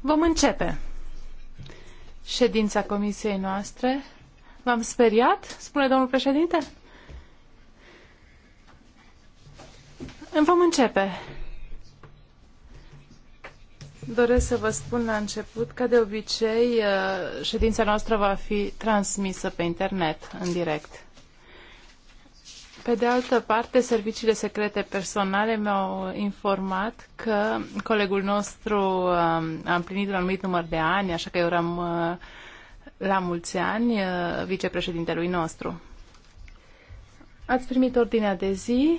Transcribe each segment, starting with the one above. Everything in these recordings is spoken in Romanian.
Vom începe ședința comisiei noastre. V-am speriat? Spune domnul președinte. Vom începe. Doresc să vă spun la început, că de obicei, uh, ședința noastră va fi transmisă pe internet, în direct. Pe de altă parte, serviciile secrete personale mi-au informat că colegul nostru um, a împlinit un anumit număr de ani, așa că eu eram uh, la mulți ani uh, vicepreședintelui nostru. Ați primit ordinea de zi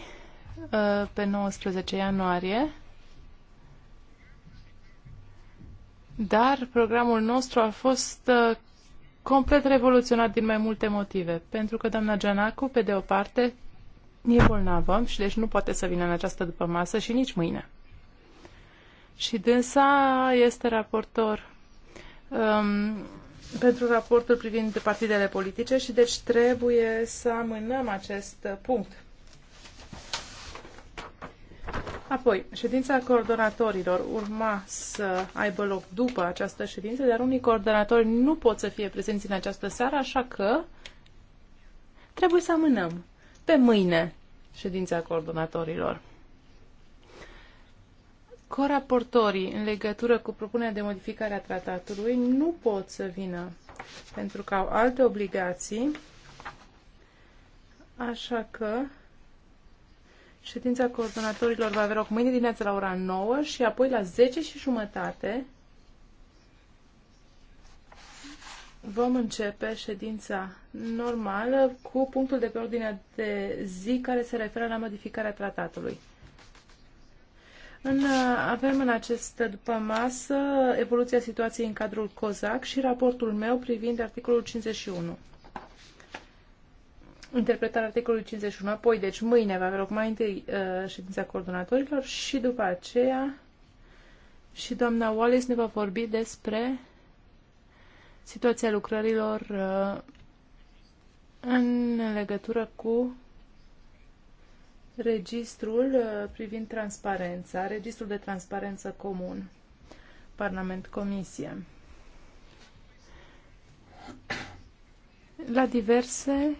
uh, pe 19 ianuarie, dar programul nostru a fost complet revoluționat din mai multe motive. Pentru că doamna Gianacu, pe de o parte, e bolnavă și deci nu poate să vină în această după masă și nici mâine. Și dânsa este raportor um, pentru raportul privind partidele politice și deci trebuie să amânăm acest punct. Apoi, ședința coordonatorilor urma să aibă loc după această ședință, dar unii coordonatori nu pot să fie prezenți în această seară, așa că trebuie să amânăm pe mâine ședința coordonatorilor. Coraportorii, în legătură cu propunerea de modificare a tratatului, nu pot să vină pentru că au alte obligații, așa că ședința coordonatorilor va avea loc mâine dimineața la ora 9 și apoi la 10 și jumătate Vom începe ședința normală cu punctul de pe ordinea de zi care se referă la modificarea tratatului. În, avem în acest după masă evoluția situației în cadrul COZAC și raportul meu privind articolul 51. Interpretarea articolului 51, apoi, deci mâine va avea loc mai întâi uh, ședința coordonatorilor și după aceea și doamna Wallace ne va vorbi despre situația lucrărilor uh, în legătură cu registrul uh, privind transparența, registrul de transparență comun, Parlament-Comisie. La diverse,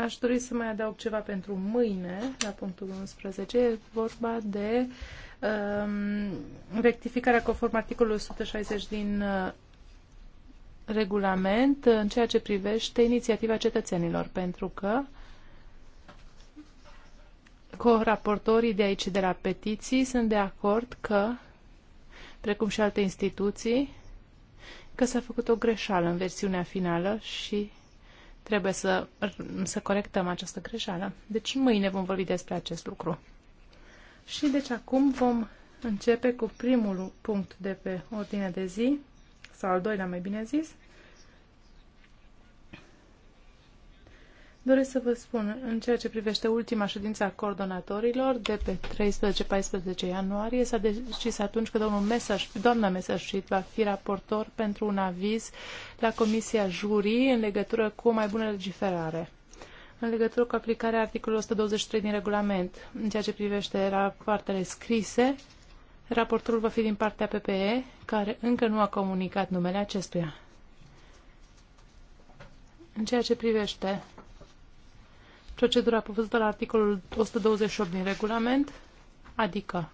aș dori să mai adaug ceva pentru mâine, la punctul 11, e vorba de um, rectificarea conform articolului 160 din uh, regulament în ceea ce privește inițiativa cetățenilor, pentru că cu raportorii de aici de la petiții sunt de acord că, precum și alte instituții, că s-a făcut o greșeală în versiunea finală și trebuie să, să corectăm această greșeală. Deci mâine vom vorbi despre acest lucru. Și deci acum vom începe cu primul punct de pe ordinea de zi, sau al doilea, mai bine zis, Doresc să vă spun, în ceea ce privește ultima ședință a coordonatorilor, de pe 13-14 ianuarie, s-a decis atunci că domnul mesaj, doamna Mesașit va fi raportor pentru un aviz la Comisia Jurii în legătură cu o mai bună legiferare în legătură cu aplicarea articolului 123 din regulament, în ceea ce privește rapoartele scrise, Raportul va fi din partea PPE, care încă nu a comunicat numele acestuia. În ceea ce privește procedura prevăzută la articolul 128 din regulament, adică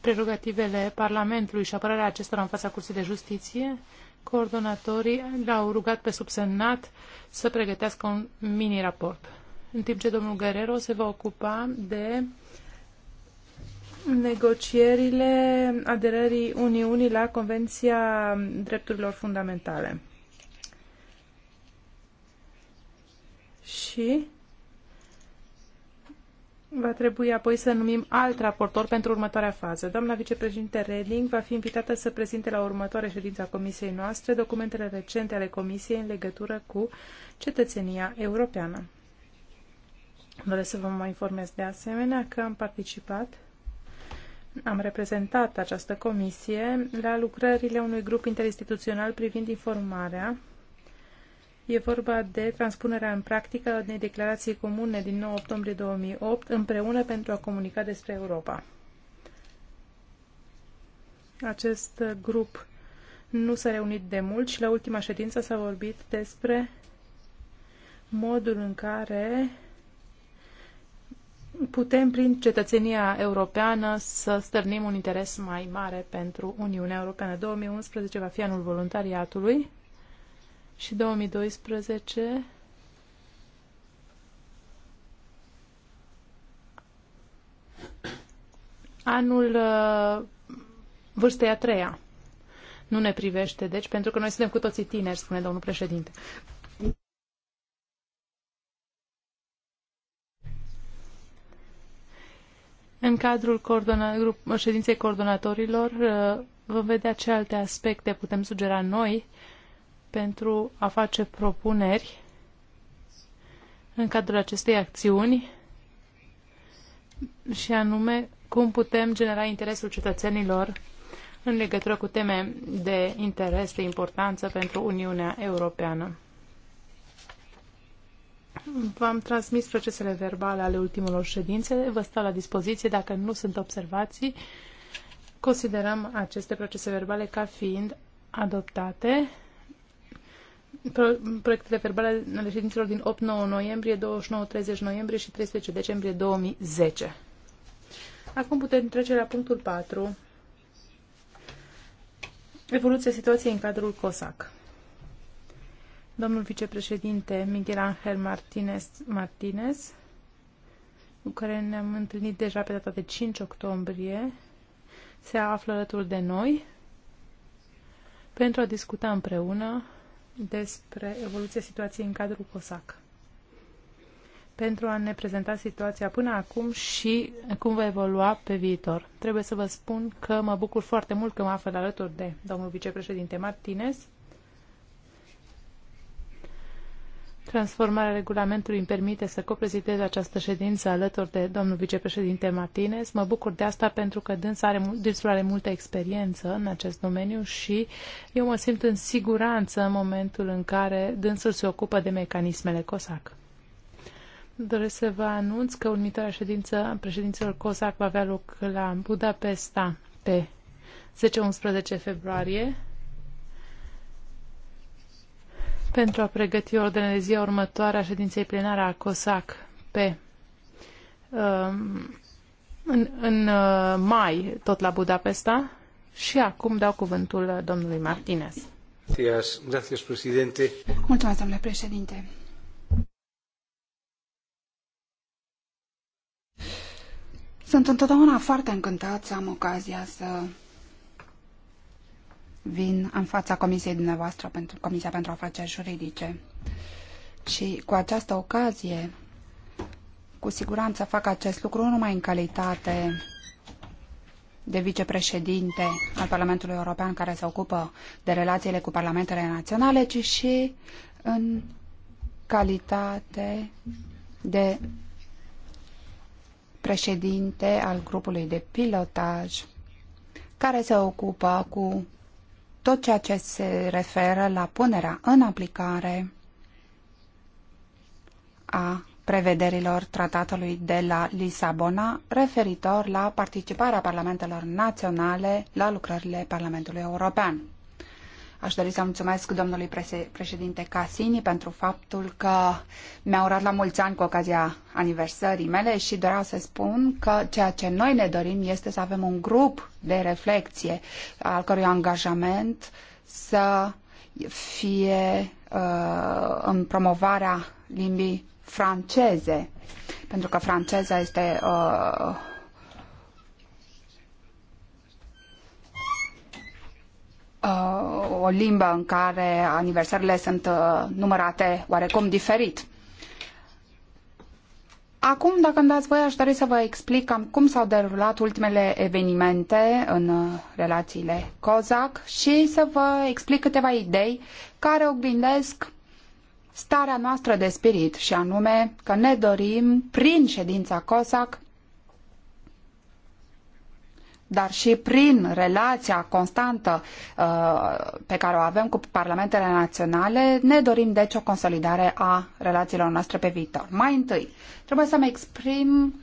prerogativele Parlamentului și apărarea acestora în fața Curții de Justiție, coordonatorii l-au rugat pe subsemnat să pregătească un mini-raport, în timp ce domnul Guerrero se va ocupa de negocierile aderării Uniunii la Convenția Drepturilor Fundamentale. Și va trebui apoi să numim alt raportor pentru următoarea fază. Doamna vicepreședinte Reding va fi invitată să prezinte la următoarea ședință a Comisiei noastre documentele recente ale Comisiei în legătură cu cetățenia europeană. Doresc să vă mai informez de asemenea că am participat am reprezentat această comisie la lucrările unui grup interinstituțional privind informarea. E vorba de transpunerea în practică a unei declarații comune din 9 octombrie 2008 împreună pentru a comunica despre Europa. Acest grup nu s-a reunit de mult și la ultima ședință s-a vorbit despre modul în care putem, prin cetățenia europeană, să stârnim un interes mai mare pentru Uniunea Europeană. 2011 va fi anul voluntariatului și 2012 anul uh, vârstei a treia. Nu ne privește, deci, pentru că noi suntem cu toții tineri, spune domnul președinte. În cadrul coordona, ședinței coordonatorilor uh, vom vedea ce alte aspecte putem sugera noi pentru a face propuneri în cadrul acestei acțiuni și anume cum putem genera interesul cetățenilor în legătură cu teme de interes, de importanță pentru Uniunea Europeană. V-am transmis procesele verbale ale ultimelor ședințe. Vă stau la dispoziție dacă nu sunt observații. Considerăm aceste procese verbale ca fiind adoptate. Pro proiectele verbale ale ședințelor din 8-9 noiembrie, 29-30 noiembrie și 13 decembrie 2010. Acum putem trece la punctul 4. Evoluția situației în cadrul COSAC domnul vicepreședinte Miguel Angel Martinez, Martinez cu care ne-am întâlnit deja pe data de 5 octombrie, se află alături de noi pentru a discuta împreună despre evoluția situației în cadrul COSAC pentru a ne prezenta situația până acum și cum va evolua pe viitor. Trebuie să vă spun că mă bucur foarte mult că mă află alături de domnul vicepreședinte Martinez, Transformarea regulamentului îmi permite să coprezidez această ședință alături de domnul vicepreședinte Martinez. Mă bucur de asta pentru că dânsul are, dânsul are multă experiență în acest domeniu și eu mă simt în siguranță în momentul în care dânsul se ocupă de mecanismele COSAC. Doresc să vă anunț că următoarea ședință a președinților COSAC va avea loc la Budapesta pe 10-11 februarie pentru a pregăti ordinea de zi următoare a ședinței plenare a COSAC pe um, în, în uh, mai, tot la Budapesta. Și acum dau cuvântul domnului Martinez. Mulțumesc, domnule președinte. Sunt întotdeauna foarte încântat să am ocazia să vin în fața comisiei dumneavoastră, pentru Comisia pentru Afaceri Juridice. Și cu această ocazie, cu siguranță fac acest lucru nu numai în calitate de vicepreședinte al Parlamentului European care se ocupă de relațiile cu parlamentele naționale, ci și în calitate de președinte al grupului de pilotaj care se ocupă cu tot ceea ce se referă la punerea în aplicare a prevederilor tratatului de la Lisabona referitor la participarea parlamentelor naționale la lucrările Parlamentului European. Aș dori să mulțumesc domnului președinte Casini pentru faptul că mi-a urat la mulți ani cu ocazia aniversării mele și doreau să spun că ceea ce noi ne dorim este să avem un grup de reflexie al cărui angajament să fie uh, în promovarea limbii franceze, pentru că franceza este uh, uh, o limbă în care aniversările sunt uh, numărate oarecum diferit. Acum, dacă îmi dați voie, aș dori să vă explic cam cum s-au derulat ultimele evenimente în uh, relațiile COZAC și să vă explic câteva idei care oglindesc starea noastră de spirit și anume că ne dorim, prin ședința COSAC, dar și prin relația constantă uh, pe care o avem cu parlamentele naționale, ne dorim deci o consolidare a relațiilor noastre pe viitor. Mai întâi, trebuie să-mi exprim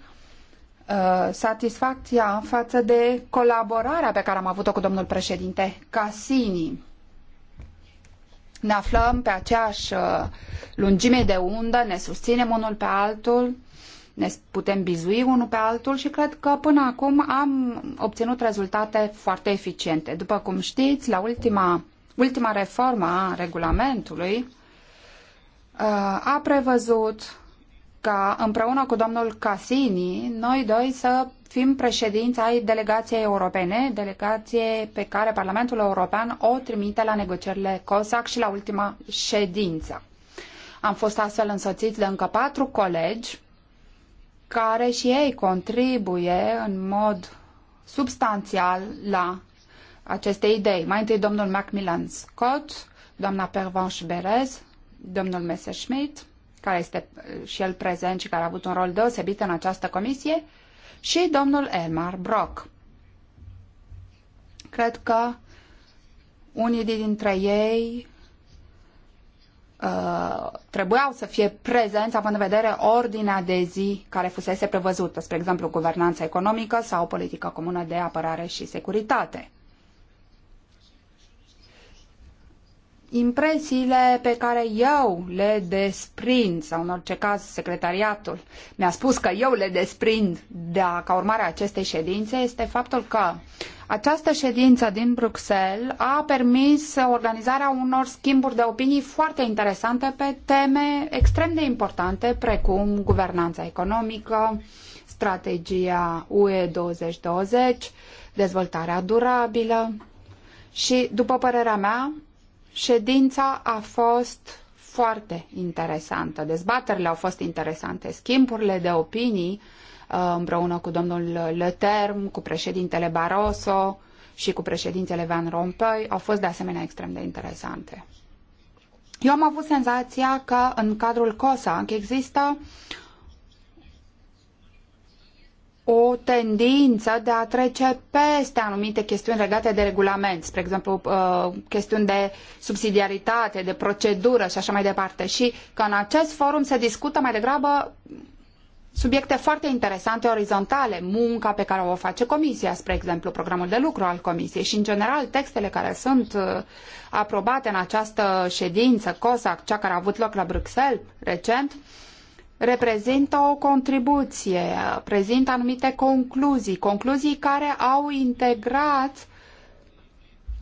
uh, satisfacția față de colaborarea pe care am avut-o cu domnul președinte Cassini. Ne aflăm pe aceeași uh, lungime de undă, ne susținem unul pe altul ne putem bizui unul pe altul și cred că până acum am obținut rezultate foarte eficiente. După cum știți, la ultima, ultima reformă a regulamentului uh, a prevăzut ca împreună cu domnul Casini, noi doi să fim președinți ai delegației europene, delegație pe care Parlamentul European o trimite la negocierile COSAC și la ultima ședință. Am fost astfel însoțiți de încă patru colegi care și ei contribuie în mod substanțial la aceste idei. Mai întâi domnul Macmillan Scott, doamna Pervanche Berez, domnul Messerschmidt, care este uh, și el prezent și care a avut un rol deosebit în această comisie, și domnul Elmar Brock. Cred că unii dintre ei Uh, trebuiau să fie prezenți având în vedere ordinea de zi care fusese prevăzută, spre exemplu guvernanța economică sau politica comună de apărare și securitate. impresiile pe care eu le desprind, sau în orice caz secretariatul mi-a spus că eu le desprind de a, ca urmare a acestei ședințe, este faptul că această ședință din Bruxelles a permis organizarea unor schimburi de opinii foarte interesante pe teme extrem de importante, precum guvernanța economică, strategia UE 2020, dezvoltarea durabilă și, după părerea mea, Ședința a fost foarte interesantă. Dezbaterile au fost interesante. Schimburile de opinii uh, împreună cu domnul Leterm, cu președintele Barroso și cu președintele Van Rompuy au fost de asemenea extrem de interesante. Eu am avut senzația că în cadrul COSAC există o tendință de a trece peste anumite chestiuni legate de regulament, spre exemplu uh, chestiuni de subsidiaritate, de procedură și așa mai departe. Și că în acest forum se discută mai degrabă subiecte foarte interesante, orizontale, munca pe care o face comisia, spre exemplu, programul de lucru al comisiei și, în general, textele care sunt uh, aprobate în această ședință, COSAC, cea care a avut loc la Bruxelles recent, uh, reprezintă o contribuție, prezintă anumite concluzii, concluzii care au integrat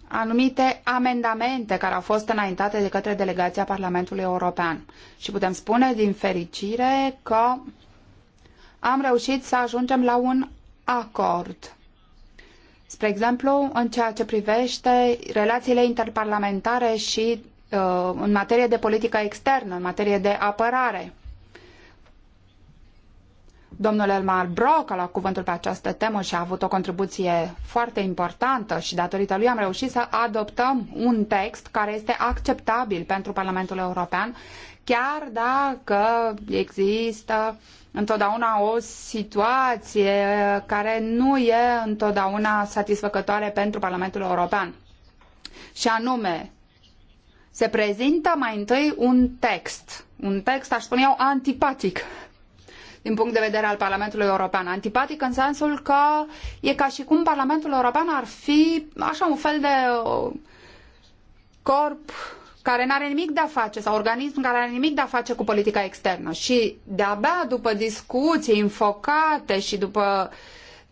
anumite amendamente care au fost înaintate de către delegația Parlamentului European. Și putem spune din fericire că am reușit să ajungem la un acord. Spre exemplu, în ceea ce privește relațiile interparlamentare și uh, în materie de politică externă, în materie de apărare. Domnul Elmar Brock a luat cuvântul pe această temă și a avut o contribuție foarte importantă și datorită lui am reușit să adoptăm un text care este acceptabil pentru Parlamentul European, chiar dacă există întotdeauna o situație care nu e întotdeauna satisfăcătoare pentru Parlamentul European. Și anume, se prezintă mai întâi un text, un text, aș spune eu, antipatic din punct de vedere al Parlamentului European. Antipatic în sensul că e ca și cum Parlamentul European ar fi așa un fel de uh, corp care nu are nimic de a face sau organism care are nimic de a face cu politica externă. Și de-abia după discuții înfocate și după uh,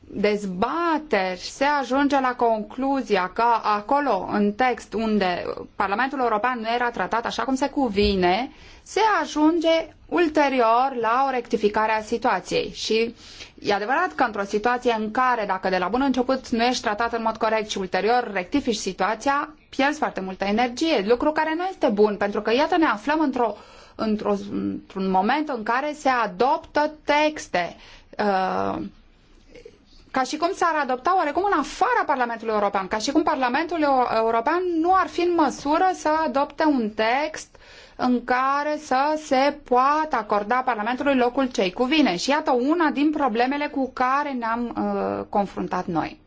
dezbateri se ajunge la concluzia că acolo, în text unde Parlamentul European nu era tratat așa cum se cuvine, se ajunge ulterior la o rectificare a situației. Și e adevărat că într-o situație în care, dacă de la bun început nu ești tratat în mod corect și ulterior rectifici situația, pierzi foarte multă energie, lucru care nu este bun, pentru că iată ne aflăm într-o, într-un într moment în care se adoptă texte uh, ca și cum s-ar adopta oarecum în afara Parlamentului European, ca și cum Parlamentul European nu ar fi în măsură să adopte un text în care să se poată acorda Parlamentului locul ce-i cuvine. Și iată una din problemele cu care ne-am uh, confruntat noi.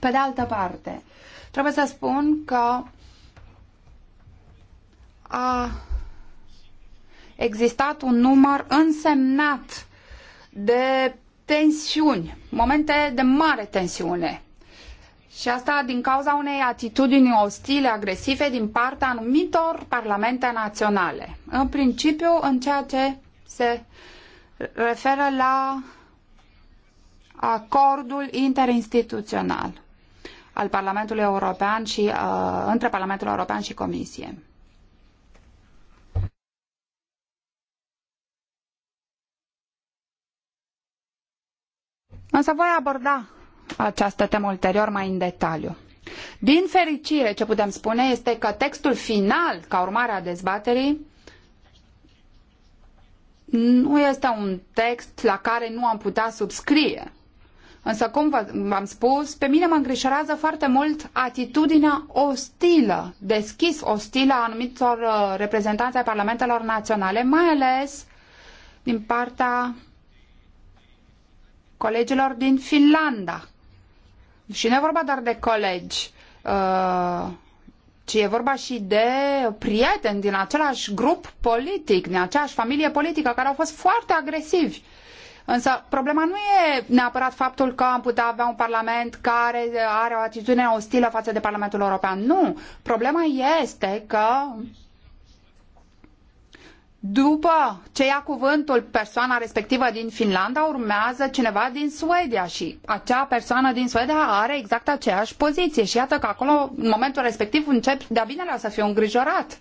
Pe de altă parte, trebuie să spun că a existat un număr însemnat de tensiuni, momente de mare tensiune. Și asta din cauza unei atitudini ostile, agresive din partea anumitor parlamente naționale. În principiu, în ceea ce se referă la acordul interinstituțional al Parlamentului European și uh, între Parlamentul European și Comisie. Însă voi aborda această temă ulterior mai în detaliu. Din fericire, ce putem spune este că textul final, ca urmare a dezbaterii, nu este un text la care nu am putea subscrie. Însă, cum v-am spus, pe mine mă îngrișorează foarte mult atitudinea ostilă, deschis ostilă a anumitor uh, reprezentanți ai parlamentelor naționale, mai ales din partea colegilor din Finlanda. Și nu e vorba doar de colegi, uh, ci e vorba și de prieteni din același grup politic, din aceeași familie politică, care au fost foarte agresivi. Însă problema nu e neapărat faptul că am putea avea un parlament care are o atitudine ostilă față de Parlamentul European. Nu. Problema este că după ce ia cuvântul persoana respectivă din Finlanda, urmează cineva din Suedia și acea persoană din Suedia are exact aceeași poziție și iată că acolo, în momentul respectiv, încep de-a binelea să fiu îngrijorat.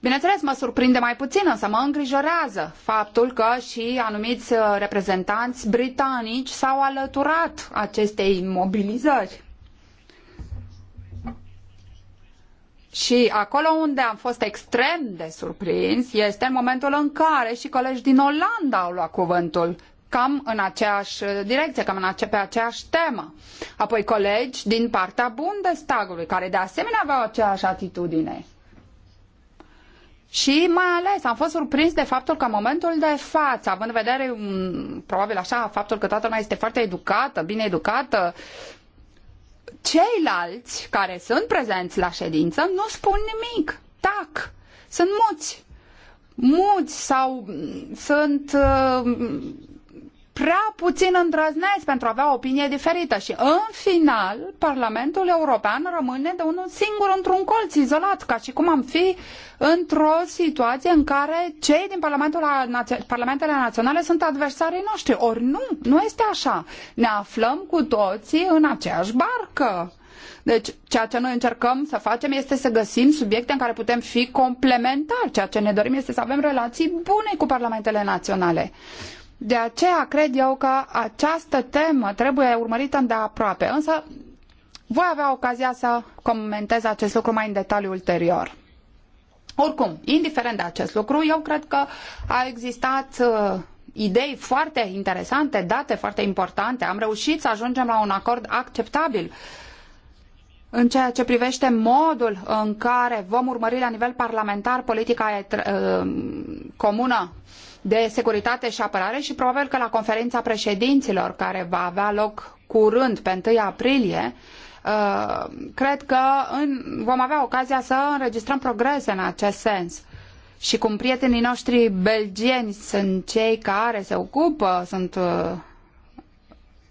Bineînțeles, mă surprinde mai puțin, însă mă îngrijorează faptul că și anumiți reprezentanți britanici s-au alăturat acestei mobilizări. Și acolo unde am fost extrem de surprins este în momentul în care și colegi din Olanda au luat cuvântul cam în aceeași direcție, cam în ace- pe aceeași temă. Apoi colegi din partea Bundestagului, care de asemenea aveau aceeași atitudine. Și mai ales am fost surprins de faptul că în momentul de față, având în vedere mm, probabil așa faptul că toată lumea este foarte educată, bine educată, Ceilalți care sunt prezenți la ședință nu spun nimic. Tac! Sunt muți. Muți sau sunt uh, prea puțin îndrăzneți pentru a avea o opinie diferită și în final Parlamentul European rămâne de unul singur într-un colț izolat, ca și cum am fi într-o situație în care cei din Parlamentul Parlamentele Naționale sunt adversarii noștri. Ori nu, nu este așa. Ne aflăm cu toții în aceeași barcă. Deci, ceea ce noi încercăm să facem este să găsim subiecte în care putem fi complementari. Ceea ce ne dorim este să avem relații bune cu parlamentele naționale. De aceea cred eu că această temă trebuie urmărită îndeaproape, însă voi avea ocazia să comentez acest lucru mai în detaliu ulterior. Oricum, indiferent de acest lucru, eu cred că a existat uh, idei foarte interesante, date foarte importante. Am reușit să ajungem la un acord acceptabil în ceea ce privește modul în care vom urmări la nivel parlamentar politica uh, comună uh, de securitate și apărare și probabil că la conferința președinților care va avea loc curând pe 1 aprilie, uh, cred că în, vom avea ocazia să înregistrăm progrese în acest sens. Și cum prietenii noștri belgieni sunt cei care se ocupă, sunt uh,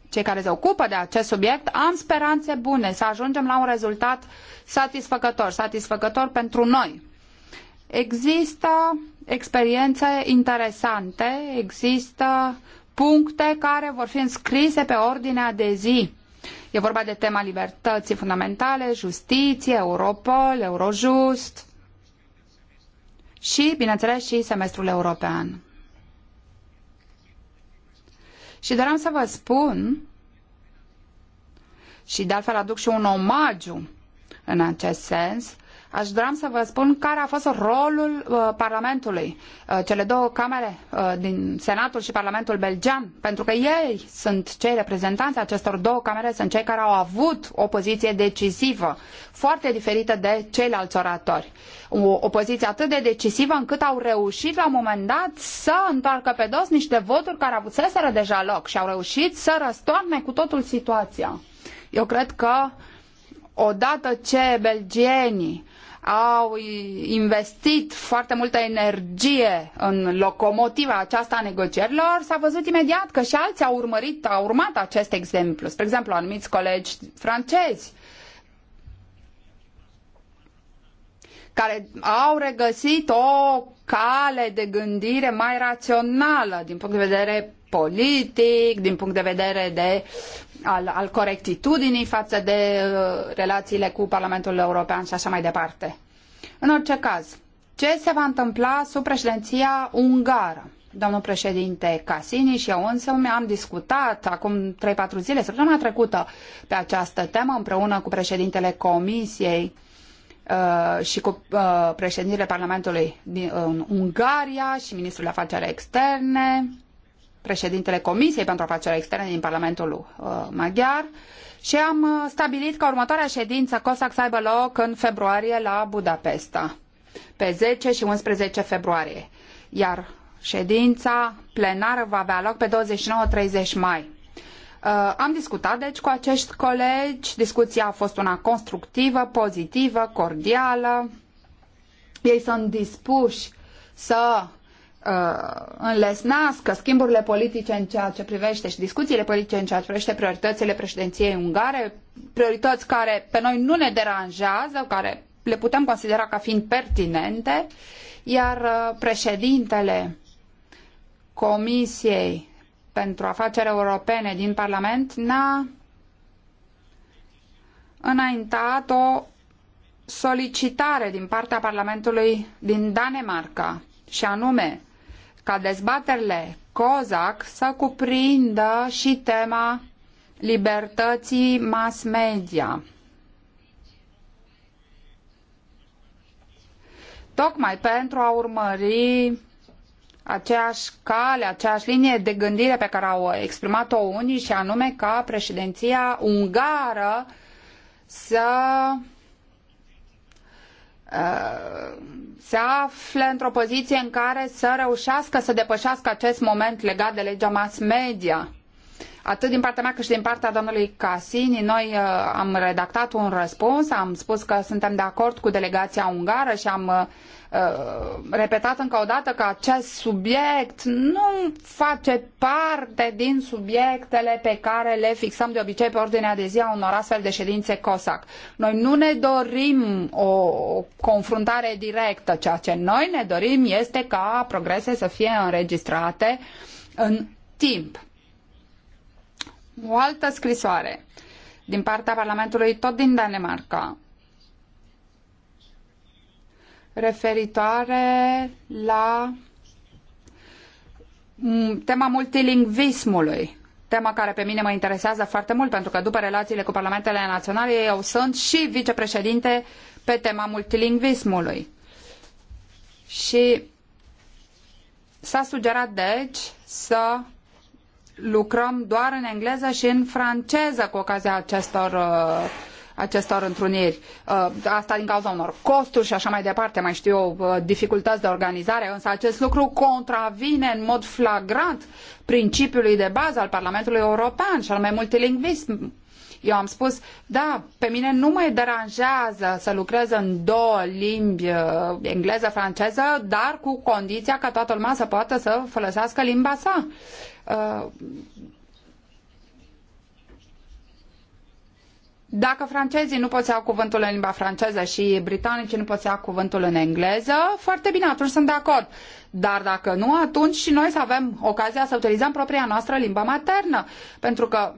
cei care se ocupă de acest subiect, am speranțe bune să ajungem la un rezultat satisfăcător, satisfăcător pentru noi. Există experiențe interesante, există puncte care vor fi înscrise pe ordinea de zi. E vorba de tema libertății fundamentale, justiție, Europol, Eurojust și, bineînțeles, și semestrul european. Și doream să vă spun și de altfel aduc și un omagiu în acest sens, Aș vrea să vă spun care a fost rolul uh, Parlamentului, uh, cele două camere uh, din Senatul și Parlamentul belgian, pentru că ei sunt cei reprezentanți acestor două camere, sunt cei care au avut o poziție decisivă, foarte diferită de ceilalți oratori. O, o poziție atât de decisivă încât au reușit la un moment dat să întoarcă pe dos niște voturi care avuseseră deja loc și au reușit să răstoarne cu totul situația. Eu cred că odată ce belgienii au investit foarte multă energie în locomotiva aceasta a negocierilor, s-a văzut imediat că și alții au urmărit, au urmat acest exemplu. Spre exemplu, anumiți colegi francezi care au regăsit o cale de gândire mai rațională din punct de vedere politic, din punct de vedere de, al, al corectitudinii față de uh, relațiile cu Parlamentul European și așa mai departe. În orice caz, ce se va întâmpla sub președinția ungară? Domnul președinte Casini și eu însă am discutat acum 3-4 zile, săptămâna trecută, pe această temă împreună cu președintele Comisiei uh, și cu uh, președintele Parlamentului din Ungaria și ministrul afaceri externe președintele Comisiei pentru Afaceri Externe din Parlamentul uh, Maghiar și am uh, stabilit că următoarea ședință COSAC să aibă loc în februarie la Budapesta, pe 10 și 11 februarie, iar ședința plenară va avea loc pe 29-30 mai. Uh, am discutat, deci, cu acești colegi. Discuția a fost una constructivă, pozitivă, cordială. Ei sunt dispuși să Uh, înlesnească schimburile politice în ceea ce privește și discuțiile politice în ceea ce privește prioritățile președinției ungare, priorități care pe noi nu ne deranjează, care le putem considera ca fiind pertinente, iar uh, președintele Comisiei pentru Afaceri Europene din Parlament n-a înaintat o solicitare din partea Parlamentului din Danemarca și anume ca dezbaterile COZAC să cuprindă și tema libertății mass media. Tocmai pentru a urmări aceeași cale, aceeași linie de gândire pe care au exprimat-o unii și anume ca președinția ungară să Uh, se află într-o poziție în care să reușească să depășească acest moment legat de legea mass media. Atât din partea mea cât și din partea domnului Casini, noi uh, am redactat un răspuns, am spus că suntem de acord cu delegația ungară și am uh, Uh, repetat încă o dată că acest subiect nu face parte din subiectele pe care le fixăm de obicei pe ordinea de zi a unor astfel de ședințe COSAC. Noi nu ne dorim o confruntare directă, ceea ce noi ne dorim este ca progrese să fie înregistrate în timp. O altă scrisoare din partea Parlamentului, tot din Danemarca, referitoare la mm, tema multilingvismului tema care pe mine mă interesează foarte mult, pentru că după relațiile cu parlamentele naționale, eu sunt și vicepreședinte pe tema multilingvismului. Și s-a sugerat, deci, să lucrăm doar în engleză și în franceză cu ocazia acestor uh, acestor întruniri. Uh, asta din cauza unor costuri și așa mai departe, mai știu eu, uh, dificultăți de organizare, însă acest lucru contravine în mod flagrant principiului de bază al Parlamentului European și al mai multilingvism. Eu am spus, da, pe mine nu mă deranjează să lucrez în două limbi, uh, engleză, franceză, dar cu condiția ca toată lumea să poată să folosească limba sa. Dacă francezii nu pot să iau cuvântul în limba franceză și britanicii nu pot să iau cuvântul în engleză, foarte bine, atunci sunt de acord. Dar dacă nu, atunci și noi să avem ocazia să utilizăm propria noastră limba maternă. Pentru că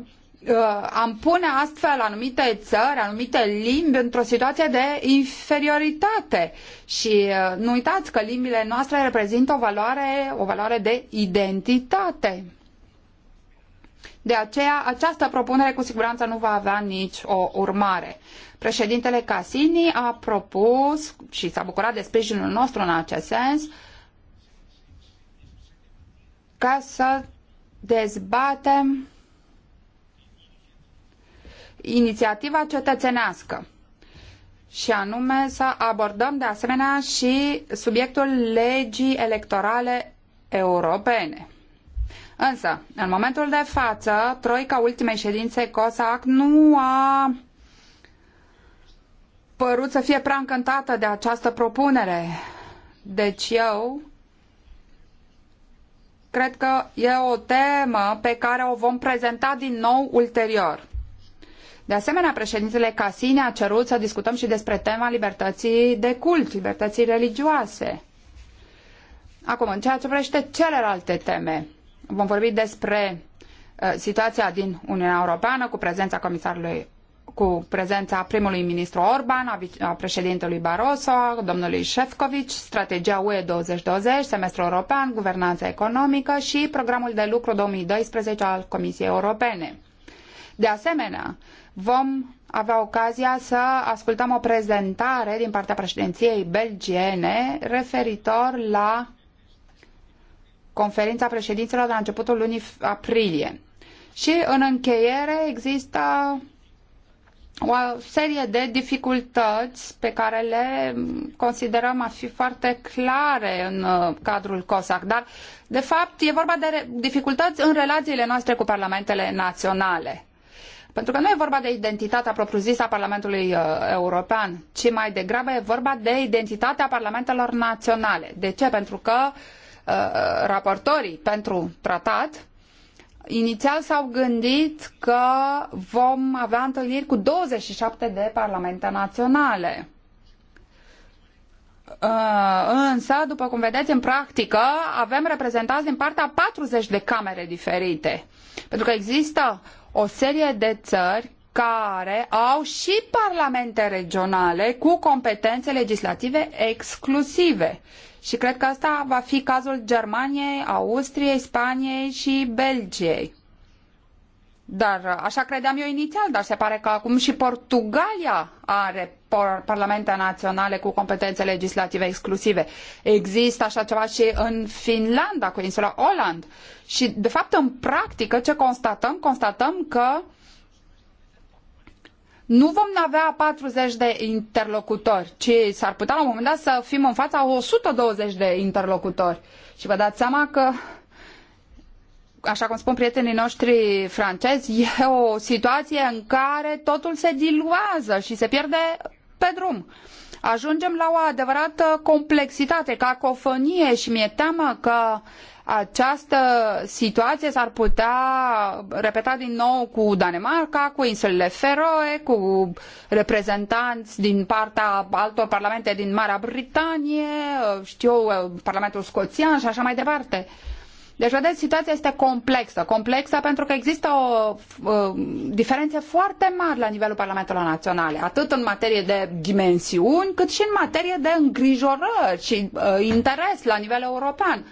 uh, am pune astfel anumite țări, anumite limbi într-o situație de inferioritate. Și uh, nu uitați că limbile noastre reprezintă o valoare, o valoare de identitate. De aceea, această propunere cu siguranță nu va avea nici o urmare. Președintele Casini a propus și s-a bucurat de sprijinul nostru în acest sens ca să dezbatem inițiativa cetățenească și anume să abordăm de asemenea și subiectul legii electorale europene. Însă, în momentul de față, troica ultimei ședințe COSAC nu a părut să fie prea încântată de această propunere. Deci eu cred că e o temă pe care o vom prezenta din nou ulterior. De asemenea, președintele Casini a cerut să discutăm și despre tema libertății de cult, libertății religioase. Acum, în ceea ce vrește celelalte teme, Vom vorbi despre uh, situația din Uniunea Europeană cu prezența comisarului cu prezența primului ministru Orban, a președintelui Barroso, domnului Șefcovici, strategia UE 2020, semestrul european, guvernanța economică și programul de lucru 2012 al Comisiei Europene. De asemenea, vom avea ocazia să ascultăm o prezentare din partea președinției belgiene referitor la conferința președinților de la începutul lunii aprilie. Și în încheiere există o serie de dificultăți pe care le considerăm a fi foarte clare în uh, cadrul COSAC, dar de fapt e vorba de dificultăți în relațiile noastre cu parlamentele naționale. Pentru că nu e vorba de identitatea propriu-zisă a Parlamentului uh, European, ci mai degrabă e vorba de identitatea parlamentelor naționale. De ce? Pentru că uh, Uh, raportorii pentru tratat, inițial s-au gândit că vom avea întâlniri cu 27 de parlamente naționale. Uh, însă, după cum vedeți, în practică avem reprezentanți din partea a 40 de camere diferite. Pentru că există o serie de țări care au și parlamente regionale cu competențe legislative exclusive. Uh, și cred că asta va fi cazul Germaniei, Austriei, Spaniei și Belgiei. Dar uh, așa credeam eu inițial, dar se pare că acum și Portugalia are parlamente naționale cu competențe legislative exclusive. Există așa ceva și în Finlanda, cu insula Oland. Și, de fapt, în practică, ce constatăm? Constatăm că uh, nu vom avea 40 de interlocutori, ci s-ar putea la un moment dat să fim în fața 120 de interlocutori. Și vă dați seama că așa cum spun prietenii noștri francezi, e o situație în care totul se diluează și se pierde pe drum. Uh, ajungem la o adevărată complexitate, cacofonie și mi-e teamă că această situație s-ar putea repeta din nou cu Danemarca, cu insulele Feroe, cu reprezentanți din partea altor parlamente din Marea Britanie, știu, Parlamentul Scoțian și așa mai departe. Uh, deci, vedeți, situația este complexă. Complexă pentru că există o uh, diferențe foarte mari la nivelul Parlamentelor Naționale, atât în materie de dimensiuni, cât și în materie de îngrijorări și uh, interes la nivel european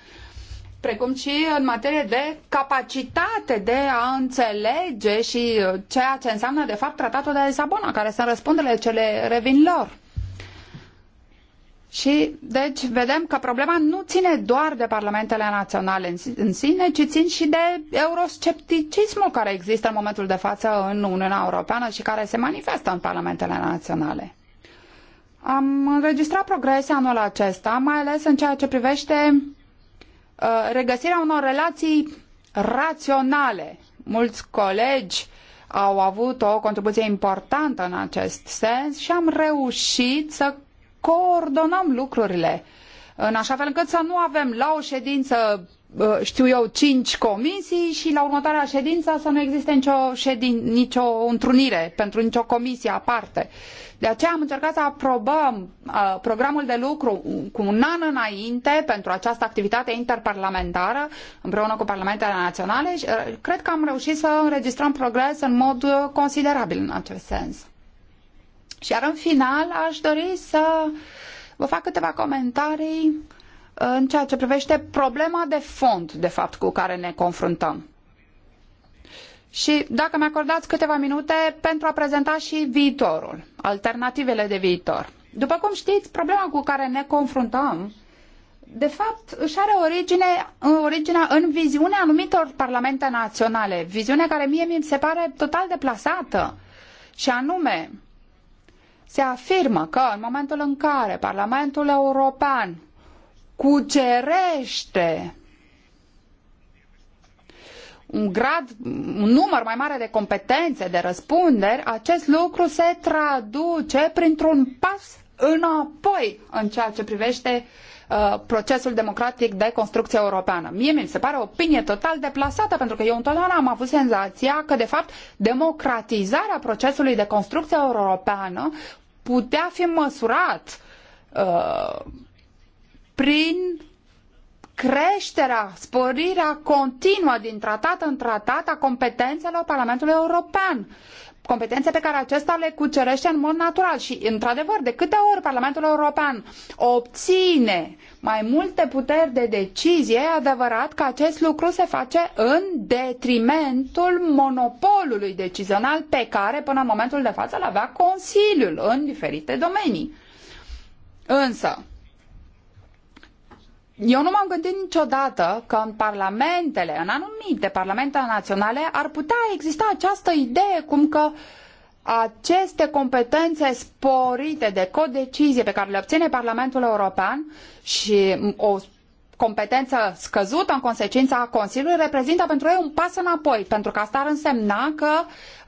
precum și în materie de capacitate de a înțelege și uh, ceea ce înseamnă de fapt tratatul de Lisabona, care sunt răspunderile ce le revin lor. Și, deci, vedem că problema nu ține doar de parlamentele naționale în sine, ci țin și de euroscepticismul care există în momentul de față în Uniunea Europeană și care se manifestă în parlamentele naționale. Am înregistrat progrese anul acesta, mai ales în ceea ce privește uh, regăsirea unor relații raționale. Mulți colegi au avut o contribuție importantă în acest sens și am reușit să coordonăm lucrurile în așa fel încât să nu avem la o ședință, uh, știu eu, cinci comisii și la următoarea ședință să nu existe nicio, ședin, nicio întrunire pentru nicio comisie aparte. De aceea am încercat să aprobăm uh, programul de lucru cu un an înainte pentru această activitate interparlamentară împreună cu parlamentele naționale și uh, cred că am reușit să înregistrăm progres în mod uh, considerabil în acest sens. Și iar în final aș dori să vă fac câteva comentarii uh, în ceea ce privește problema de fond, de fapt, cu care ne confruntăm. Și dacă mi acordați câteva minute pentru a prezenta și viitorul, alternativele de viitor. După cum știți, problema cu care ne confruntăm de fapt, își are origine, originea în viziunea anumitor parlamente naționale, viziune care mie mi se pare total deplasată, și anume se afirmă că în momentul în care Parlamentul European cucerește un grad, un număr mai mare de competențe, de răspunderi, acest lucru se traduce printr-un pas înapoi în ceea ce privește uh, Uh, procesul democratic de construcție europeană. Mie mi se pare o opinie total deplasată, pentru că eu întotdeauna am avut senzația că, de fapt, democratizarea procesului de construcție europeană putea fi măsurat uh, prin creșterea, sporirea continuă din tratat în tratat a competențelor Parlamentului European competențe pe care acesta le cucerește în mod natural și, într-adevăr, de câte ori Parlamentul European obține mai multe puteri de decizie, e adevărat că acest lucru se face în detrimentul monopolului decizional pe care, până în momentul de față, îl avea Consiliul în diferite domenii. Însă, eu nu m-am gândit niciodată că în parlamentele, în anumite parlamente naționale, ar putea exista această idee cum că aceste competențe sporite de codecizie pe care le obține Parlamentul European și o competență scăzută în consecința Consiliului reprezintă pentru ei un pas înapoi, pentru că asta ar însemna că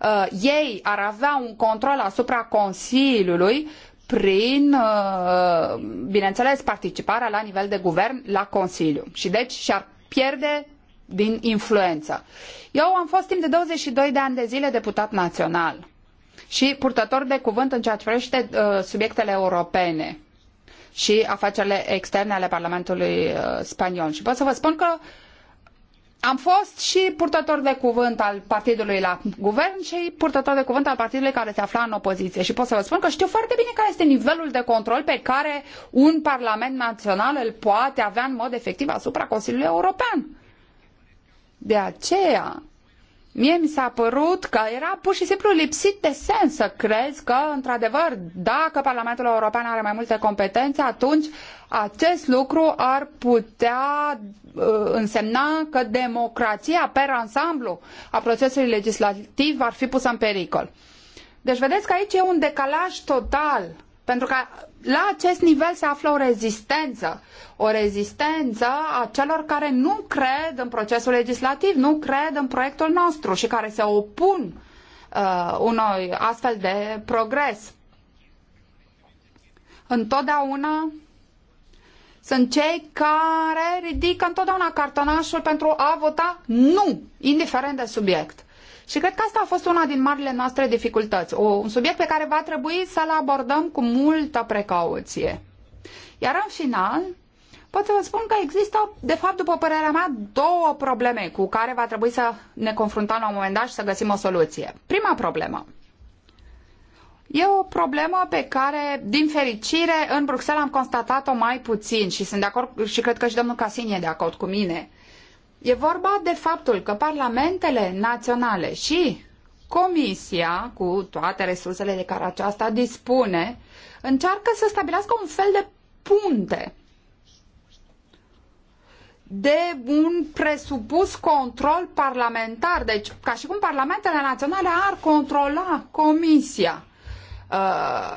uh, ei ar avea un control asupra Consiliului prin, uh, bineînțeles, participarea la nivel de guvern la Consiliu. Și deci și-ar pierde din influență. Eu am fost timp de 22 de ani de zile deputat național și purtător de cuvânt în ceea ce privește uh, subiectele europene și afacerile externe ale Parlamentului uh, spaniol. Și pot să vă spun că uh, am fost și purtător de cuvânt al partidului la guvern și purtător de cuvânt al partidului care se afla în opoziție. Și pot să vă spun că știu foarte bine care este nivelul de control pe care un Parlament Național îl poate avea în mod efectiv asupra Consiliului European. De aceea, Mie mi s-a părut că era pur și simplu lipsit de sens să crezi că, într-adevăr, dacă Parlamentul European are mai multe competențe, atunci acest lucru ar putea uh, însemna că democrația per ansamblu a procesului legislativ ar fi pusă în pericol. Deci vedeți că aici e un decalaj total, pentru că la acest nivel se află o rezistență, o rezistență a celor care nu cred în procesul legislativ, nu cred în proiectul nostru și care se opun uh, unui astfel de progres. Întotdeauna sunt cei care ridică întotdeauna cartonașul pentru a vota nu, indiferent de subiect. Și cred că asta a fost una din marile noastre dificultăți, o, un subiect pe care va trebui să-l abordăm cu multă precauție. Iar în final, pot să vă spun că există, de fapt, după părerea mea, două probleme cu care va trebui să ne confruntăm la un moment dat și să găsim o soluție. Prima problemă. E o problemă pe care, din fericire, în Bruxelles am constatat-o mai puțin și sunt de acord și cred că și domnul Casin e de acord cu mine. E vorba de faptul că parlamentele naționale și Comisia, cu toate resursele de care aceasta dispune, încearcă să stabilească un fel de punte de un presupus control parlamentar. Deci, ca și cum parlamentele naționale ar controla Comisia. Uh,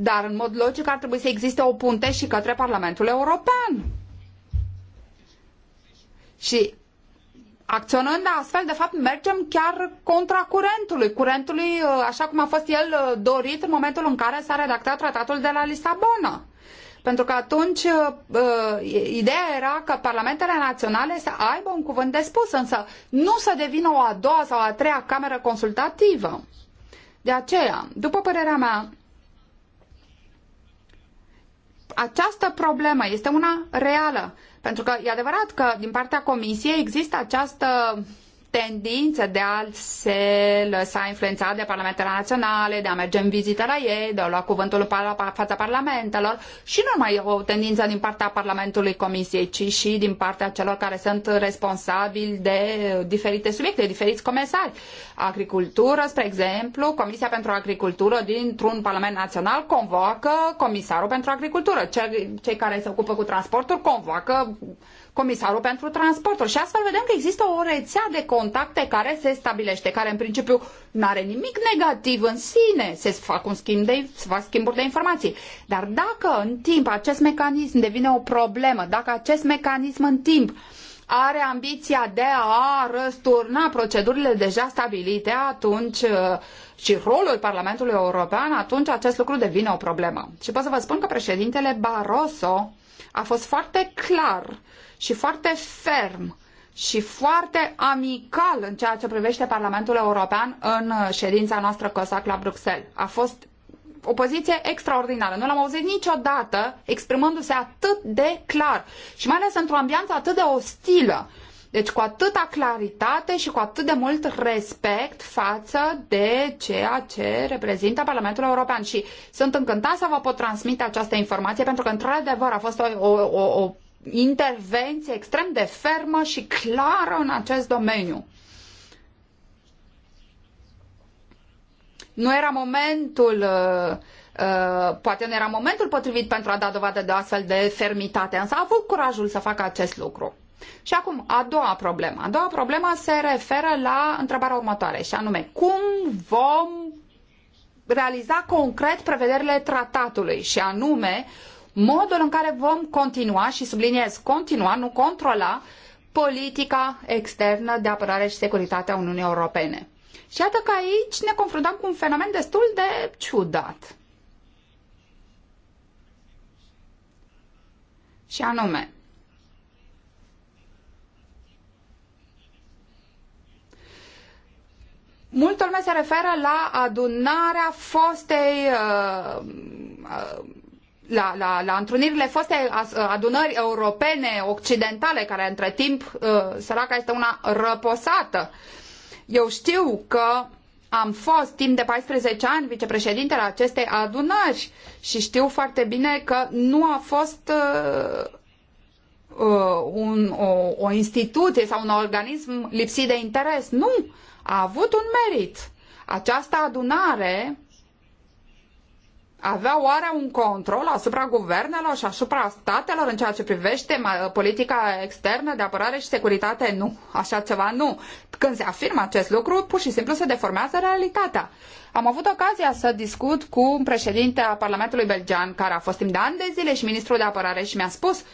dar, în mod logic, ar trebui să existe o punte și către Parlamentul European. Și acționând astfel, de fapt, mergem chiar contra curentului, curentului uh, așa cum a fost el uh, dorit în momentul în care s-a redactat tratatul de la Lisabona. Pentru că atunci uh, ideea era că parlamentele naționale să aibă un cuvânt de spus, însă nu să devină o a doua sau a treia cameră consultativă. De aceea, după părerea mea, această problemă este una reală. Pentru că e adevărat că din partea Comisiei există această uh, tendință de a se lăsa influențat de parlamentele naționale, de a merge în vizită la ei, de a lua cuvântul în fața parlamentelor și nu numai o tendință din partea Parlamentului Comisiei, ci și din partea celor care sunt responsabili de diferite subiecte, de diferiți comisari. Agricultură, spre exemplu, Comisia pentru Agricultură dintr-un Parlament Național convoacă Comisarul pentru Agricultură. Cei care se ocupă cu transportul convoacă comisarul pentru transporturi. Și astfel vedem că există o rețea de contacte care se stabilește, care în principiu nu are nimic negativ în sine. Se fac un schimb de, se fac schimburi de informații. Dar dacă în timp acest mecanism devine o problemă, dacă acest mecanism în timp are ambiția de a răsturna procedurile deja stabilite atunci uh, și rolul Parlamentului European, atunci acest lucru devine o problemă. Și pot să vă spun că președintele Barroso a fost foarte clar și foarte ferm și foarte amical în ceea ce privește Parlamentul European în ședința noastră COSAC la Bruxelles. A fost o poziție extraordinară. Nu l-am auzit niciodată exprimându-se atât de clar și mai ales într-o ambianță atât de ostilă. Deci cu atâta claritate și cu atât de mult respect față de ceea ce reprezintă Parlamentul European. Și sunt încântat să vă pot transmite această informație pentru că, într-adevăr, a fost o, o, o intervenție extrem de fermă și clară în acest domeniu. Nu era momentul, uh, uh, poate nu era momentul potrivit pentru a da dovadă de astfel de fermitate, însă a avut curajul să facă acest lucru. Și acum, a doua problemă. A doua problemă se referă la întrebarea următoare, și anume, cum vom realiza concret prevederile tratatului, și anume, modul în care vom continua și subliniez continua, nu controla politica externă de apărare și securitate a Uniunii Europene. Și iată că aici ne confruntăm cu un fenomen destul de ciudat. Și anume, multă lume se referă la adunarea fostei uh, uh, la, la, la întrunirile foste adunări europene, occidentale, care între timp uh, săraca este una răposată. Eu știu că am fost timp de 14 ani vicepreședintele acestei adunări și știu foarte bine că nu a fost uh, uh, un, o, o instituție sau un organism lipsit de interes. Nu! A avut un merit. Această adunare avea oare un control asupra guvernelor și asupra statelor în ceea ce privește politica externă de apărare și securitate? Nu. Așa ceva nu. Când se afirmă acest lucru, pur și simplu se deformează realitatea. Am avut ocazia să discut cu un președinte Parlamentului Belgian, care a fost timp de ani de zile și ministrul de apărare și mi-a spus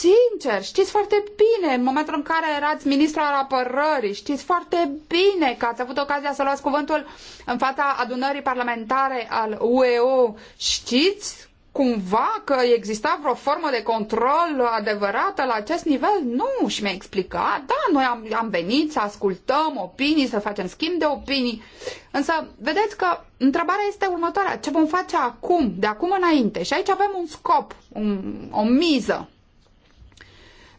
Sincer, știți foarte bine, în momentul în care erați ministru al apărării, știți foarte bine că ați avut ocazia să luați cuvântul în fața adunării parlamentare al UEO. Știți cumva că exista vreo formă de control adevărată la acest nivel? Nu, și mi-a explicat. Da, noi am, am venit să ascultăm opinii, să facem schimb de opinii. Însă, vedeți că întrebarea este următoarea. Ce vom face acum, de acum înainte? Și aici avem un scop, un, o miză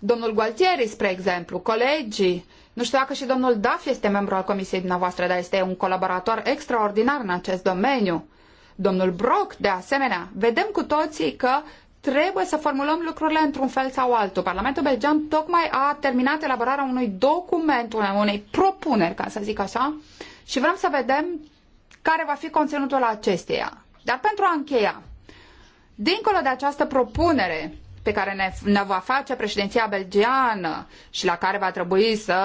domnul Gualtieri, spre exemplu, colegii. Nu știu dacă și domnul Duff este membru al comisiei dumneavoastră, dar este un colaborator extraordinar în acest domeniu. Domnul Brock, de asemenea, vedem cu toții că trebuie să formulăm lucrurile într-un fel sau altul. Parlamentul Belgian tocmai a terminat elaborarea unui document, unei propuneri, ca să zic așa, și vrem să vedem care va fi conținutul acesteia. Dar pentru a încheia, dincolo de această propunere pe care ne, ne va face președinția belgiană și la care va trebui să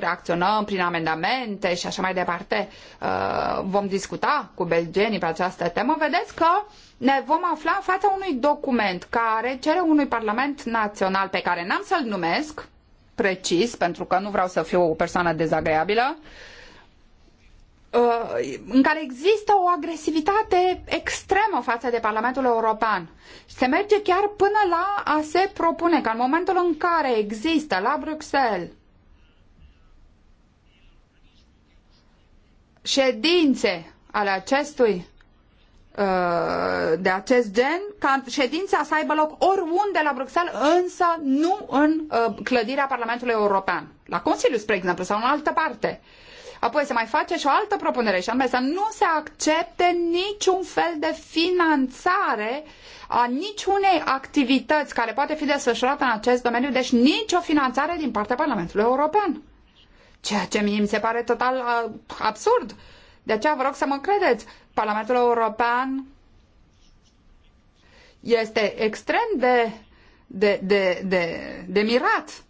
reacționăm prin amendamente și așa mai departe, uh, vom discuta cu belgenii pe această temă, vedeți că ne vom afla în fața unui document care cere unui parlament național pe care n-am să-l numesc precis, pentru că nu vreau să fiu o persoană dezagreabilă, uh, Uh, în care există o agresivitate extremă față de Parlamentul European. Se merge chiar până la a se propune că în momentul în care există la Bruxelles ședințe ale acestui uh, de acest gen, ca ședința să aibă loc oriunde la Bruxelles, însă nu în uh, clădirea Parlamentului European. La Consiliu, spre exemplu, sau în altă parte. Uh, Apoi se mai face și o altă propunere și anume să nu se accepte niciun fel de finanțare a niciunei activități care poate fi desfășurată în acest domeniu, deci nicio finanțare din partea Parlamentului European. Ceea ce mie mi se pare total uh, absurd. De aceea vă rog să mă credeți. Parlamentul European este extrem de, de, de, de, de mirat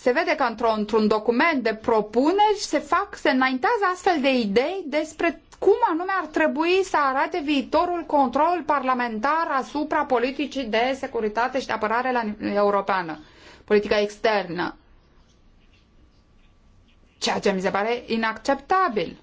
se vede că într-un într document de propuneri se fac, se înaintează astfel de idei despre cum anume ar trebui să arate viitorul control parlamentar asupra politicii de securitate și de apărare la europeană, politica externă. Ceea ce mi se pare inacceptabil.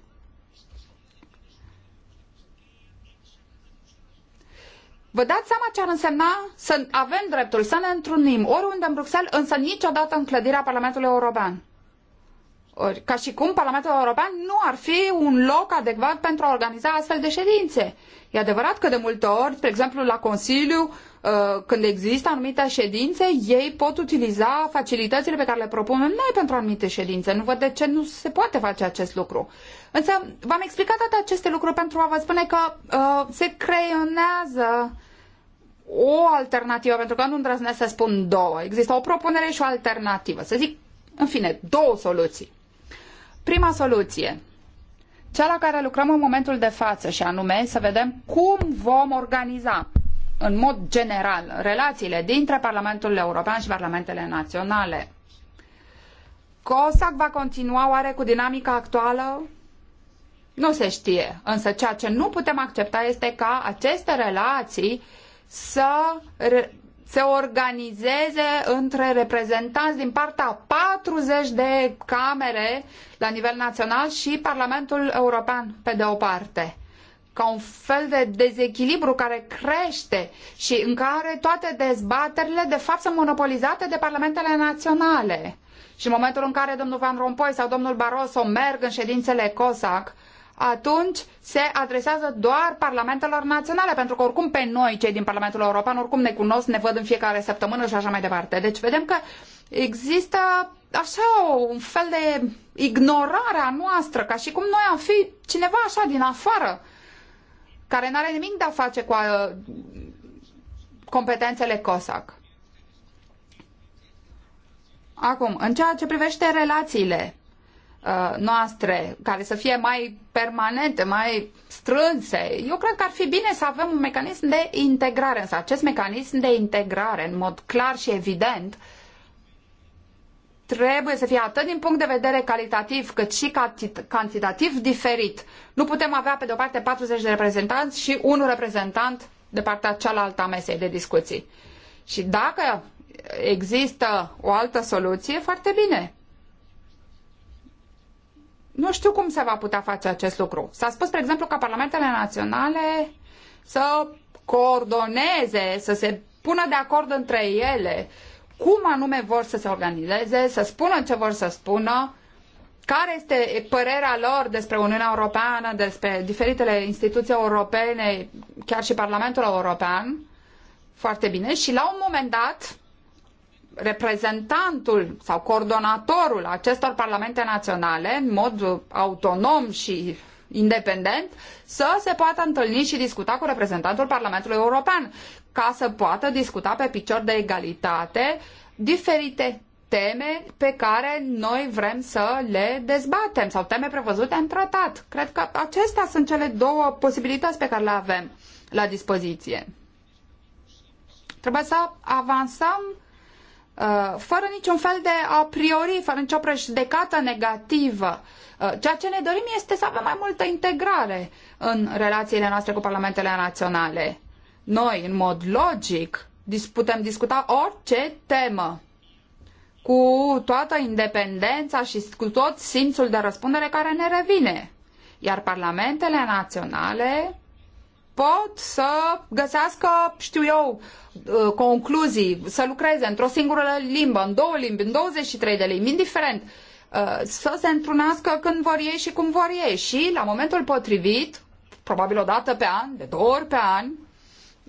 Vă dați seama ce ar însemna să avem dreptul să ne întrunim oriunde în Bruxelles, însă niciodată în clădirea Parlamentului European. Ori, ca și cum Parlamentul European nu ar fi un loc adecvat pentru a organiza astfel de ședințe. E adevărat că de multe ori, spre exemplu, la Consiliu, Uh, când există anumite ședințe, ei pot utiliza facilitățile pe care le propunem noi pentru anumite ședințe. Nu văd de ce nu se poate face acest lucru. Însă v-am explicat toate aceste lucruri pentru a vă spune că uh, se creionează o alternativă, pentru că nu îndrăznesc să spun două. Există o propunere și o alternativă. Să zic, în fine, două soluții. Prima soluție, cea la care lucrăm în momentul de față și anume să vedem cum vom organiza în mod general relațiile dintre Parlamentul European și Parlamentele Naționale. COSAC va continua oare cu dinamica actuală? Nu se știe, însă ceea ce nu putem accepta este ca aceste relații să se organizeze între reprezentanți din partea 40 de camere la nivel național și Parlamentul European pe de o parte ca un fel de dezechilibru care crește și în care toate dezbaterile de fapt sunt monopolizate de parlamentele naționale. Și în momentul în care domnul Van Rompuy sau domnul Barroso merg în ședințele COSAC, atunci se adresează doar parlamentelor naționale, pentru că oricum pe noi, cei din Parlamentul European, oricum ne cunosc, ne văd în fiecare săptămână și așa mai departe. Deci vedem că există așa un fel de ignorare a noastră, ca și cum noi am fi cineva așa din afară care nu are nimic de a face cu uh, competențele COSAC. Acum, în ceea ce privește relațiile uh, noastre, care să fie mai permanente, mai strânse, eu cred că ar fi bine să avem un mecanism de integrare, însă acest mecanism de integrare, în mod clar și evident, uh, trebuie să fie atât din punct de vedere calitativ cât și cantitativ diferit. Nu putem avea pe de o parte 40 de reprezentanți și un reprezentant de partea cealaltă a mesei de discuții. Și dacă există o altă soluție, foarte bine. Nu știu cum se va putea face acest lucru. S-a spus, spre exemplu, ca parlamentele naționale să coordoneze, să se pună de acord între ele, uh, cum anume vor să se organizeze, să spună ce vor să spună, care este părerea lor despre Uniunea Europeană, despre diferitele instituții europene, chiar și Parlamentul European, foarte bine, și la un moment dat reprezentantul sau coordonatorul acestor parlamente naționale, în mod autonom și independent, să se poată întâlni și discuta cu reprezentantul Parlamentului European, ca să poată discuta pe picior de egalitate diferite teme pe care noi vrem să le dezbatem sau teme prevăzute în tratat. Cred că acestea sunt cele două posibilități pe care le avem la dispoziție. Trebuie să avansăm uh, fără niciun fel de a priori, fără nicio prejudecată negativă. Uh, ceea ce ne dorim este să avem mai multă integrare în relațiile noastre cu parlamentele naționale. Noi, în mod logic, putem discuta orice temă cu toată independența și cu tot simțul de răspundere care ne revine. Iar parlamentele naționale pot să găsească, știu eu, uh, concluzii, să lucreze într-o singură limbă, în două limbi, în 23 de limbi, indiferent, uh, să se întrunească când vor ei și cum vor ei. Și la momentul potrivit, probabil o dată pe an, de două ori pe an,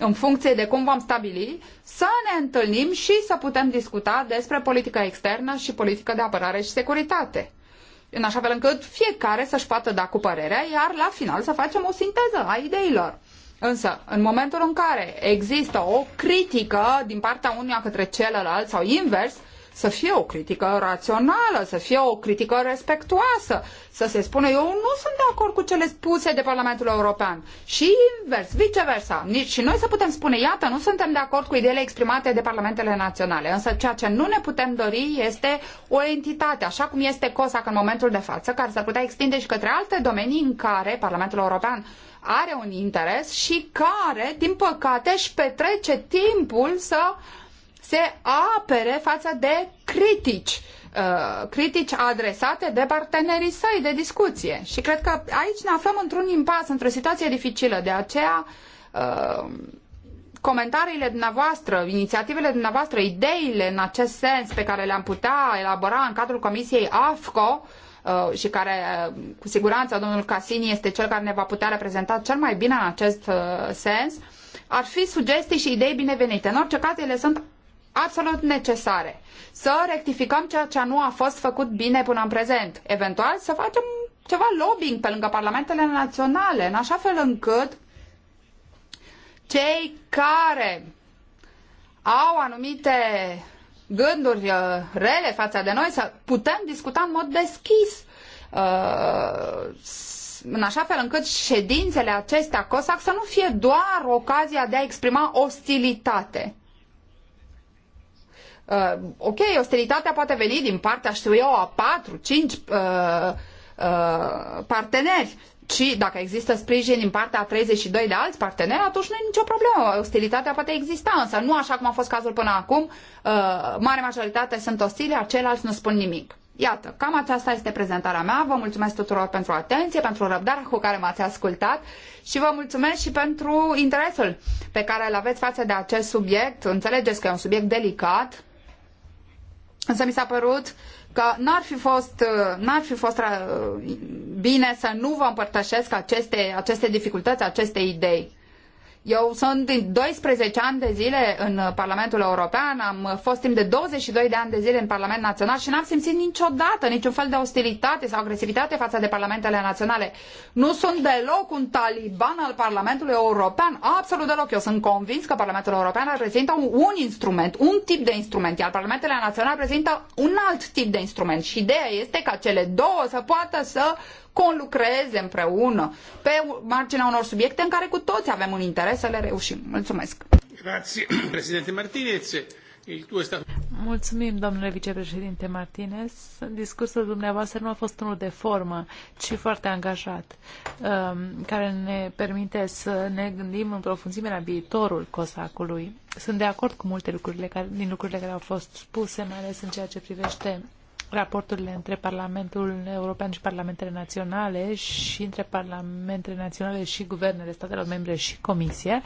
în funcție de cum vom stabili, să ne întâlnim și să putem discuta despre politică externă și politică de apărare și securitate. În așa fel încât fiecare să-și poată da cu părerea, iar la final să facem o sinteză a ideilor. Însă, în momentul în care există o critică din partea unuia către celălalt sau invers, să fie o critică rațională, să fie o critică respectuoasă, să se spună eu nu sunt de acord cu cele spuse de Parlamentul European și invers, viceversa. Nici și noi să putem spune, iată, nu suntem de acord cu ideile exprimate de Parlamentele Naționale, însă ceea ce nu ne putem dori este o entitate, așa cum este COSAC în momentul de față, care s-ar putea extinde și către alte domenii în care Parlamentul European are un interes și care, din păcate, își petrece timpul să se apere față de critici uh, critici adresate de partenerii săi de discuție. Și cred că aici ne aflăm într-un impas, într-o situație dificilă. De aceea, uh, comentariile dumneavoastră, inițiativele dumneavoastră, ideile în acest sens pe care le-am putea elabora în cadrul Comisiei AFCO, uh, și care, cu siguranță, domnul Casini este cel care ne va putea reprezenta cel mai bine în acest sens, ar fi sugestii și idei binevenite. În orice caz, ele sunt absolut necesare. Să rectificăm ceea ce nu a fost făcut bine până în prezent. Eventual să facem ceva lobbying pe lângă parlamentele naționale, în așa fel încât cei care au anumite gânduri uh, rele față de noi, să putem discuta în mod deschis, uh, în așa fel încât ședințele acestea COSAC să nu fie doar ocazia de a exprima ostilitate. Uh, ok, ostilitatea poate veni din partea, știu eu, a patru, cinci uh, uh, parteneri, ci dacă există sprijin din partea a 32 de alți parteneri, atunci nu e nicio problemă. Ostilitatea poate exista, însă nu așa cum a fost cazul până acum. Uh, mare majoritate sunt ostile, ceilalți nu spun nimic. Iată, cam aceasta este prezentarea mea. Vă mulțumesc tuturor pentru atenție, pentru răbdarea cu care m-ați ascultat și vă mulțumesc și pentru interesul pe care îl aveți față de acest subiect. Înțelegeți că e un subiect delicat, Însă mi s-a părut că n-ar fi fost, uh, n-ar fi fost uh, bine să nu vă împărtășesc aceste, aceste dificultăți, aceste idei. Eu sunt din 12 ani de zile în Parlamentul European, am fost timp de 22 de ani de zile în Parlament Național și n-am simțit niciodată niciun fel de ostilitate sau agresivitate față de parlamentele naționale. Nu sunt deloc un taliban al Parlamentului European, absolut deloc. Eu sunt convins că Parlamentul European reprezintă un, un instrument, un tip de instrument, iar Parlamentele Naționale reprezintă un alt tip de instrument. Și ideea este ca cele două să poată să conlucreze împreună pe marginea unor subiecte în care cu toți avem un interes să le reușim. Mulțumesc! Grazie, președinte Martinez. Mulțumim, domnule vicepreședinte Martinez. Discursul dumneavoastră nu a fost unul de formă, ci foarte angajat, um, care ne permite să ne gândim în profunzime la viitorul COSAC-ului. Sunt de acord cu multe lucrurile care, din lucrurile care au fost spuse, mai ales în ceea ce privește raporturile între Parlamentul European și Parlamentele Naționale și între Parlamentele Naționale și Guvernele statelor membre și Comisia.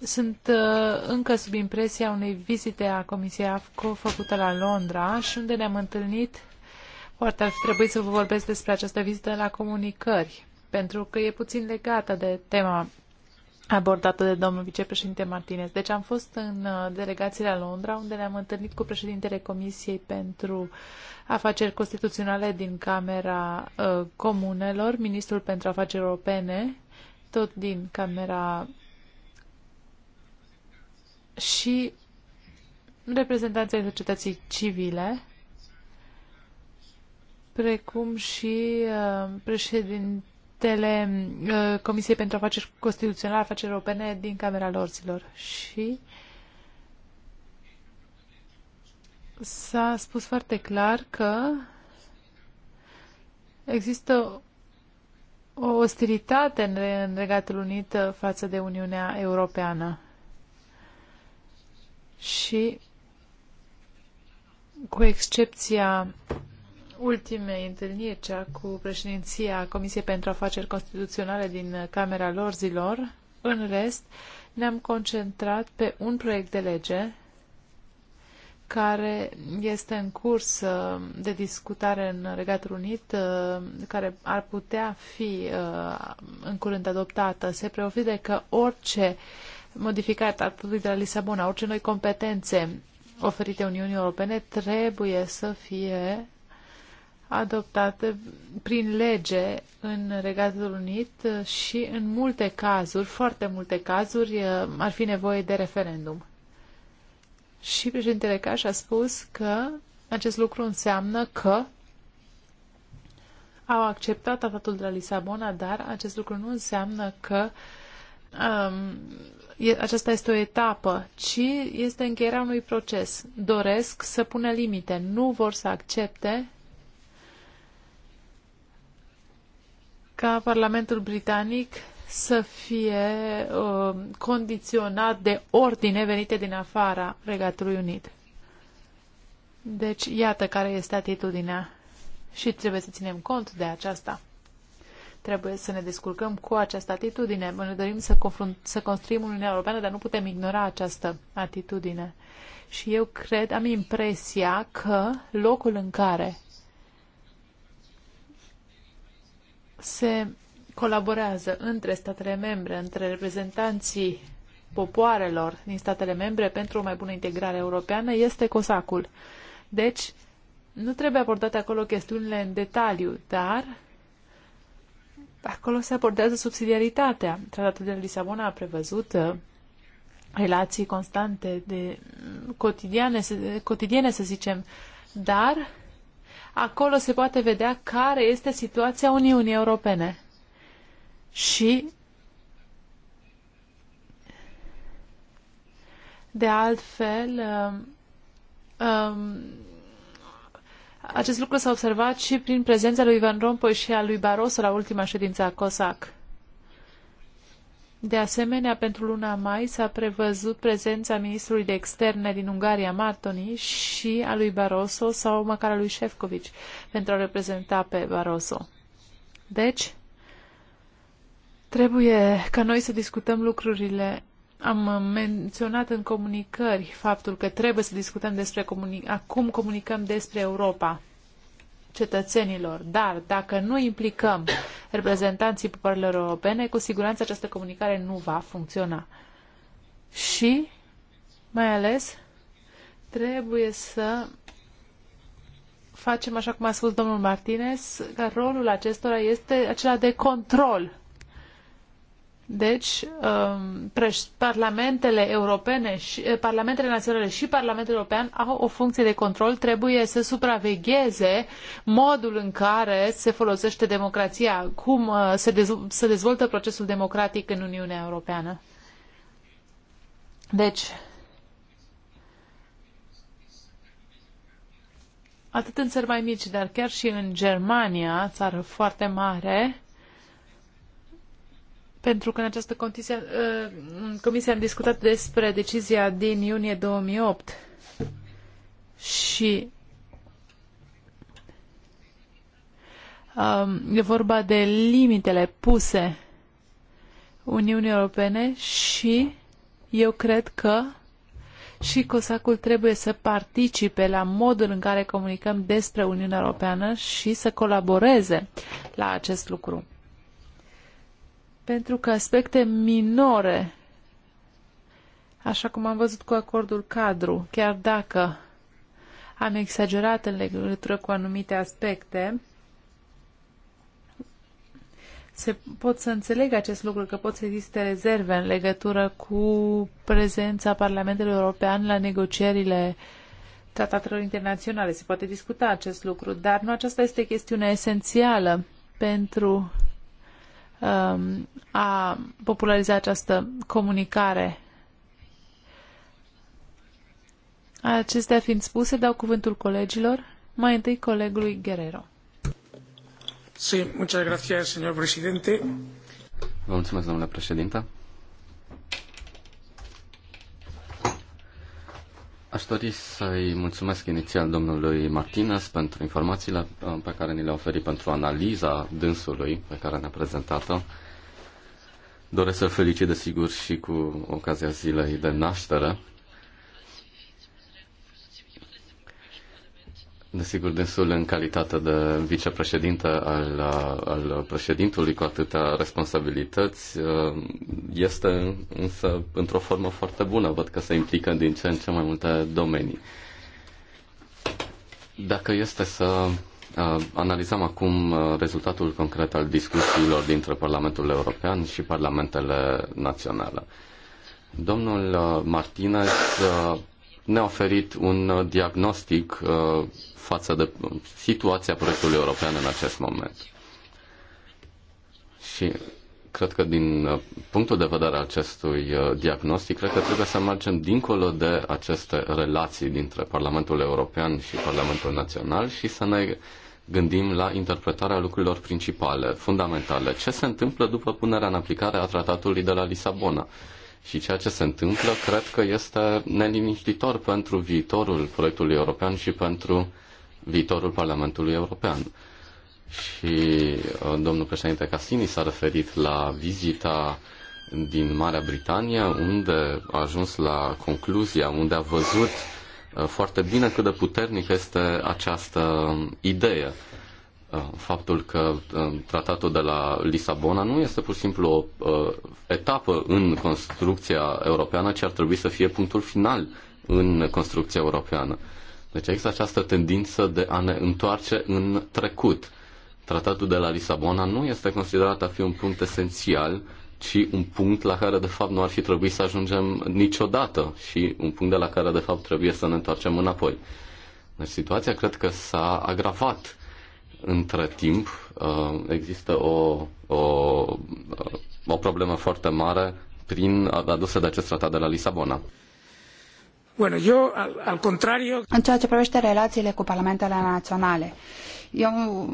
Sunt uh, încă sub impresia unei vizite a Comisiei AFCO făcută la Londra și unde ne-am întâlnit. Poate ar fi trebuit să vă vorbesc despre această vizită la comunicări, pentru că e puțin legată de tema abordată de domnul vicepreședinte Martinez. Deci am fost în uh, delegație la Londra, unde ne-am întâlnit cu președintele Comisiei pentru Afaceri Constituționale din Camera uh, Comunelor, ministrul pentru afaceri europene, tot din Camera și reprezentanții societății civile, precum și uh, președinte rapoartele uh, Comisiei pentru Afaceri Constituționale, Afaceri Europene din Camera Lorzilor. Și s-a spus foarte clar că există o ostilitate în Regatul Unit uh, față de Uniunea Europeană. Și cu excepția ultimei întâlniri, cea cu președinția Comisiei pentru Afaceri Constituționale din Camera lor În rest, ne-am concentrat pe un proiect de lege care este în curs uh, de discutare în Regatul Unit, uh, care ar putea fi uh, în curând adoptată. Se preofide că orice modificare tratatului de la Lisabona, orice noi competențe oferite Uniunii Europene trebuie să fie adoptate prin lege în Regatul Unit și în multe cazuri, foarte multe cazuri, ar fi nevoie de referendum. Și președintele Caș a spus că acest lucru înseamnă că au acceptat tratatul de la Lisabona, dar acest lucru nu înseamnă că um, e, aceasta este o etapă, ci este încheierea unui proces. Doresc să pună limite, nu vor să accepte ca Parlamentul Britanic să fie uh, condiționat de ordine venite din afara Regatului Unit. Deci, iată care este atitudinea și trebuie să ținem cont de aceasta. Trebuie să ne descurcăm cu această atitudine. Ne dorim să, să construim Uniunea Europeană, dar nu putem ignora această atitudine. Și eu cred, am impresia că locul în care se colaborează între statele membre, între reprezentanții popoarelor din statele membre pentru o mai bună integrare europeană este COSAC-ul. Deci, nu trebuie abordate acolo chestiunile în detaliu, dar acolo se abordează subsidiaritatea. Tratatul de Lisabona a prevăzut uh, relații constante, de mm, cotidiane, cotidiene, să zicem, dar acolo se poate vedea care este situația Uniunii Europene. Și de altfel um, um, acest lucru s-a observat și prin prezența lui Van Rompuy și a lui Barroso la ultima ședință a COSAC. De asemenea, pentru luna mai s-a prevăzut prezența ministrului de externe din Ungaria, Martoni, și a lui Barroso sau măcar a lui Șefcovici pentru a reprezenta pe Barroso. Deci, trebuie ca noi să discutăm lucrurile am menționat în comunicări faptul că trebuie să discutăm despre comuni- acum comunicăm despre Europa cetățenilor. Dar dacă nu implicăm reprezentanții popoarelor europene, cu siguranță această comunicare nu va funcționa. Și, mai ales, trebuie să facem, așa cum a spus domnul Martinez, că rolul acestora este acela de control deci, um, parlamentele europene, și, eh, parlamentele naționale și Parlamentul European au o funcție de control, trebuie să supravegheze modul în care se folosește democrația, cum eh, se, se dezvoltă procesul democratic în Uniunea Europeană. Deci, atât în țări mai mici, dar chiar și în Germania, țară foarte mare, pentru că în această comisie, uh, comisie am discutat despre decizia din iunie 2008 și um, e vorba de limitele puse Uniunii Europene și eu cred că și COSAC-ul trebuie să participe la modul în care comunicăm despre Uniunea Europeană și să colaboreze la acest lucru pentru că aspecte minore, așa cum am văzut cu acordul cadru, chiar dacă am exagerat în legătură cu anumite aspecte, se pot să înțeleg acest lucru, că pot să existe rezerve în legătură cu prezența Parlamentului European la negocierile tratatelor internaționale. Se poate discuta acest lucru, dar nu aceasta este chestiunea esențială pentru Um, a populariza această comunicare. Acestea fiind spuse, dau cuvântul colegilor, mai întâi colegului Guerrero. Sí, muchas gracias, señor presidente. Vă mulțumesc, domnule președinte. Aș dori să-i mulțumesc inițial domnului Martinez pentru informațiile uh, pe care ni le-a oferit, pentru analiza dânsului pe care ne-a prezentat-o. Doresc să felicit, desigur, și cu ocazia zilei de naștere Desigur, dânsul în calitate de vicepreședinte al, al președintului cu atâtea responsabilități uh, este însă într-o formă foarte bună. Văd că se implică din ce în ce mai multe domenii. Dacă este să uh, analizăm acum uh, rezultatul concret al discuțiilor dintre Parlamentul European și Parlamentele Naționale. Domnul Martinez ne-a oferit un diagnostic față de situația proiectului european în acest moment. Și cred că din uh, punctul de vedere al acestui uh, diagnostic, cred că trebuie să mergem dincolo de aceste relații dintre Parlamentul European și Parlamentul Național și să ne gândim la interpretarea lucrurilor principale, fundamentale. Ce se întâmplă după punerea în aplicare a tratatului de la Lisabona? Și ceea ce se întâmplă, cred că este neliniștitor pentru viitorul proiectului european și pentru viitorul Parlamentului European. Și uh, domnul președinte Cassini s-a referit la vizita din Marea Britanie, unde a ajuns la concluzia, unde a văzut uh, foarte bine cât de puternic este această idee. Uh, faptul că tratatul de la Lisabona nu este pur și simplu o etapă în construcția europeană, ci ar trebui să fie punctul final în construcția europeană. Deci există această tendință de a ne întoarce în trecut. Tratatul de la Lisabona nu este considerat a fi un punct esențial, ci un punct la care de fapt nu ar fi trebuit să ajungem niciodată și un punct de la care de fapt trebuie să ne întoarcem înapoi. Deci situația cred că s-a agravat între timp. Uh, există o, o, o problemă foarte mare prin adusă de acest tratat de la Lisabona. Bueno, yo, al, al contrario... În ceea ce privește relațiile cu parlamentele naționale, eu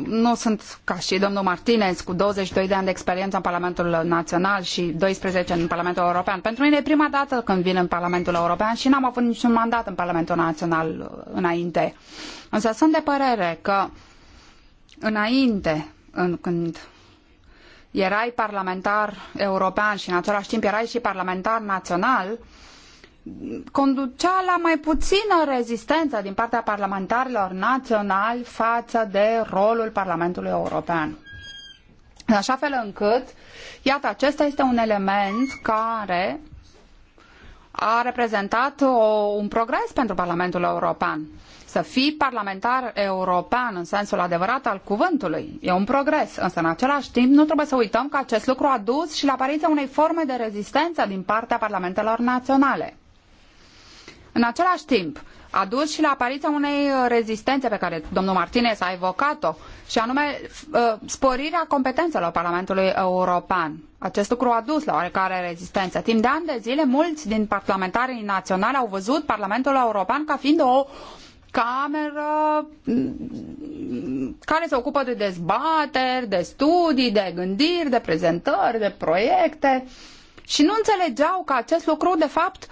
nu sunt ca și domnul Martinez cu 22 de ani de experiență în Parlamentul Național și 12 în Parlamentul European. Pentru mine e prima dată când vin în Parlamentul European și n-am avut niciun mandat în Parlamentul Național uh, înainte. Însă sunt de părere că înainte, în, când erai parlamentar european și în același timp erai și parlamentar național, uh, conducea la mai puțină rezistență din partea parlamentarilor naționali față de rolul Parlamentului European. În așa fel încât, iată, acesta este un element care a reprezentat o, un progres pentru Parlamentul European. Să fii parlamentar european în sensul adevărat al cuvântului e un progres, însă în același timp nu trebuie să uităm că acest lucru a dus și la apariția unei forme de rezistență din partea parlamentelor naționale în același timp a dus și la apariția unei uh, rezistențe pe care domnul Martinez a evocat-o, și anume uh, sporirea competențelor Parlamentului European. Acest lucru a dus la oarecare rezistență. Timp de ani de zile, mulți din parlamentarii naționali au văzut Parlamentul European ca fiind o cameră mm, care se ocupă de dezbateri, de studii, de gândiri, de prezentări, de proiecte și nu înțelegeau că acest lucru, de fapt,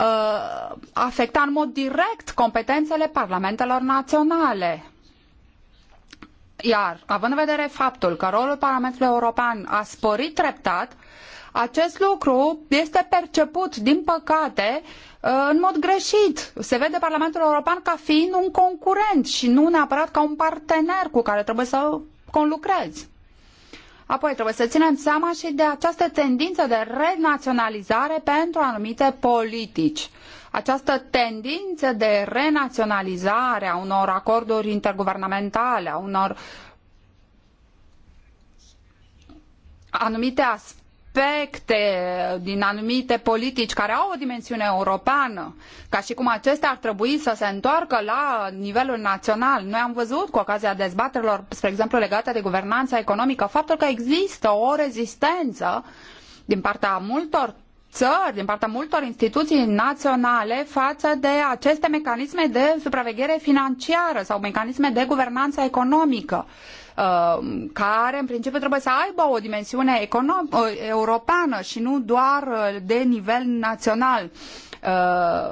uh, afecta în mod direct competențele parlamentelor naționale. Iar, având în vedere faptul că rolul Parlamentului European a sporit treptat, acest lucru este perceput, din păcate, uh, în mod greșit. Se vede Parlamentul European ca fiind un concurent și nu neapărat ca un partener cu care trebuie să conlucrezi. Apoi trebuie să ținem seama și de această tendință de renaționalizare pentru anumite politici. Această tendință de renaționalizare a unor acorduri interguvernamentale, a unor anumite aspecte aspecte din anumite politici care au o dimensiune europeană, ca și cum acestea ar trebui să se întoarcă la nivelul național. Noi am văzut cu ocazia dezbaterilor, spre exemplu, legate de guvernanța economică, faptul că există o rezistență din partea multor țări, din partea multor instituții naționale față de aceste mecanisme de supraveghere financiară sau mecanisme de guvernanță economică. Uh, care în principiu trebuie să aibă o dimensiune uh, europeană și nu doar uh, de nivel național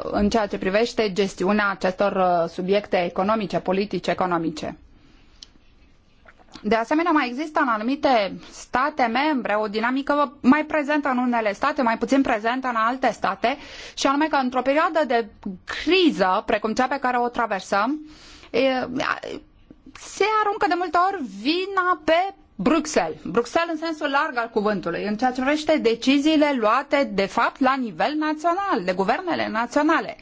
în ceea ce privește gestiunea acestor subiecte economice, politice, economice. De asemenea, mai există în anumite state membre o dinamică mai prezentă în unele state, mai puțin prezentă în alte state, și anume că într-o perioadă de criză, precum cea pe care o traversăm, se aruncă de multe ori vina pe Bruxelles. Bruxelles în sensul larg al cuvântului, în ceea ce privește deciziile luate, de fapt, la nivel național, de guvernele naționale.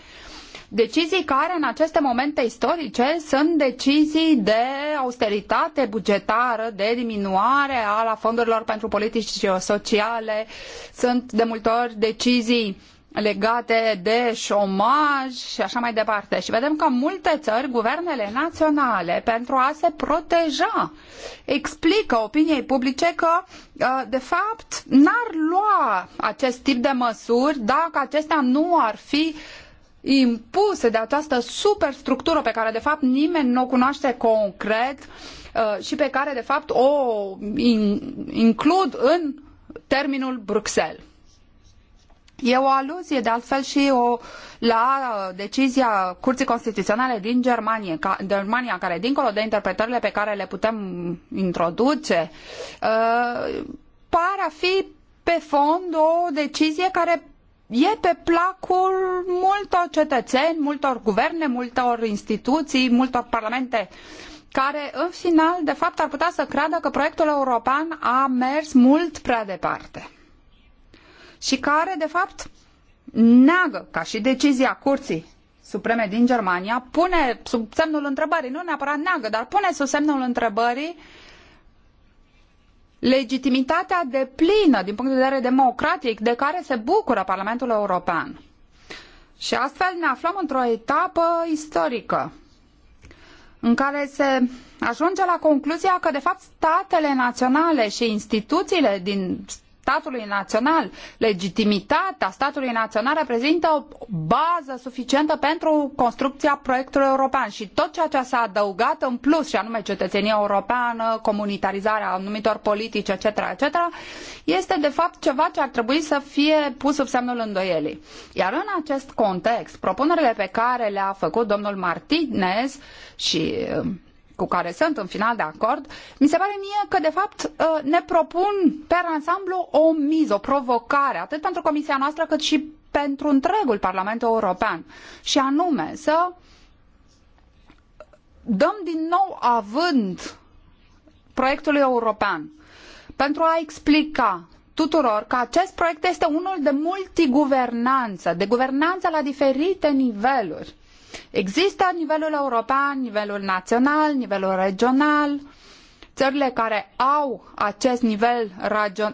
Decizii care în aceste momente istorice sunt decizii de austeritate bugetară, de diminuare a la fondurilor pentru politici sociale, sunt de multe ori decizii legate de șomaj și așa mai departe. Și vedem că în multe țări, guvernele naționale, pentru a se proteja, explică opiniei publice că, uh, de fapt, n-ar lua acest tip de măsuri dacă acestea nu ar fi impuse de această superstructură pe care, de fapt, nimeni nu o cunoaște concret uh, și pe care, de fapt, o includ în terminul Bruxelles. E o aluzie, de altfel, și o, la uh, decizia Curții Constituționale din Germania, ca, Germania, care, dincolo de interpretările pe care le putem introduce, uh, pare a fi pe fond o decizie care e pe placul multor cetățeni, multor guverne, multor instituții, multor parlamente care în final, de fapt, ar putea să creadă că proiectul european a mers mult prea departe și care, de fapt, neagă, ca și decizia Curții Supreme din Germania, pune sub semnul întrebării, nu neapărat neagă, dar pune sub semnul întrebării legitimitatea deplină din punct de vedere democratic de care se bucură Parlamentul European. Și astfel ne aflăm într-o etapă istorică în care se ajunge la concluzia că, de fapt, statele naționale și instituțiile din statului național. Legitimitatea statului național reprezintă o bază suficientă pentru construcția proiectului european și tot ceea ce s-a adăugat în plus, și anume cetățenia europeană, comunitarizarea anumitor politici, etc., etc., este de fapt ceva ce ar trebui să fie pus sub semnul îndoielii. Iar în acest context, propunerile pe care le-a făcut domnul Martinez și cu care sunt în final de acord, mi se pare mie că, de fapt, uh, ne propun pe ansamblu o miză, o provocare, atât pentru Comisia noastră, cât și pentru întregul Parlament European. Și anume să dăm din nou avânt proiectului european pentru a explica tuturor că acest proiect este unul de multiguvernanță, de guvernanță la diferite niveluri Există nivelul european, nivelul național, nivelul regional. Țările care au acest nivel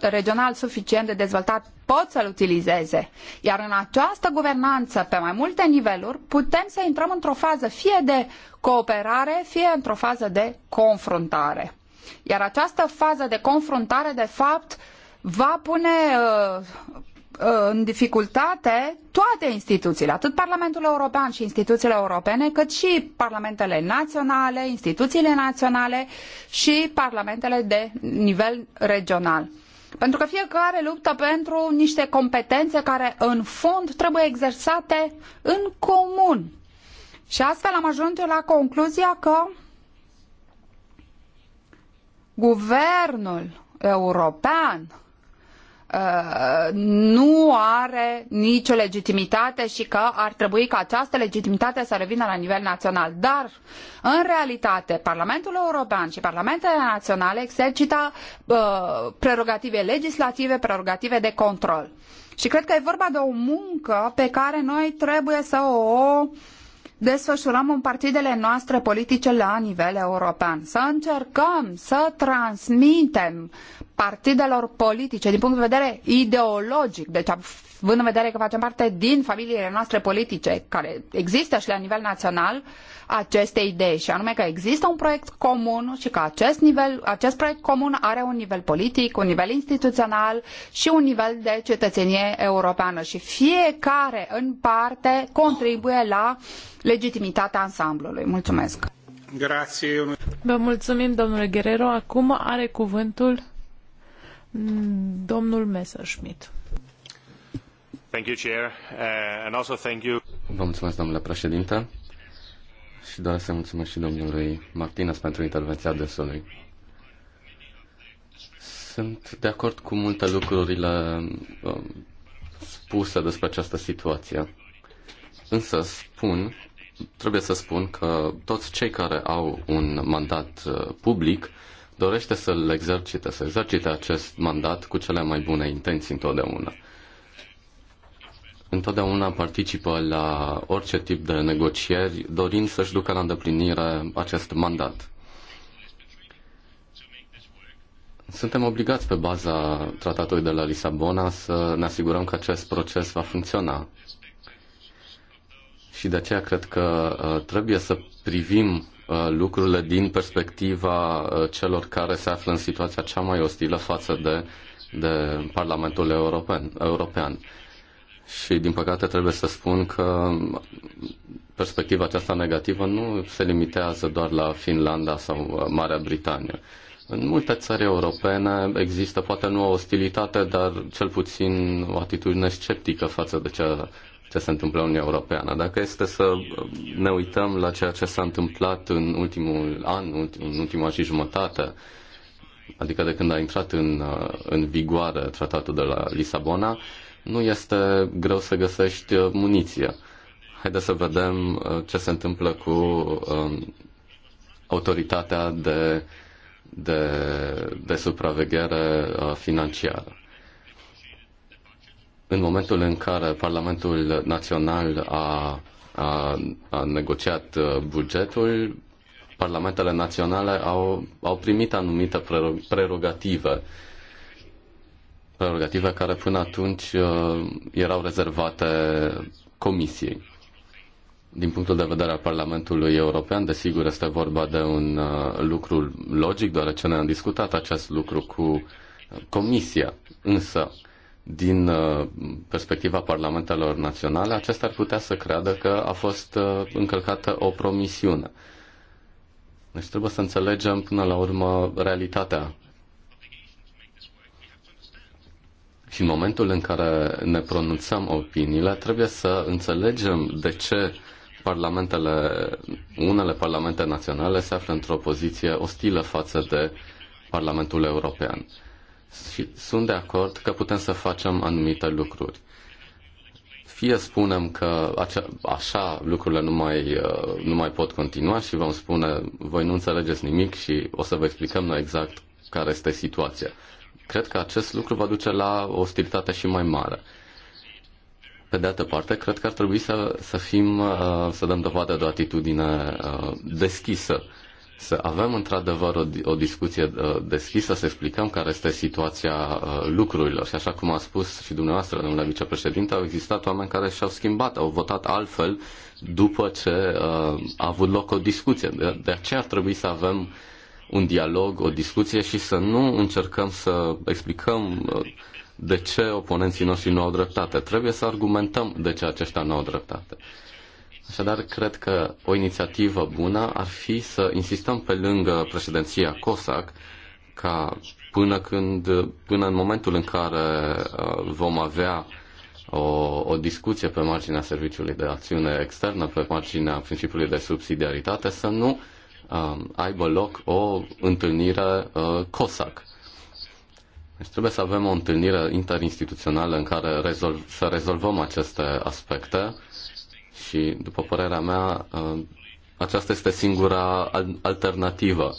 regional suficient de dezvoltat pot să-l utilizeze. Iar în această guvernanță pe mai multe niveluri putem să intrăm într-o fază fie de cooperare, fie într-o fază de confruntare. Iar această fază de confruntare, de fapt, va pune uh, Uh, în dificultate toate instituțiile, atât Parlamentul European și instituțiile europene, cât și parlamentele naționale, instituțiile naționale și parlamentele de nivel regional. Pentru că fiecare luptă pentru niște competențe care, în fond, trebuie exersate în comun. Și astfel am ajuns la concluzia că guvernul european Uh, nu are nicio legitimitate și că ar trebui ca această legitimitate să revină la nivel național. Dar, în realitate, Parlamentul European și Parlamentele Naționale exercită uh, prerogative legislative, prerogative de control. Și cred că e vorba de o muncă pe care noi trebuie să o desfășurăm în partidele noastre politice la nivel european. Să încercăm să transmitem partidelor politice din punct de vedere ideologic, deci având în vedere că facem parte din familiile noastre politice, care există și la nivel național, aceste idei, și anume că există un proiect comun și că acest, nivel, acest proiect comun are un nivel politic, un nivel instituțional și un nivel de cetățenie europeană și fiecare în parte contribuie la legitimitatea ansamblului. Mulțumesc! Grazie. Vă mulțumim, domnule Guerrero. Acum are cuvântul Mm, domnul Messerschmidt. Thank you, Chair, uh, and also thank you. Vă mulțumesc, domnule președinte, și doresc să mulțumesc și domnului Martinez pentru intervenția dânsului. Sunt de acord cu multe lucrurile um, spuse despre această situație. Însă spun, trebuie să spun că toți cei care au un mandat uh, public dorește să-l exercite, să exercite acest mandat cu cele mai bune intenții întotdeauna. Întotdeauna participă la orice tip de negocieri, dorind să-și ducă la îndeplinire acest mandat. Suntem obligați pe baza tratatului de la Lisabona să ne asigurăm că acest proces va funcționa. Și de aceea cred că uh, trebuie să privim Uh, lucrurile din perspectiva uh, celor care se află în situația cea mai ostilă față de, de Parlamentul European. European. Și, din păcate, trebuie să spun că perspectiva aceasta negativă nu se limitează doar la Finlanda sau uh, Marea Britanie. În multe țări europene există poate nu o ostilitate, dar cel puțin o atitudine sceptică față de cea ce se întâmplă în Uniunea Europeană. Dacă este să ne uităm la ceea ce s-a întâmplat în ultimul an, în ultima și jumătate, adică de când a intrat în, în vigoare tratatul de la Lisabona, nu este greu să găsești uh, muniție. Haideți să vedem uh, ce se întâmplă cu um, autoritatea de, de, de supraveghere uh, financiară în momentul în care Parlamentul Național a, a, a negociat uh, bugetul, parlamentele naționale au, au primit anumite prerogative, prerogative care până atunci uh, erau rezervate Comisiei. Din punctul de vedere al Parlamentului European, desigur, este vorba de un uh, lucru logic, deoarece ne-am discutat acest lucru cu Comisia. Însă, uh, din uh, perspectiva parlamentelor naționale, acesta ar putea să creadă că a fost uh, încălcată o promisiune. Deci trebuie să înțelegem până la urmă realitatea. Și în momentul în care ne pronunțăm opiniile, trebuie să înțelegem de ce parlamentele, unele parlamente naționale se află într-o poziție ostilă față de Parlamentul European și sunt de acord că putem să facem anumite lucruri. Fie spunem că așa lucrurile nu mai, uh, nu mai pot continua și vom spune voi nu înțelegeți nimic și o să vă explicăm noi exact care este situația. Cred că acest lucru va duce la o ostilitate și mai mare. Pe de altă parte, cred că ar trebui să, să fim, uh, să dăm dovadă de o atitudine uh, deschisă să avem într-adevăr o, o discuție uh, deschisă, să explicăm care este situația uh, lucrurilor. Și așa cum a spus și dumneavoastră, domnule vicepreședinte, au existat oameni care și-au schimbat, au votat altfel după ce uh, a avut loc o discuție. De, de aceea ar trebui să avem un dialog, o discuție și să nu încercăm să explicăm de ce oponenții noștri nu au dreptate. Trebuie să argumentăm de ce aceștia nu au dreptate. Așadar, cred că o inițiativă bună ar fi să insistăm pe lângă președinția COSAC ca până, când, până în momentul în care uh, vom avea o, o discuție pe marginea serviciului de acțiune externă, pe marginea principiului de subsidiaritate, să nu um, aibă loc o întâlnire uh, COSAC. Deci trebuie să avem o întâlnire interinstituțională în care rezolv, să rezolvăm aceste aspecte și, după părerea mea, ă, aceasta este singura alternativă.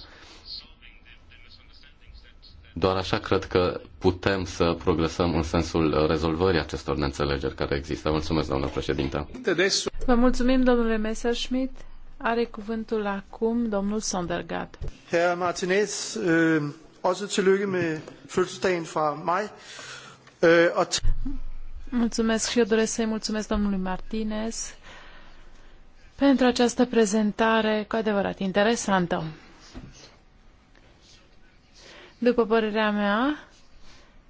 Doar așa cred că putem să progresăm în sensul rezolvării acestor neînțelegeri care există. Mulțumesc, doamnă președinte. Vă mulțumim, domnule Messerschmidt. Are cuvântul acum domnul Sondergat. Herr Martinez, zu øh, lüge med Fürstein fra mai. Øh, mulțumesc și eu doresc să-i mulțumesc domnului Martinez pentru această prezentare cu adevărat interesantă. După părerea mea,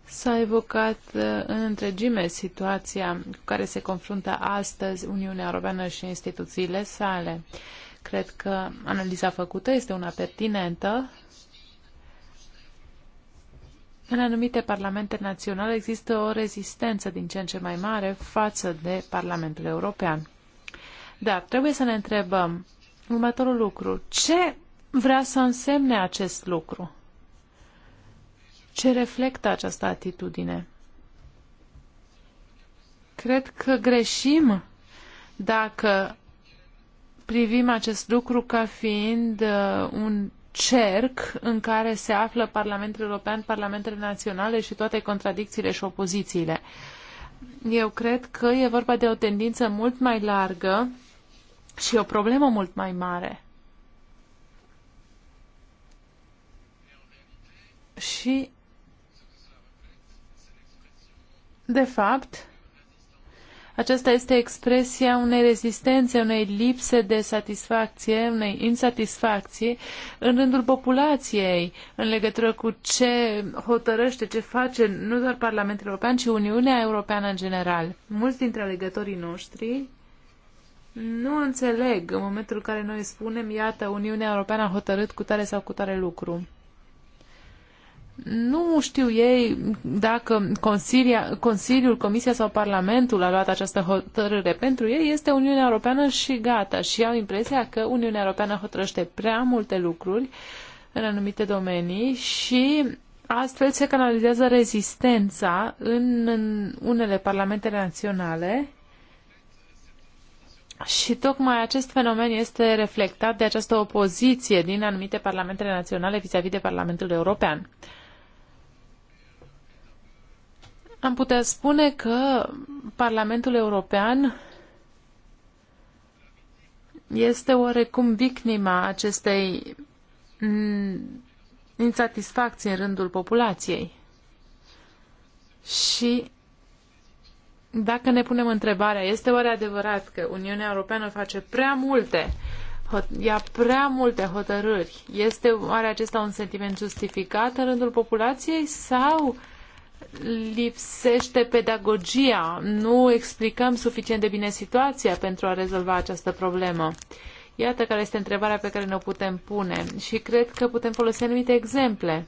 s-a evocat uh, în întregime situația cu care se confruntă astăzi Uniunea Europeană și instituțiile sale. Cred că analiza făcută este una pertinentă. În anumite parlamente naționale există o rezistență din ce în ce mai mare față de Parlamentul European. Da, trebuie să ne întrebăm următorul lucru. Ce vrea să însemne acest lucru? Ce reflectă această atitudine? Cred că greșim dacă privim acest lucru ca fiind uh, un cerc în care se află Parlamentul European, Parlamentele Naționale și toate contradicțiile și opozițiile. Eu cred că e vorba de o tendință mult mai largă și o problemă mult mai mare. Și, de fapt, aceasta este expresia unei rezistențe, unei lipse de satisfacție, unei insatisfacții în rândul populației în legătură cu ce hotărăște, ce face nu doar Parlamentul European, ci Uniunea Europeană în general. Mulți dintre alegătorii noștri nu înțeleg în momentul în care noi spunem, iată, Uniunea Europeană a hotărât cu tare sau cu tare lucru. Nu știu ei dacă Consilia, Consiliul, Comisia sau Parlamentul a luat această hotărâre. Pentru ei este Uniunea Europeană și gata. Și au impresia că Uniunea Europeană hotărăște prea multe lucruri în anumite domenii și astfel se canalizează rezistența în, în unele parlamente naționale și tocmai acest fenomen este reflectat de această opoziție din anumite parlamentele naționale vis-a-vis -vis de Parlamentul European. Am putea spune că Parlamentul European este oarecum victima acestei mm, insatisfacții în rândul populației. Și dacă ne punem întrebarea, este oare adevărat că Uniunea Europeană face prea multe, ia prea multe hotărâri, este oare acesta un sentiment justificat în rândul populației sau lipsește pedagogia, nu explicăm suficient de bine situația pentru a rezolva această problemă? Iată care este întrebarea pe care ne-o putem pune și cred că putem folosi anumite exemple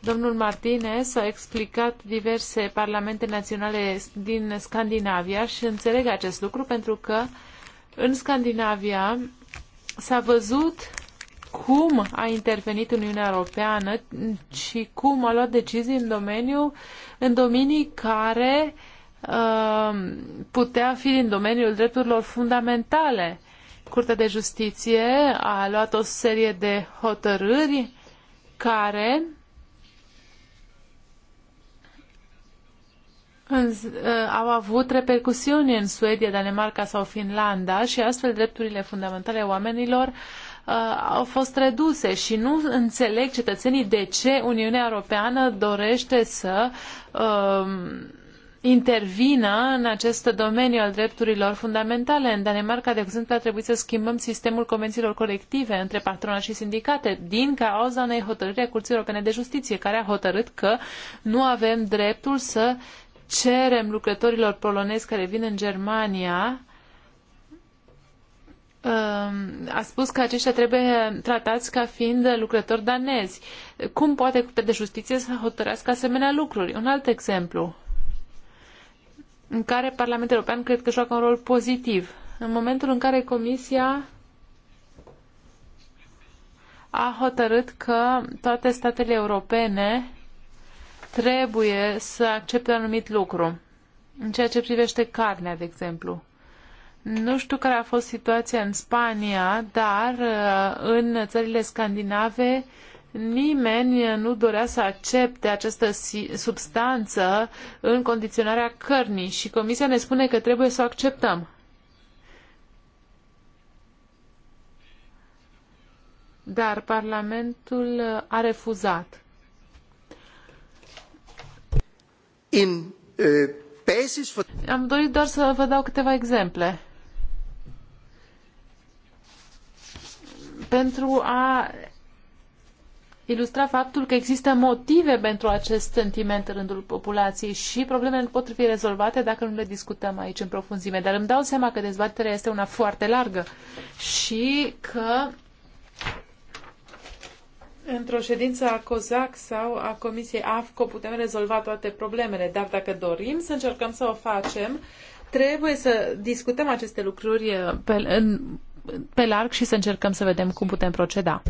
Domnul Martinez a explicat diverse parlamente naționale din Scandinavia și înțeleg acest lucru pentru că în Scandinavia s-a văzut cum a intervenit Uniunea Europeană și cum a luat decizii în domeniu, în domenii care uh, putea fi din domeniul drepturilor fundamentale. Curtea de Justiție a luat o serie de hotărâri care în, ă, au avut repercusiuni în Suedia, Danemarca sau Finlanda și astfel drepturile fundamentale oamenilor uh, au fost reduse și nu înțeleg cetățenii de ce Uniunea Europeană dorește să uh, intervină în acest domeniu al drepturilor fundamentale. În Danemarca, de exemplu, a trebuit să schimbăm sistemul convențiilor colective între patronat și sindicate din cauza unei hotărâri a Curții Europene de Justiție, care a hotărât că nu avem dreptul să cerem lucrătorilor polonezi care vin în Germania um, a spus că aceștia trebuie tratați ca fiind lucrători danezi. Cum poate Curtea de Justiție să hotărească asemenea lucruri? Un alt exemplu în care Parlamentul European cred că joacă un rol pozitiv. În momentul în care Comisia a hotărât că toate statele europene trebuie să accepte un anumit lucru. În ceea ce privește carnea, de exemplu. Nu știu care a fost situația în Spania, dar uh, în țările scandinave nimeni nu dorea să accepte această substanță în condiționarea cărnii și comisia ne spune că trebuie să o acceptăm. Dar Parlamentul a refuzat. in basis for... Am dorit doar să vă dau câteva exemple. Pentru a ilustra faptul că există motive pentru acest sentiment în rândul populației și problemele nu pot fi rezolvate dacă nu le discutăm aici în profunzime. Dar îmi dau seama că dezbaterea este una foarte largă și că Într-o ședință a COSAC sau a Comisiei AFCO putem rezolva toate problemele, dar dacă dorim să încercăm să o facem, trebuie să discutăm aceste lucruri uh, pe, în, pe larg și să încercăm să vedem cum putem proceda.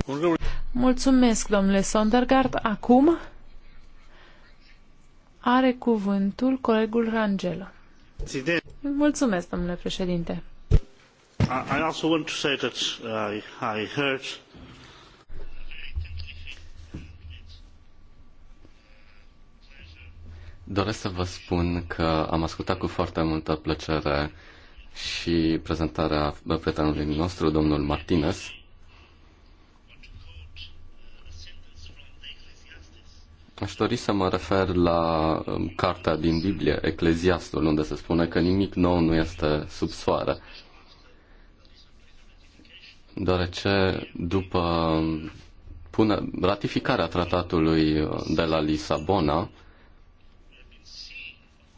Mulțumesc, domnule Sondergaard. Acum are cuvântul colegul Rangel. Mulțumesc, domnule președinte. I also want to say that uh, I heard Doresc să vă spun că am ascultat cu foarte multă plăcere și prezentarea prietenului nostru, domnul Martinez. Aș dori să mă refer la um, cartea din Biblie, Ecleziastul, unde se spune că nimic nou nu este sub soare. Deoarece după um, pune, ratificarea tratatului de la Lisabona,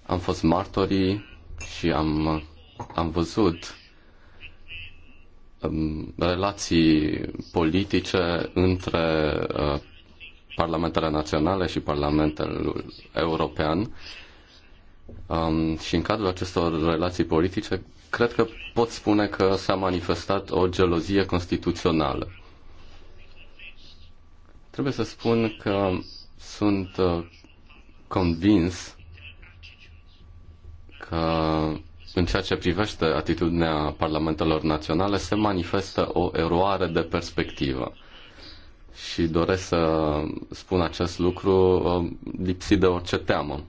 am fost martorii și am, am văzut um, relații politice între uh, parlamentele naționale și parlamentul european um, și în cadrul acestor relații politice cred că pot spune că s-a manifestat o gelozie constituțională. Trebuie să spun că sunt uh, convins că în ceea ce privește atitudinea parlamentelor naționale se manifestă o eroare de perspectivă. Și doresc să spun acest lucru uh, lipsit de orice teamă.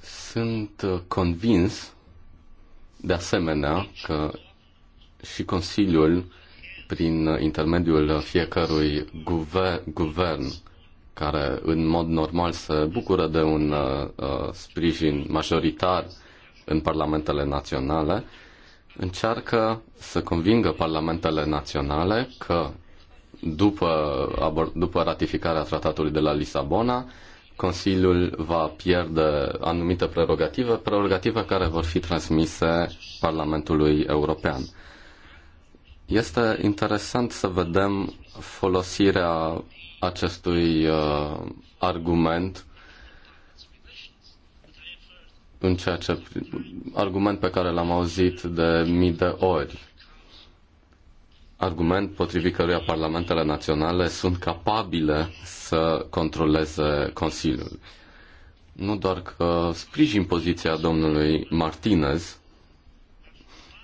Sunt uh, convins de asemenea că și Consiliul, prin intermediul fiecărui guver- guvern, care în mod normal se bucură de un uh, uh, sprijin majoritar în parlamentele naționale, încearcă să convingă parlamentele naționale că după, după ratificarea tratatului de la Lisabona, Consiliul va pierde anumite prerogative, prerogative care vor fi transmise Parlamentului European. Este interesant să vedem folosirea acestui uh, argument în ceea ce argument pe care l-am auzit de mii de ori. Argument potrivit căruia parlamentele naționale sunt capabile să controleze Consiliul. Nu doar că sprijin poziția domnului Martinez,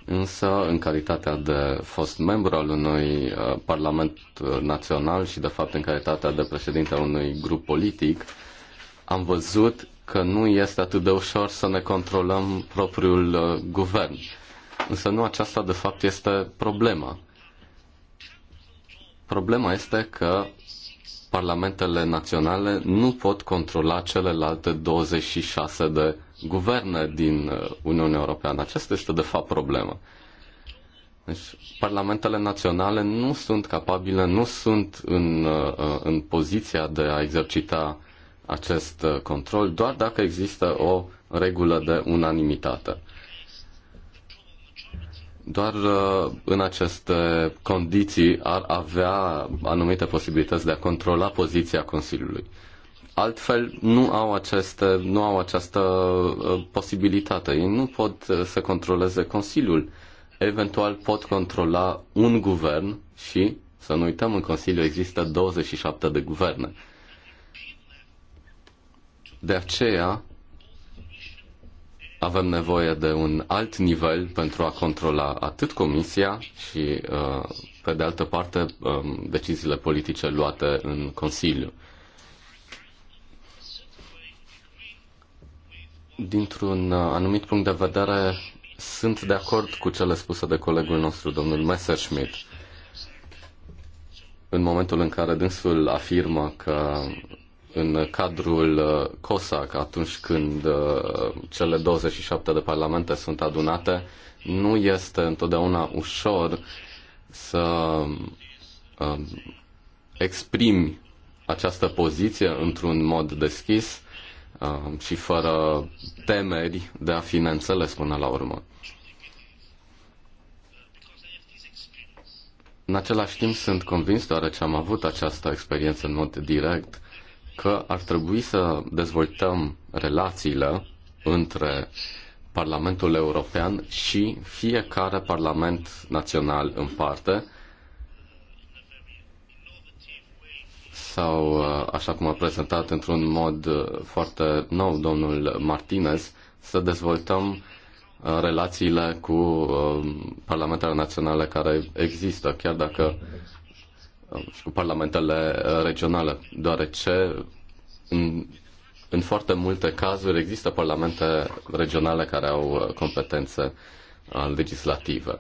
Însă, în calitatea de fost membru al unui uh, parlament uh, național și, de fapt, în calitatea de președinte al unui grup politic, am văzut că nu este atât de ușor să ne controlăm propriul uh, guvern. Însă nu aceasta, de fapt, este problema. Problema este că parlamentele naționale nu pot controla celelalte 26 de guverne din uh, Uniunea Europeană. Aceasta este, de fapt, problema. Deci, parlamentele naționale nu sunt capabile, nu sunt în, uh, uh, în poziția de a exercita acest control, doar dacă există o regulă de unanimitate. Doar uh, în aceste condiții ar avea anumite posibilități de a controla poziția Consiliului. Altfel nu au, aceste, nu au această uh, posibilitate. Ei nu pot uh, să controleze Consiliul. Eventual pot controla un guvern și, să nu uităm, în Consiliu există 27 de guverne. De aceea, avem nevoie de un alt nivel pentru a controla atât Comisia și, uh, pe de altă parte, um, deciziile politice luate în Consiliu. Dintr-un uh, anumit punct de vedere, sunt de acord cu cele spuse de colegul nostru, domnul Messerschmidt. În momentul în care dânsul afirmă că în cadrul uh, COSAC, atunci când uh, cele 27 de parlamente sunt adunate, nu este întotdeauna ușor să um, exprimi această poziție într-un mod deschis um, și fără temeri de a fi neînțeles până la urmă. În același timp sunt convins, deoarece am avut această experiență în mod direct, că ar trebui să dezvoltăm relațiile între Parlamentul European și fiecare Parlament Național în parte sau, așa cum a prezentat într-un mod foarte nou domnul Martinez, să dezvoltăm uh, relațiile cu uh, parlamentele naționale care există, chiar dacă și cu parlamentele uh, regionale, deoarece în, în foarte multe cazuri există parlamente regionale care au uh, competențe uh, legislative.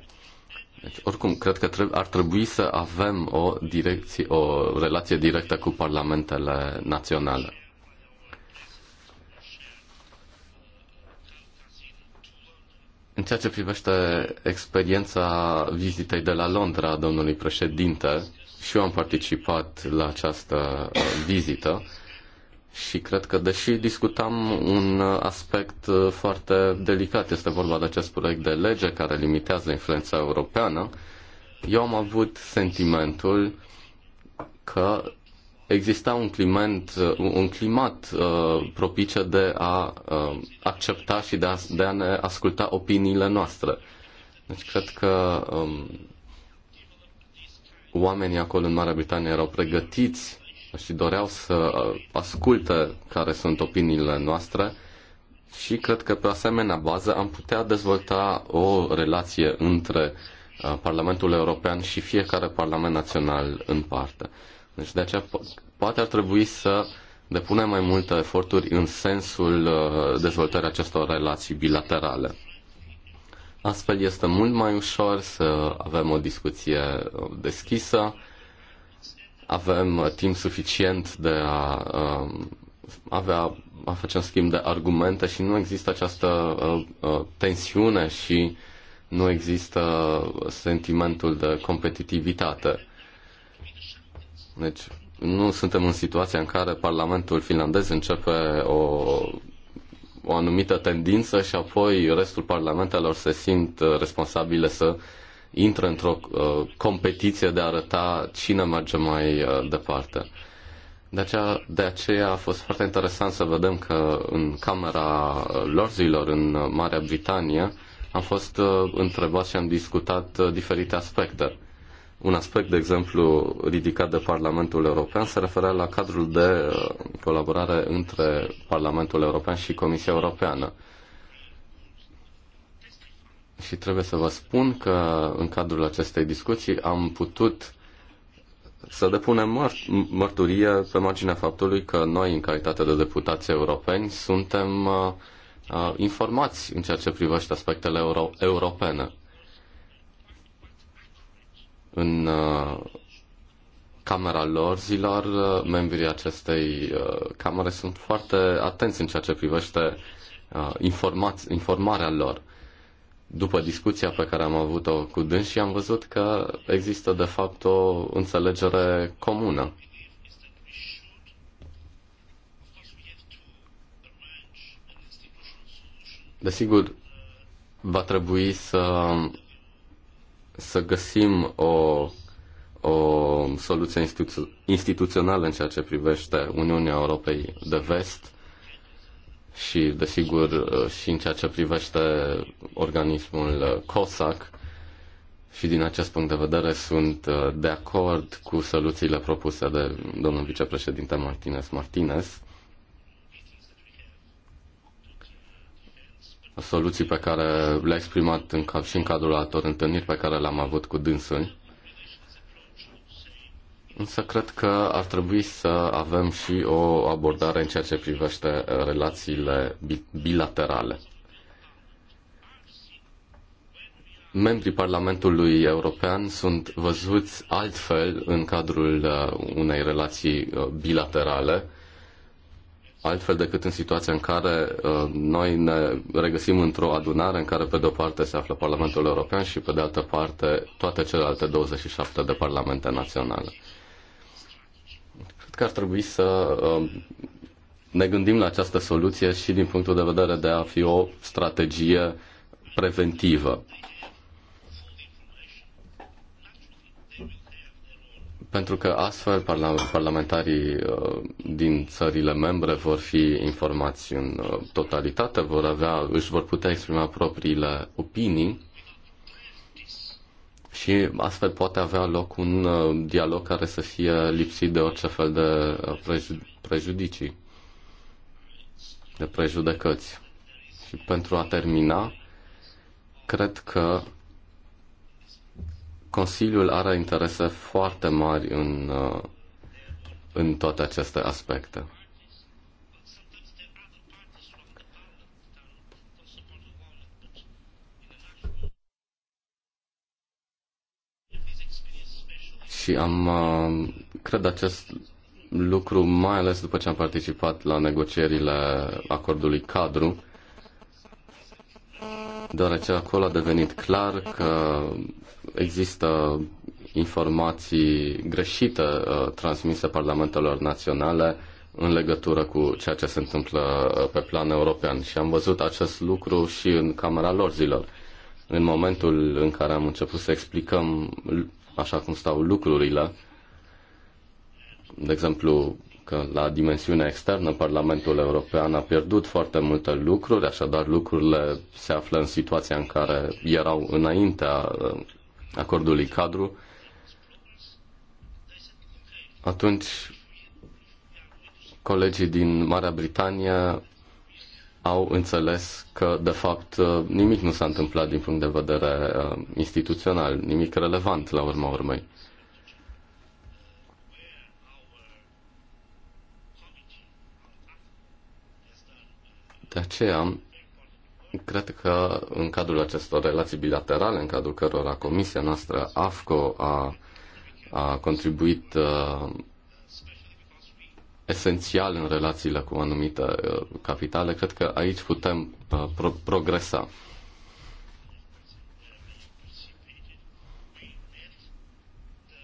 Deci, oricum, cred că treb- ar trebui să avem o, direcție, o relație directă cu parlamentele naționale. În ceea ce privește experiența vizitei de la Londra a domnului președinte, și eu am participat la această uh, vizită și cred că, deși discutam un uh, aspect uh, foarte delicat, este vorba de acest proiect de lege care limitează influența europeană, eu am avut sentimentul că exista un climat, un climat uh, propice de a uh, accepta și de a, de a ne asculta opiniile noastre. Deci cred că um, oamenii acolo în Marea Britanie erau pregătiți și doreau să asculte care sunt opiniile noastre și cred că pe asemenea bază am putea dezvolta o relație între uh, Parlamentul European și fiecare Parlament Național în parte. Deci de aceea poate ar trebui să depunem mai multe eforturi în sensul uh, dezvoltării acestor relații bilaterale. Astfel este mult mai ușor să avem o discuție uh, deschisă, avem uh, timp suficient de a uh, avea a face un schimb de argumente și nu există această tensiune și nu există sentimentul de competitivitate. Deci nu suntem în situația în care Parlamentul finlandez începe o o anumită tendință și apoi restul parlamentelor se simt uh, responsabile să intră într-o uh, competiție de a arăta cine merge mai uh, departe. De aceea, de aceea a fost foarte interesant să vedem că în Camera uh, Lorzilor în uh, Marea Britanie am fost uh, întrebați și am discutat uh, diferite aspecte. Un aspect, de exemplu, ridicat de Parlamentul European se referă la cadrul de uh, colaborare între Parlamentul European și Comisia Europeană. Și trebuie să vă spun că în cadrul acestei discuții am putut să depunem măr- mărturie pe marginea faptului că noi, în calitate de deputați europeni, suntem uh, uh informați în ceea ce privește aspectele euro- europene în uh, camera lor zilor, uh, membrii acestei uh, camere sunt foarte atenți în ceea ce privește informarea lor. După discuția pe care am avut-o cu dânsii, am văzut că există de fapt o înțelegere comună. Desigur, va trebui să să găsim o, o soluție instituț- instituțională în ceea ce privește Uniunea Europei de Vest și, desigur, și în ceea ce privește organismul COSAC. Și din acest punct de vedere sunt uh, de acord cu soluțiile propuse de domnul vicepreședinte Martinez Martinez soluții pe care le-a exprimat în, și în cadrul altor întâlniri pe care le-am avut cu dânsul. Însă cred că ar trebui să avem și o abordare în ceea ce privește uh, relațiile bilaterale. Membrii Parlamentului European sunt văzuți altfel în cadrul uh, unei relații uh, bilaterale altfel decât în situația în care uh, noi ne regăsim într-o adunare în care pe de o parte se află Parlamentul European și pe de altă parte toate celelalte 27 de parlamente naționale. Cred că ar trebui să uh, ne gândim la această soluție și din punctul de vedere de a fi o strategie preventivă. pentru că astfel parlamentarii uh, din țările membre vor fi informați în uh, totalitate, vor avea, își vor putea exprima propriile opinii și astfel poate avea loc un uh, dialog care să fie lipsit de orice fel de prejudicii, de prejudecăți. Și pentru a termina, cred că Consiliul are interese foarte mari în, uh, în toate aceste aspecte. Și am, uh, cred, acest lucru, mai ales după ce am participat la negocierile acordului cadru, deoarece acolo a devenit clar că există informații greșite uh, transmise parlamentelor naționale în legătură cu ceea ce se întâmplă uh, pe plan european și am văzut acest lucru și în Camera lor zilor. În momentul în care am început să explicăm așa cum stau lucrurile, de exemplu, că la dimensiunea externă Parlamentul European a pierdut foarte multe lucruri, așadar lucrurile se află în situația în care erau înaintea uh, acordului cadru, atunci colegii din Marea Britanie au înțeles că, de fapt, nimic nu s-a întâmplat din punct de vedere uh, instituțional, nimic relevant la urma urmei. De aceea, Cred că în cadrul acestor relații bilaterale, în cadrul cărora comisia noastră AFCO a, a contribuit uh, esențial în relațiile cu anumite uh, capitale, cred că aici putem uh, pro- progresa.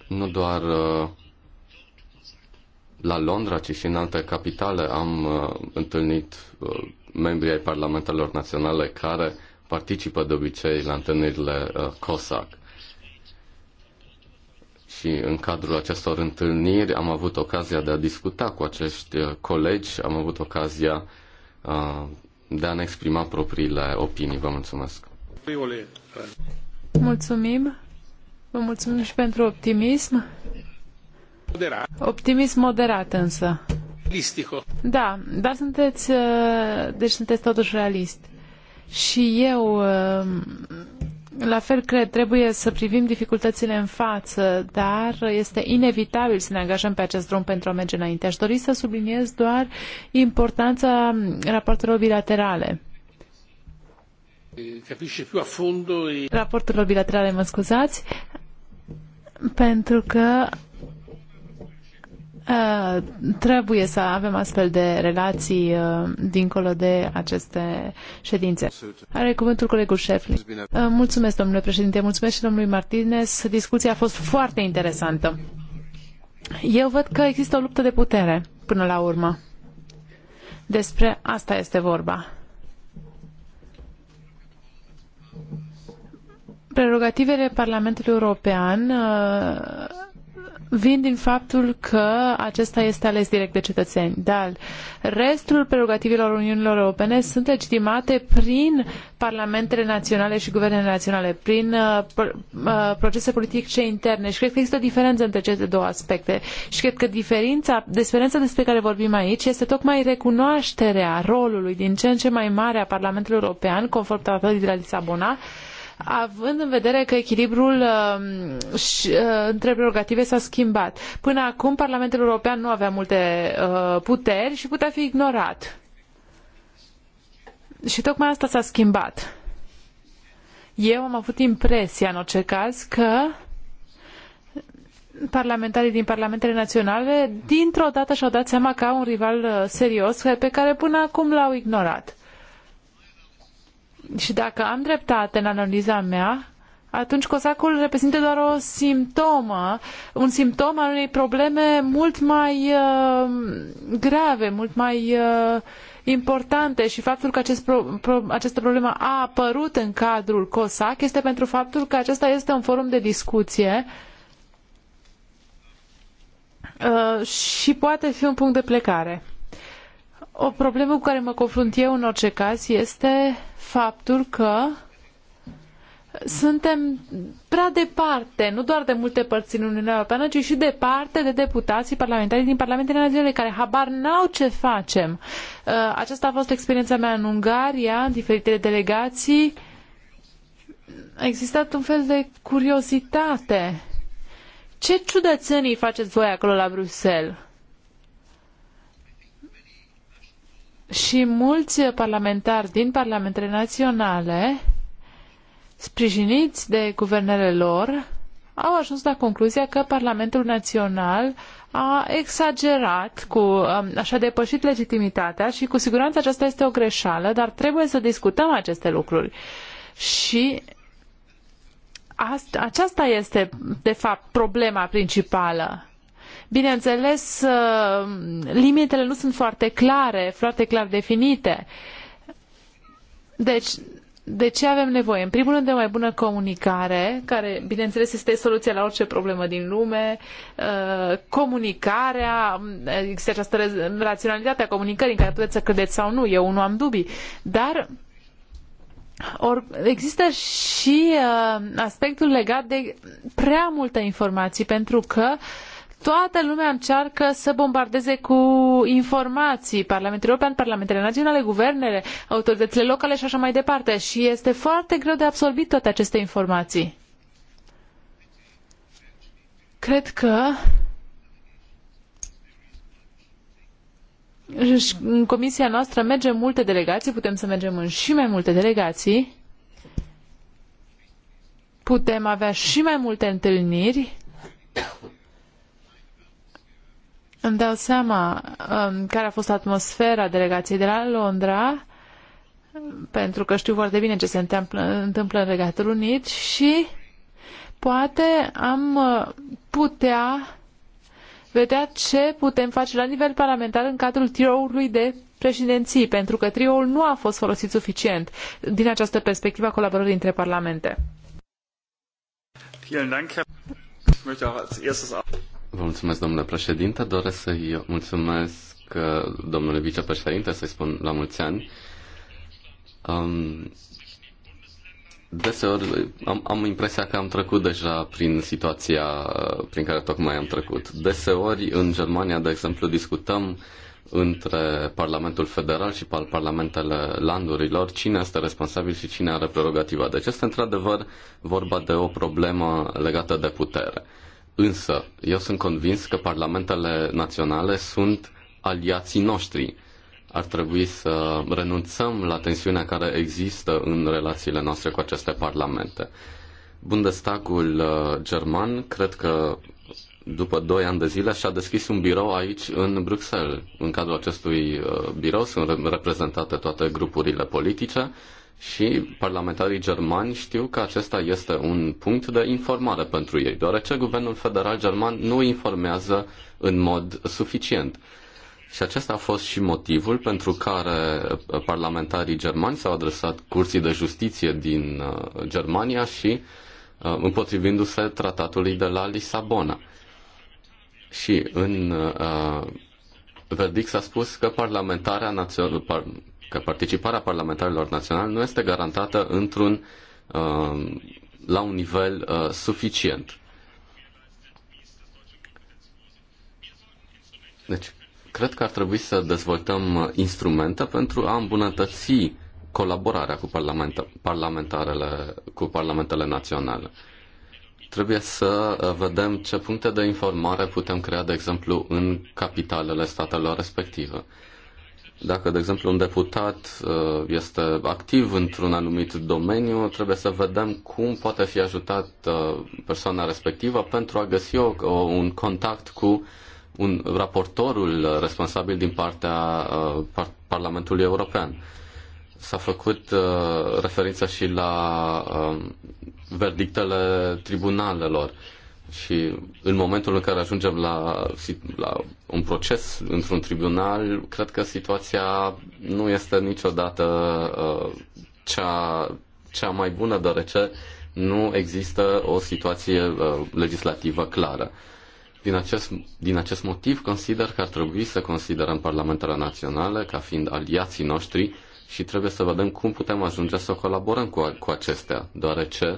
Nu doar uh, la Londra, ci și în alte capitale am uh, întâlnit uh, membrii ai parlamentelor naționale care participă de obicei la întâlnirile uh, COSAC. Și în cadrul acestor întâlniri am avut ocazia de a discuta cu acești uh, colegi, am avut ocazia uh, de a ne exprima propriile opinii. Vă mulțumesc! Mulțumim! Vă mulțumim și pentru optimism. Moderat. Optimism moderat însă. Da, dar sunteți, uh, deci sunteți totuși realist. Și eu uh, la fel cred, trebuie să privim dificultățile în față, dar este inevitabil să ne angajăm pe acest drum pentru a merge înainte. Aș dori să subliniez doar importanța raportelor bilaterale. Raportelor bilaterale, mă scuzați, pentru că Uh, trebuie să avem astfel de relații uh, dincolo de aceste ședințe. Are cuvântul colegul Șefli. Uh, mulțumesc, domnule președinte, mulțumesc și domnului Martinez. Discuția a fost foarte interesantă. Eu văd că există o luptă de putere până la urmă. Despre asta este vorba. Prerogativele Parlamentului European vin din faptul că acesta este ales direct de cetățeni, dar restul prerogativelor Uniunilor Europene sunt legitimate prin parlamentele naționale și guvernele naționale, prin uh, uh procese politice interne și cred că există diferență între aceste două aspecte și cred că diferența, diferența despre care vorbim aici este tocmai recunoașterea rolului din ce în ce mai mare a Parlamentului European, conform tratatului de la Lisabona, uh, având în vedere că echilibrul um, uh, între prerogative s-a schimbat. Până acum, Parlamentul European nu avea multe uh, puteri și putea fi ignorat. Și tocmai asta s-a schimbat. Eu am avut impresia, în orice caz, că parlamentarii din parlamentele naționale dintr-o dată și-au dat seama că au un rival uh, serios pe care până acum l-au ignorat. Și dacă am dreptate în analiza mea, atunci cosacul reprezintă doar o simptomă, un simptom al unei probleme mult mai uh, grave, mult mai uh, importante și faptul că acest pro, pro, această problemă a apărut în cadrul COSAC este pentru faptul că acesta este un forum de discuție uh, și poate fi un punct de plecare. O problemă cu care mă confrunt eu în orice caz este faptul că suntem prea departe, nu doar de multe părți în Uniunea Europeană, ci și departe de deputații parlamentari din Parlamentele Naționale care habar n-au ce facem. Uh, aceasta a fost experiența mea în Ungaria, în diferitele delegații. A existat un fel de curiozitate. Ce ciudățenii faceți voi acolo la Bruxelles? și mulți parlamentari din parlamentele naționale, sprijiniți de guvernele lor, au ajuns la concluzia că Parlamentul Național a exagerat, cu, așa um, a depășit legitimitatea și cu siguranță aceasta este o greșeală, dar trebuie să discutăm aceste lucruri. Și aceasta este, de fapt, problema principală. Bineînțeles, ă, limitele nu sunt foarte clare, foarte clar definite. Deci, de ce avem nevoie? În primul rând de o mai bună comunicare, care, bineînțeles, este soluția la orice problemă din lume. Ă, comunicarea, există această raționalitate a comunicării în care puteți să credeți sau nu, eu nu am dubii. Dar Or, există și ă, aspectul legat de prea multă informație, pentru că uh, Toată lumea încearcă să bombardeze cu informații Parlamentul European, Parlamentele Naționale, guvernele, autoritățile locale și așa mai departe. Și este foarte greu de absorbit toate aceste informații. Cred că în comisia noastră mergem multe delegații, putem să mergem în și mai multe delegații, putem avea și mai multe întâlniri îmi dau seama um, care a fost atmosfera delegației de la Londra, pentru că știu foarte bine ce se întâmplă, întâmplă în Regatul Unit și poate am uh, putea vedea ce putem face la nivel parlamentar în cadrul trioului de președinții, pentru că trioul nu a fost folosit suficient din această perspectivă a colaborării între parlamente. Vă mulțumesc, domnule președinte. Doresc să-i mulțumesc uh, domnule vicepreședinte, să-i spun la mulți ani. Um, deseori am, am impresia că am trecut deja prin situația prin care tocmai am trecut. Deseori în Germania, de exemplu, discutăm între Parlamentul Federal și Parlamentele Landurilor cine este responsabil și cine are prerogativa. Deci este într-adevăr vorba de o problemă legată de putere. Uh, Însă, eu sunt convins că parlamentele naționale sunt aliații noștri. Ar trebui să renunțăm la tensiunea care există în relațiile noastre cu aceste parlamente. Bundestagul uh, german, cred că după 2 ani de zile, și-a deschis un birou aici în Bruxelles. În cadrul acestui uh, birou sunt reprezentate toate grupurile politice și parlamentarii germani știu că acesta este un punct de informare pentru ei, deoarece guvernul federal german nu informează în mod suficient. Și acesta a fost și motivul pentru care uh, parlamentarii germani s-au adresat curții de justiție din uh, Germania și uh, împotrivindu-se tratatului de la Lisabona. Și în verdict s-a spus că parlamentarea națională, că participarea parlamentarilor naționali nu este garantată într-un, uh, la un nivel uh, suficient. Deci, cred că ar trebui să dezvoltăm uh, instrumente pentru a îmbunătăți colaborarea cu parlamentarele, cu parlamentele naționale. Trebuie să vedem ce puncte de informare putem crea, de exemplu, în capitalele statelor respective. Dacă, de exemplu, un deputat uh, este activ într-un anumit domeniu, trebuie să vedem cum poate fi ajutat uh, persoana respectivă pentru a găsi o, un contact cu un raportorul responsabil din partea uh, Parlamentului European. S-a făcut referință și la verdictele tribunalelor și în momentul în care ajungem la, la un proces într-un tribunal, cred că situația nu este niciodată uh, cea, cea mai bună, deoarece nu există o situație uh, legislativă clară. Din acest, din acest motiv, consider că ar trebui să considerăm parlamentele naționale ca fiind aliații noștri și trebuie să vedem cum putem ajunge să colaborăm cu, cu acestea, deoarece uh,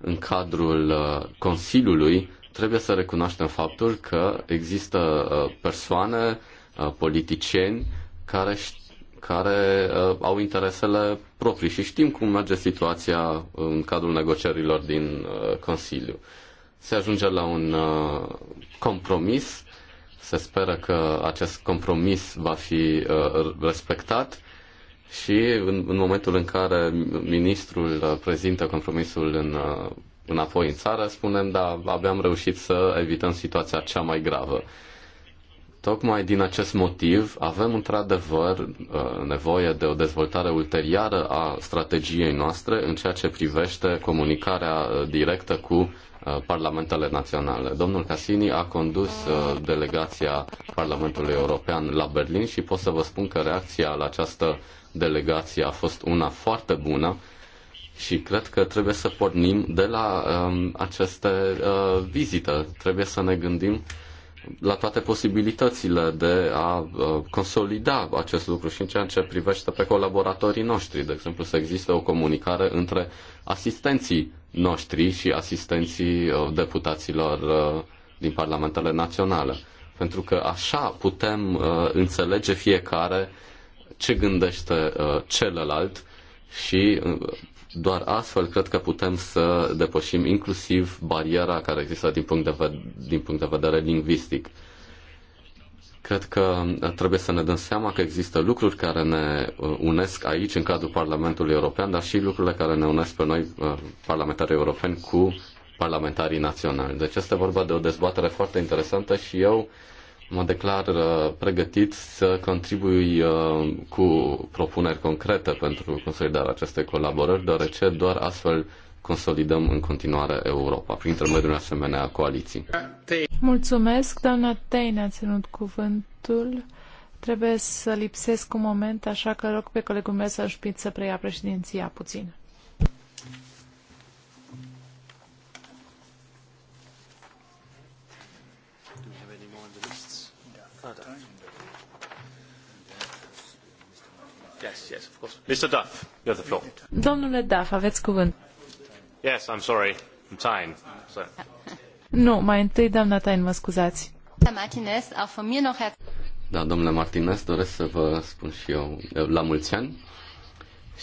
în cadrul uh, Consiliului, trebuie să recunoaștem faptul că există uh, persoane, uh, politicieni, care, care au interesele proprii și știm cum merge situația în cadrul negocierilor din Consiliu. Se ajunge la un compromis, se speră că acest compromis va fi respectat și în, în momentul în care ministrul uh, prezintă compromisul în, uh, înapoi în țară, spunem, da, abiam am reușit să evităm situația cea mai gravă. Tocmai din acest motiv avem într-adevăr uh, nevoie de o dezvoltare ulterioară a strategiei noastre în ceea ce privește comunicarea directă cu parlamentele naționale. Domnul Cassini a condus delegația Parlamentului European la Berlin și pot să vă spun că reacția la această delegație a fost una foarte bună și cred că trebuie să pornim de la um, aceste uh, vizite. Trebuie să ne gândim la toate posibilitățile de a uh, consolida acest lucru și în ceea ce privește pe colaboratorii noștri. De exemplu, să existe o comunicare între asistenții noștri și asistenții uh, deputaților uh, din parlamentele naționale. Pentru că așa putem uh, înțelege fiecare uh, ce gândește uh, celălalt și uh, doar astfel cred că putem să depășim inclusiv bariera care există din punct de, ved- din punct de vedere lingvistic. Cred că uh, trebuie să ne dăm seama că există lucruri care ne unesc aici, în cadrul Parlamentului European, dar și lucrurile care ne unesc pe noi, parlamentarii europeni, cu parlamentarii naționali. Deci este vorba de o dezbatere foarte interesantă și eu uh, mă declar uh, pregătit să contribui uh, cu propuneri concrete pentru consolidarea acestei colaborări, deoarece doar astfel consolidăm în continuare Europa, prin intermediul asemenea coaliții. Mulțumesc, doamna Tein a ținut cuvântul. Trebuie să lipsesc un moment, așa că rog pe colegul meu să-și să preia președinția puțin. Yes, Mr. Duff, you have the floor. Domnule Duff, aveți cuvânt. Yes, I'm sorry. I'm Tyne. So. nu, mai întâi, doamna Tain, mă scuzați. da, domnule Martinez, doresc să vă spun și eu la mulți ani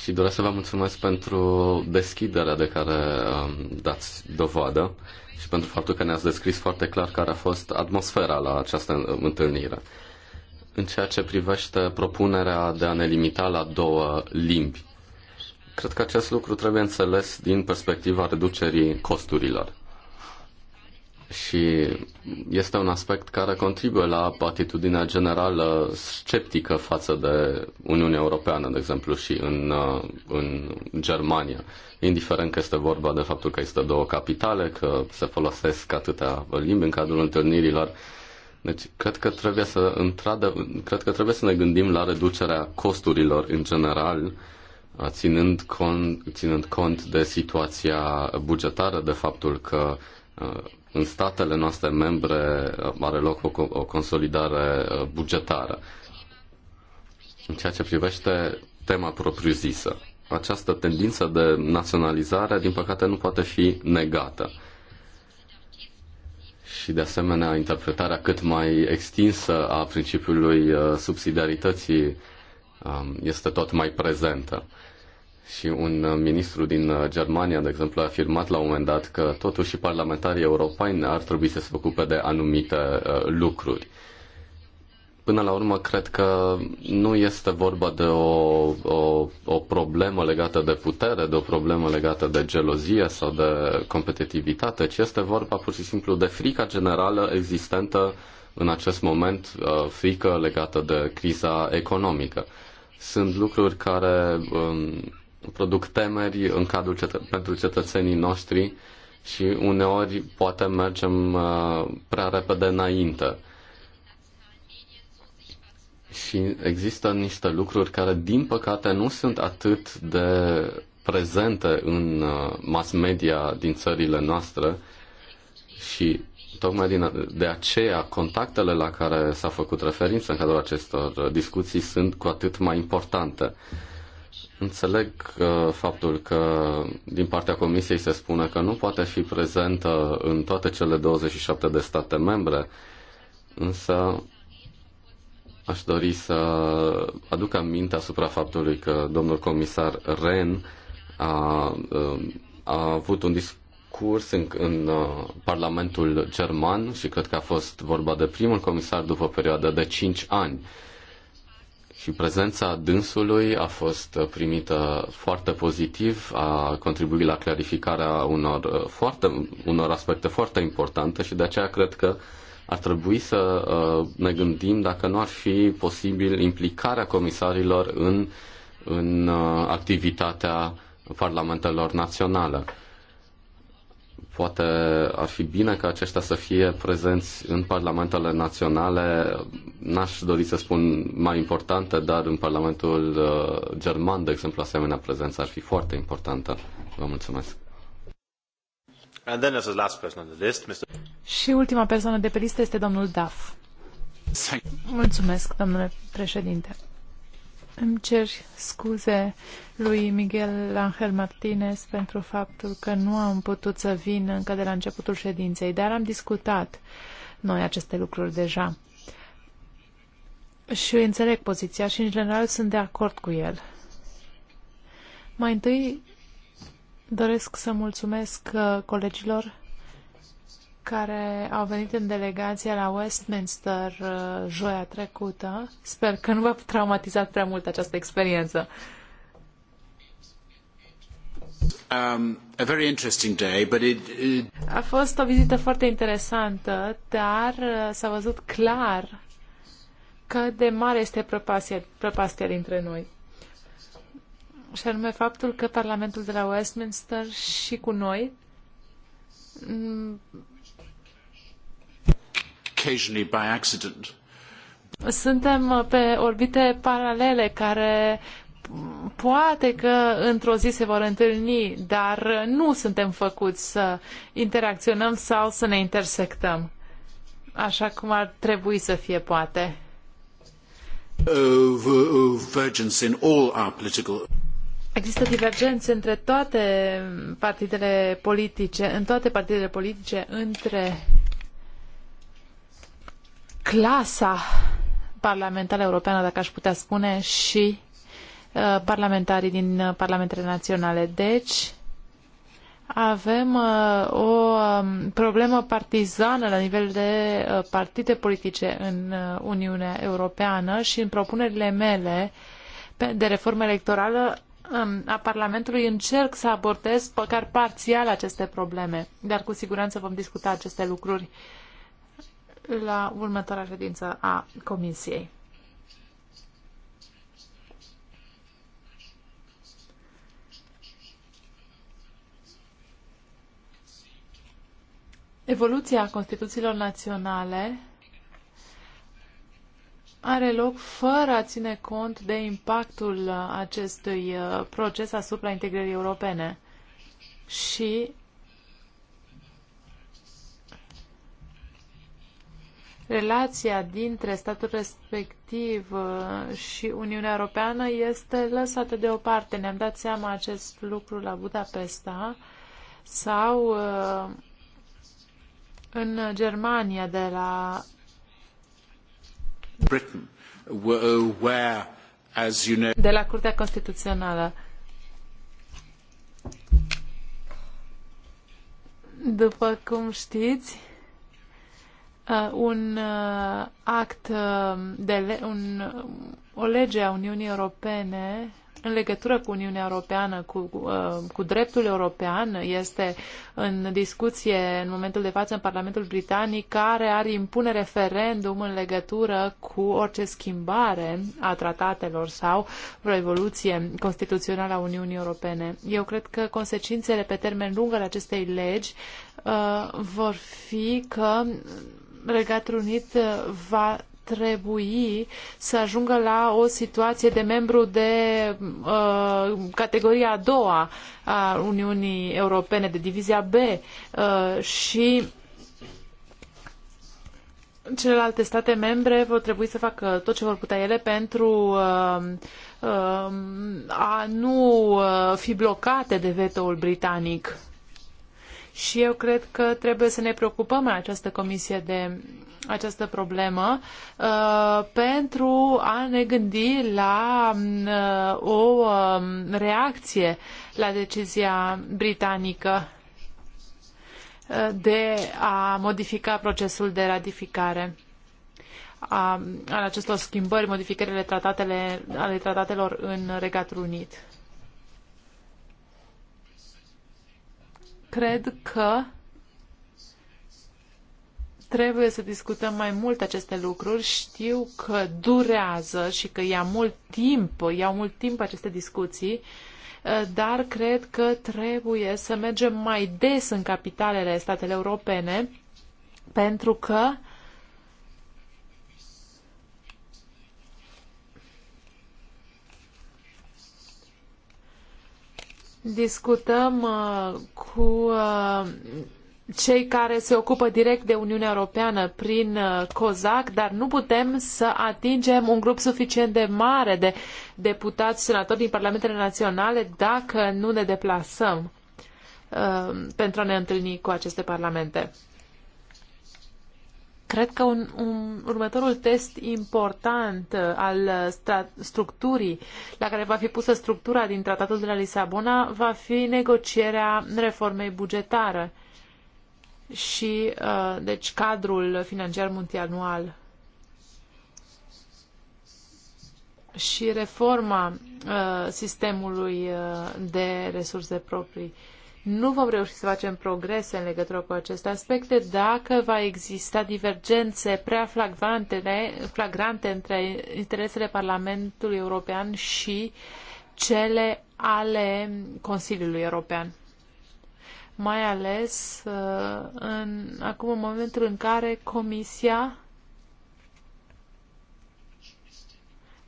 și doresc să vă mulțumesc pentru deschiderea de care um, dați dovadă și pentru faptul că ne-ați descris foarte clar care a fost atmosfera la această întâlnire în ceea ce privește propunerea de a ne limita la două limbi. Cred că acest lucru trebuie înțeles din perspectiva reducerii costurilor. Și este un aspect care contribuie la atitudinea generală sceptică față de Uniunea Europeană, de exemplu, și în, uh, în Germania. Indiferent că este vorba de faptul că există două capitale, că se folosesc atâtea limbi în cadrul întâlnirilor, deci, cred că trebuie să, întradă, cred că trebuie să ne gândim la reducerea costurilor în general, ținând cont, ținând cont de situația bugetară, de faptul că în statele noastre membre are loc o, o consolidare bugetară. În ceea ce privește tema propriu-zisă, această tendință de naționalizare, din păcate, nu poate fi negată și de asemenea interpretarea cât mai extinsă a principiului uh, subsidiarității um, este tot mai prezentă. Și un uh, ministru din uh, Germania, de exemplu, a afirmat la un moment dat că totuși parlamentarii europeni ar trebui să se ocupe de anumite lucruri. Până la urmă, cred că nu este vorba de o, o, o problemă legată de putere, de o problemă legată de gelozie sau de competitivitate, ci este vorba pur și simplu de frica generală existentă în acest moment, uh, frică legată de criza economică. Sunt lucruri care um, produc temeri în cadrul cetă- pentru cetățenii noștri și uneori poate mergem uh, prea repede înainte și există niște lucruri care, din păcate, nu sunt atât de prezente în uh, mass media din țările noastre și tocmai din, de aceea contactele la care s-a făcut referință în cadrul acestor discuții sunt cu atât mai importante. Înțeleg uh, faptul că din partea Comisiei se spune că nu poate fi prezentă în toate cele 27 de state membre, însă Aș dori să aduc aminte asupra faptului că domnul comisar Ren a, um, a avut un discurs în, în uh, Parlamentul German și cred că a fost vorba de primul comisar după o perioadă de 5 ani. Și prezența dânsului a fost primită foarte pozitiv, a contribuit la clarificarea unor, uh, foarte, unor aspecte foarte importante și de aceea cred că uh, ar trebui să uh, ne gândim dacă nu ar fi posibil implicarea comisarilor în, în uh, activitatea parlamentelor naționale. Poate ar fi bine ca aceștia să fie prezenți în parlamentele naționale, n-aș dori să spun mai importante, dar în Parlamentul uh, german, de exemplu, asemenea prezență ar fi foarte importantă. Vă mulțumesc. Și ultima persoană de pe listă este domnul Duff. Mulțumesc, domnule președinte. Îmi cer scuze lui Miguel Angel Martinez pentru faptul că nu am putut să vin încă de la începutul ședinței, dar am discutat noi aceste lucruri deja. Și înțeleg poziția și, în general, sunt de acord cu el. Mai întâi, Doresc să mulțumesc uh, colegilor care au venit în delegația la Westminster uh, joia trecută. Sper că nu v-a traumatizat prea mult această experiență. Um, a, very interesting day, but it, it... a fost o vizită foarte interesantă, dar uh, s-a văzut clar cât de mare este prăpastia, prăpastia dintre noi și anume faptul că Parlamentul de la Westminster și cu noi by accident. Suntem uh, pe orbite paralele care poate că într-o zi se vor întâlni, dar nu suntem făcuți să interacționăm sau să ne intersectăm, așa cum ar trebui să fie poate. Uh, uh, Există divergențe între toate partidele politice, în toate partidele politice, între clasa parlamentară europeană, dacă aș putea spune, și uh, parlamentarii din uh, parlamentele naționale. Deci, avem uh, o um, problemă partizană la nivel de uh, partide politice în uh, Uniunea Europeană și în propunerile mele de reformă electorală Um, a Parlamentului încerc să abordez, măcar parțial, aceste probleme. Dar cu siguranță vom discuta aceste lucruri la următoarea ședință a Comisiei. Evoluția Constituțiilor Naționale are loc fără a ține cont de impactul acestui uh, proces asupra integrării europene. Și relația dintre statul respectiv uh, și Uniunea Europeană este lăsată deoparte. Ne-am dat seama acest lucru la Budapesta sau uh, în Germania de la de la Curtea Constituțională. După cum știți, uh, un uh, act uh, de un, o lege a Uniunii Europene în legătură cu Uniunea Europeană, cu, uh, cu dreptul european, este în discuție în momentul de față în Parlamentul Britanic, care ar impune referendum în legătură cu orice schimbare a tratatelor sau vreo evoluție constituțională a Uniunii Europene. Eu cred că consecințele pe termen lung ale acestei legi uh, vor fi că Regatul Unit va trebui să ajungă la o situație de membru de uh, categoria a doua a Uniunii Europene, de divizia B uh, și celelalte state membre vor trebui să facă tot ce vor putea ele pentru uh, uh, a nu uh, fi blocate de vetoul britanic. Și eu cred că trebuie să ne preocupăm în această comisie de această problemă uh, pentru a ne gândi la uh, o um, reacție la decizia britanică uh, de a modifica procesul de ratificare a, al acestor schimbări, modificările tratatele, ale tratatelor în Regatul Unit. Cred că Trebuie să discutăm mai mult aceste lucruri. Știu că durează și că ia mult timp, iau mult timp aceste discuții, eh, dar cred că trebuie să mergem mai des în capitalele statele europene pentru că discutăm uh, cu uh, cei care se ocupă direct de Uniunea Europeană prin uh, COSAC, dar nu putem să atingem un grup suficient de mare de deputați senatori din Parlamentele Naționale dacă nu ne deplasăm uh, pentru a ne întâlni cu aceste parlamente. Cred că un, un, următorul test important uh, al uh, structurii, la care va fi pusă structura din Tratatul de la Lisabona, va fi negocierea reformei bugetare și uh, deci cadrul financiar multianual și reforma uh, sistemului uh, de resurse proprii. Nu vom reuși să facem progrese în legătură cu aceste aspecte dacă va exista divergențe prea flagrante, flagrante între interesele Parlamentului European și cele ale Consiliului European mai ales uh, în, acum în momentul în care Comisia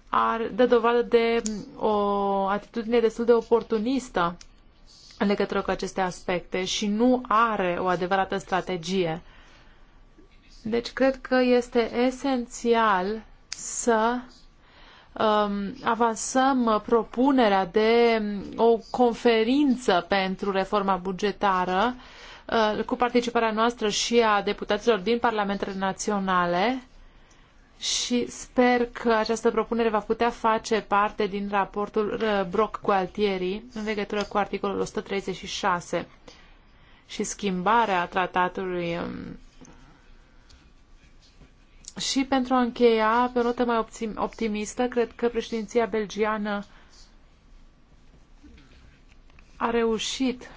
ar dă dovadă de o atitudine destul de oportunistă în legătură cu aceste aspecte și nu are o adevărată strategie. Deci cred că este esențial să Um, avansăm propunerea de o conferință pentru reforma bugetară uh, cu participarea noastră și a deputaților din parlamentele naționale și sper că această propunere va putea face parte din raportul uh, Brock cu în legătură cu articolul 136 și schimbarea tratatului um, și pentru a încheia, pe o notă mai optimistă, cred că președinția belgiană a reușit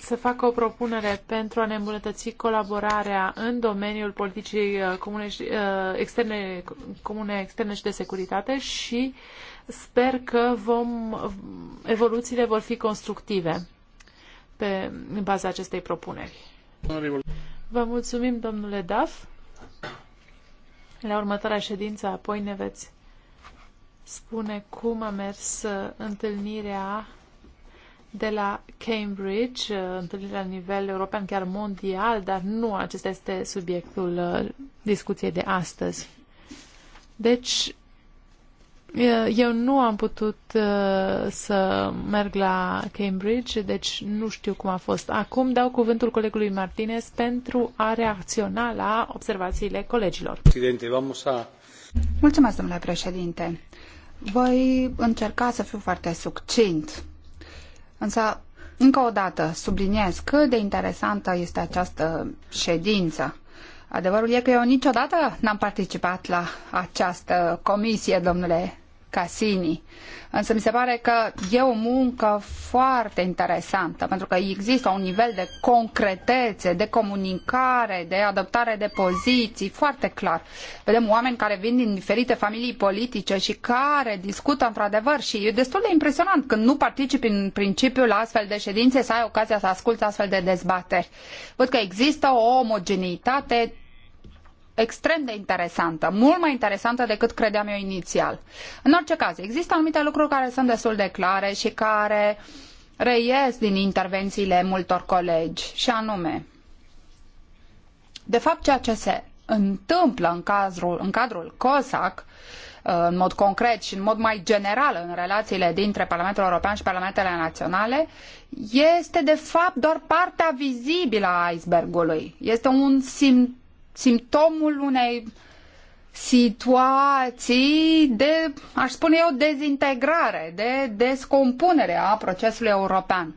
să facă o propunere pentru a ne îmbunătăți colaborarea în domeniul politicii uh, comune, uh, externe, comune externe și de securitate și sper că vom, evoluțiile vor fi constructive pe, în baza acestei propuneri. Vă mulțumim, domnule Daf. La următoarea ședință apoi ne veți spune cum a mers uh, întâlnirea de la Cambridge, uh, întâlnirea la nivel european, chiar mondial, dar nu acesta este subiectul uh, discuției de astăzi. Deci, Eh, eu nu am putut eh, să merg la Cambridge, deci nu știu cum a fost. Acum dau cuvântul colegului Martinez pentru a reacționa la observațiile colegilor. Mulțumesc, domnule președinte. Voi încerca să fiu foarte succint, însă încă o dată subliniez cât de interesantă este această ședință Adevărul e că eu niciodată n-am participat la această comisie, domnule Casini. Însă mi se pare că e o muncă foarte interesantă, pentru că există un nivel de concretețe, de comunicare, de adoptare de poziții foarte clar. Vedem oameni care vin din diferite familii politice și care discută într-adevăr și e destul de impresionant când nu participi în principiu la astfel de ședințe să ai ocazia să asculți astfel de dezbateri. Văd că există o omogeneitate extrem de interesantă, mult mai interesantă decât credeam eu inițial. În orice caz, există anumite lucruri care sunt destul de clare și care reies din intervențiile multor colegi, și anume, de fapt, ceea ce se întâmplă în, în cadrul COSAC, uh, în mod concret și în mod mai general în relațiile dintre Parlamentul European și Parlamentele Naționale, este de fapt doar partea vizibilă a icebergului. Este un simptom simptomul unei situații de, aș spune eu, dezintegrare, de descompunere a procesului european.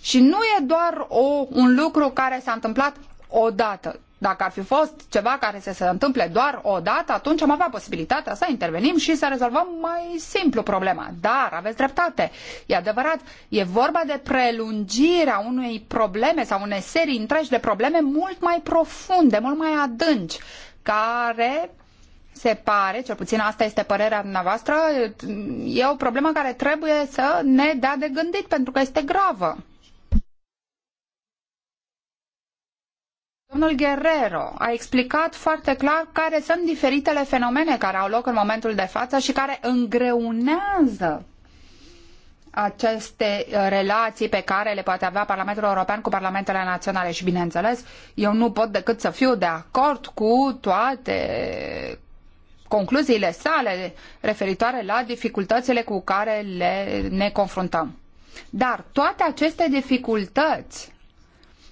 Și nu e doar o, un lucru care s-a întâmplat odată, dacă ar fi fost ceva care să se întâmple doar o dată, atunci am avea posibilitatea să intervenim și să rezolvăm mai simplu problema. Dar aveți dreptate. E adevărat, e vorba de prelungirea unei probleme sau unei serii întregi de probleme mult mai profunde, mult mai adânci, care se pare, cel puțin asta este părerea dumneavoastră, e o problemă care trebuie să ne dea de gândit pentru că este gravă. Domnul Guerrero a explicat foarte clar care sunt diferitele fenomene care au loc în momentul de față și care îngreunează aceste uh, relații pe care le poate avea Parlamentul European cu Parlamentele Naționale și, bineînțeles, eu nu pot decât să fiu de acord cu toate concluziile sale referitoare la dificultățile cu care le, ne confruntăm. Dar toate aceste dificultăți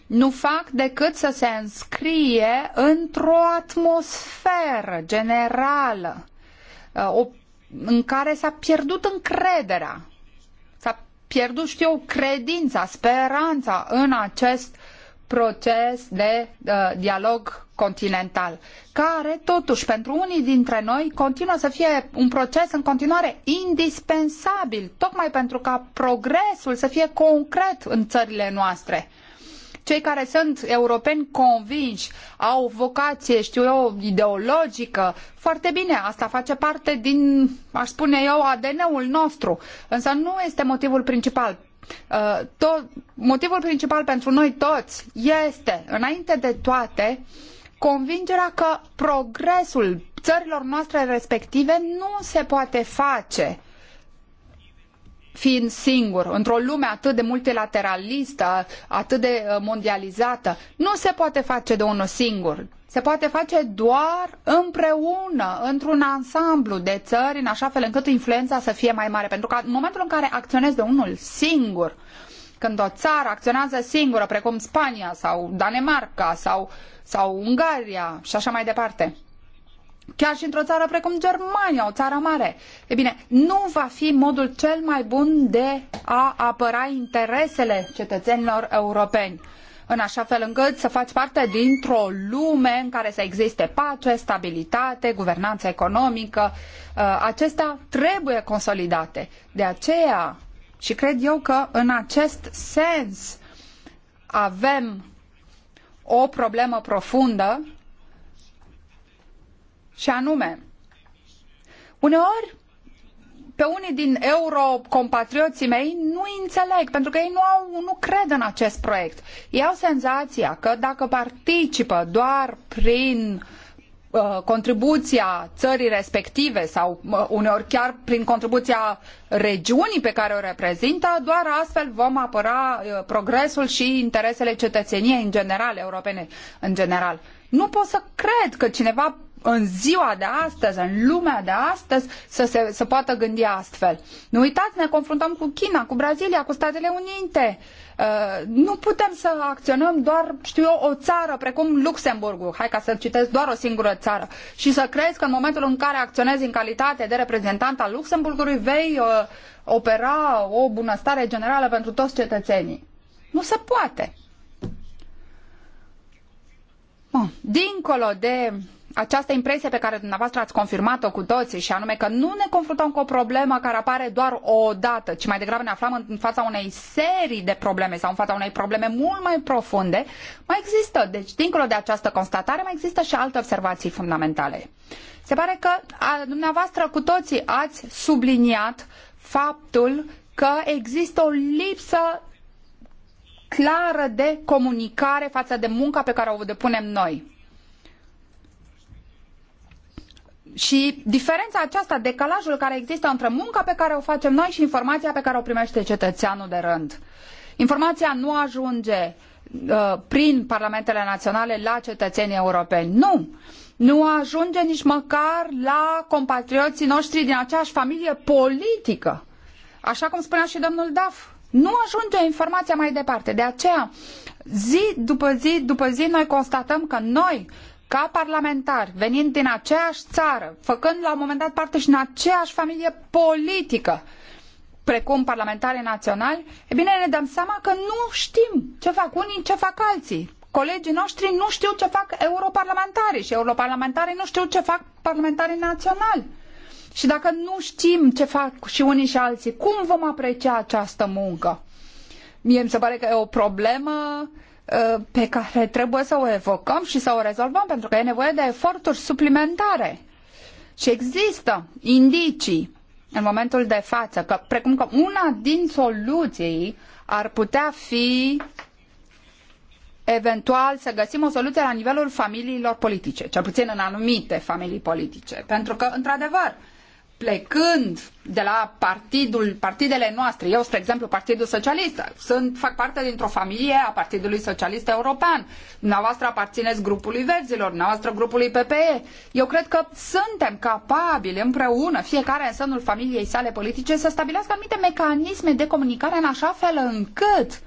nu fac decât să se înscrie într-o atmosferă generală uh, o, în care s-a pierdut încrederea, s-a pierdut, știu eu, credința, speranța în acest proces de uh, dialog continental, care totuși pentru unii dintre noi continuă să fie un proces în continuare indispensabil, tocmai pentru ca progresul să fie concret în țările noastre. Uh, cei care sunt europeni convinși, au vocație, știu eu, ideologică, foarte bine, asta face parte din, aș spune eu, ADN-ul nostru. Însă nu este motivul principal. Uh, Tot, motivul principal pentru noi toți este, înainte de toate, convingerea că progresul țărilor noastre respective nu se poate face fiind singur, într-o lume atât de multilateralistă, atât de uh, mondializată, nu se poate face de unul singur. Se poate face doar împreună, într-un ansamblu de țări, în așa fel încât influența să fie mai mare. Pentru că în momentul în care acționezi de unul singur, când o țară acționează singură, precum Spania sau Danemarca sau, sau Ungaria și așa mai departe, chiar și într-o țară precum Germania, o țară mare. E bine, nu va fi modul cel mai bun de a apăra interesele cetățenilor europeni în așa fel încât să faci parte dintr-o lume în care să existe pace, stabilitate, guvernanță economică. Uh, acestea trebuie consolidate. De aceea, și cred eu că în acest sens avem o problemă profundă și anume, uneori pe unii din eurocompatrioții mei nu îi înțeleg, pentru că ei nu, au, nu cred în acest proiect. Ei au senzația că dacă participă doar prin uh, contribuția țării respective sau uh, uneori chiar prin contribuția regiunii pe care o reprezintă, doar astfel vom apăra uh, progresul și interesele cetățeniei în general, europene în general. Nu pot să cred că cineva în ziua de astăzi, în lumea de astăzi, să se să poată gândi astfel. Nu uitați, ne confruntăm cu China, cu Brazilia, cu Statele Unite. Uh, nu putem să acționăm doar, știu eu, o țară precum Luxemburgul, hai ca să citesc doar o singură țară, și să crezi că în momentul în care acționezi în calitate de reprezentant al Luxemburgului vei uh, opera o bunăstare generală pentru toți cetățenii. Nu se poate. Dincolo de această impresie pe care dumneavoastră ați confirmat-o cu toții și anume că nu ne confruntăm cu o problemă care apare doar o dată, ci mai degrabă ne aflăm în fața unei serii de probleme sau în fața unei probleme mult mai profunde, mai există, deci dincolo de această constatare, mai există și alte observații fundamentale. Se pare că a, dumneavoastră cu toții ați subliniat faptul că există o lipsă clară de comunicare față de munca pe care o depunem noi. și diferența aceasta, decalajul care există între munca pe care o facem noi și informația pe care o primește cetățeanul de rând. Informația nu ajunge uh, prin parlamentele naționale la cetățenii europeni. Nu! Nu ajunge nici măcar la compatrioții noștri din aceeași familie politică. Așa cum spunea și domnul Daf, nu ajunge informația mai departe. De aceea, zi după zi după zi, noi constatăm că noi, ca parlamentari, venind din aceeași țară, făcând la un moment dat parte și în aceeași familie politică, precum parlamentarii naționali, e bine, ne dăm seama că nu știm ce fac unii, ce fac alții. Colegii noștri nu știu ce fac europarlamentarii și europarlamentarii nu știu ce fac parlamentarii naționali. Și dacă nu știm ce fac și unii și alții, cum vom aprecia această muncă? Mie mi se pare că e o problemă uh, Uh, pe care trebuie să o evocăm și să o rezolvăm, pentru că e nevoie de eforturi suplimentare. Și există indicii în momentul de față, că, precum că una din soluții ar putea fi eventual să găsim o soluție la nivelul familiilor politice, cel puțin în anumite familii politice. Pentru că, într-adevăr, plecând de la partidul, partidele noastre, eu, spre exemplu, Partidul Socialist, sunt, fac parte dintr-o familie a Partidului Socialist European, dumneavoastră aparțineți grupului Verzilor, dumneavoastră grupului PPE. Eu cred că suntem capabili împreună, fiecare în sânul familiei sale politice, să stabilească anumite mecanisme de comunicare în așa fel încât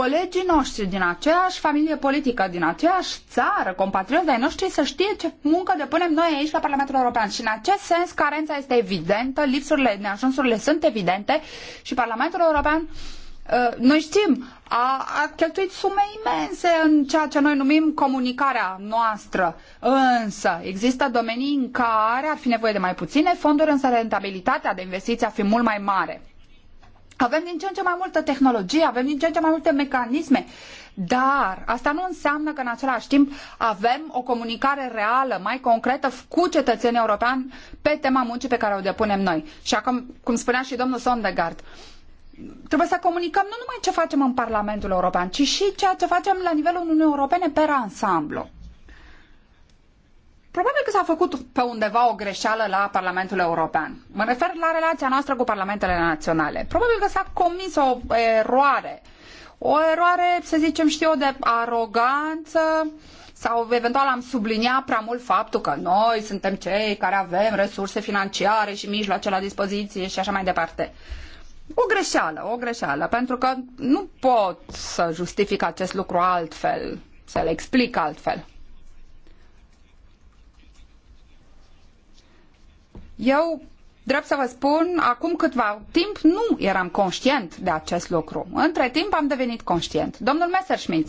colegii noștri din aceeași familie politică, din aceeași țară, compatrioți ai noștri, să știe ce muncă depunem noi aici la Parlamentul European. Și în acest sens, carența este evidentă, lipsurile, neajunsurile sunt evidente și Parlamentul European uh, noi știm, a, a cheltuit sume imense în ceea ce noi numim comunicarea noastră, însă există domenii în care ar fi nevoie de mai puține fonduri, însă rentabilitatea de investiții ar fi mult mai mare. Avem din ce în ce mai multă tehnologie, avem din ce în ce mai multe mecanisme, dar asta nu înseamnă că în același timp avem o comunicare reală, mai concretă cu cetățenii europeni pe tema muncii pe care o depunem noi. Și acum, cum spunea și domnul Sondegard, trebuie să comunicăm nu numai ce facem în Parlamentul European, ci și ceea ce facem la nivelul Uniunii Europene per ansamblu. Probabil că s-a făcut pe undeva o greșeală la Parlamentul European. Mă refer la relația noastră cu parlamentele naționale. Probabil că s-a comis o eroare. O eroare, să zicem, știu eu, de aroganță sau eventual am subliniat prea mult faptul că noi suntem cei care avem resurse financiare și mijloace la dispoziție și așa mai departe. O greșeală, o greșeală, pentru că nu pot să justific acest lucru altfel, să-l explic altfel. Eu, drept să vă spun, acum câtva timp nu eram conștient de acest lucru. Între timp am devenit conștient. Domnul Messerschmidt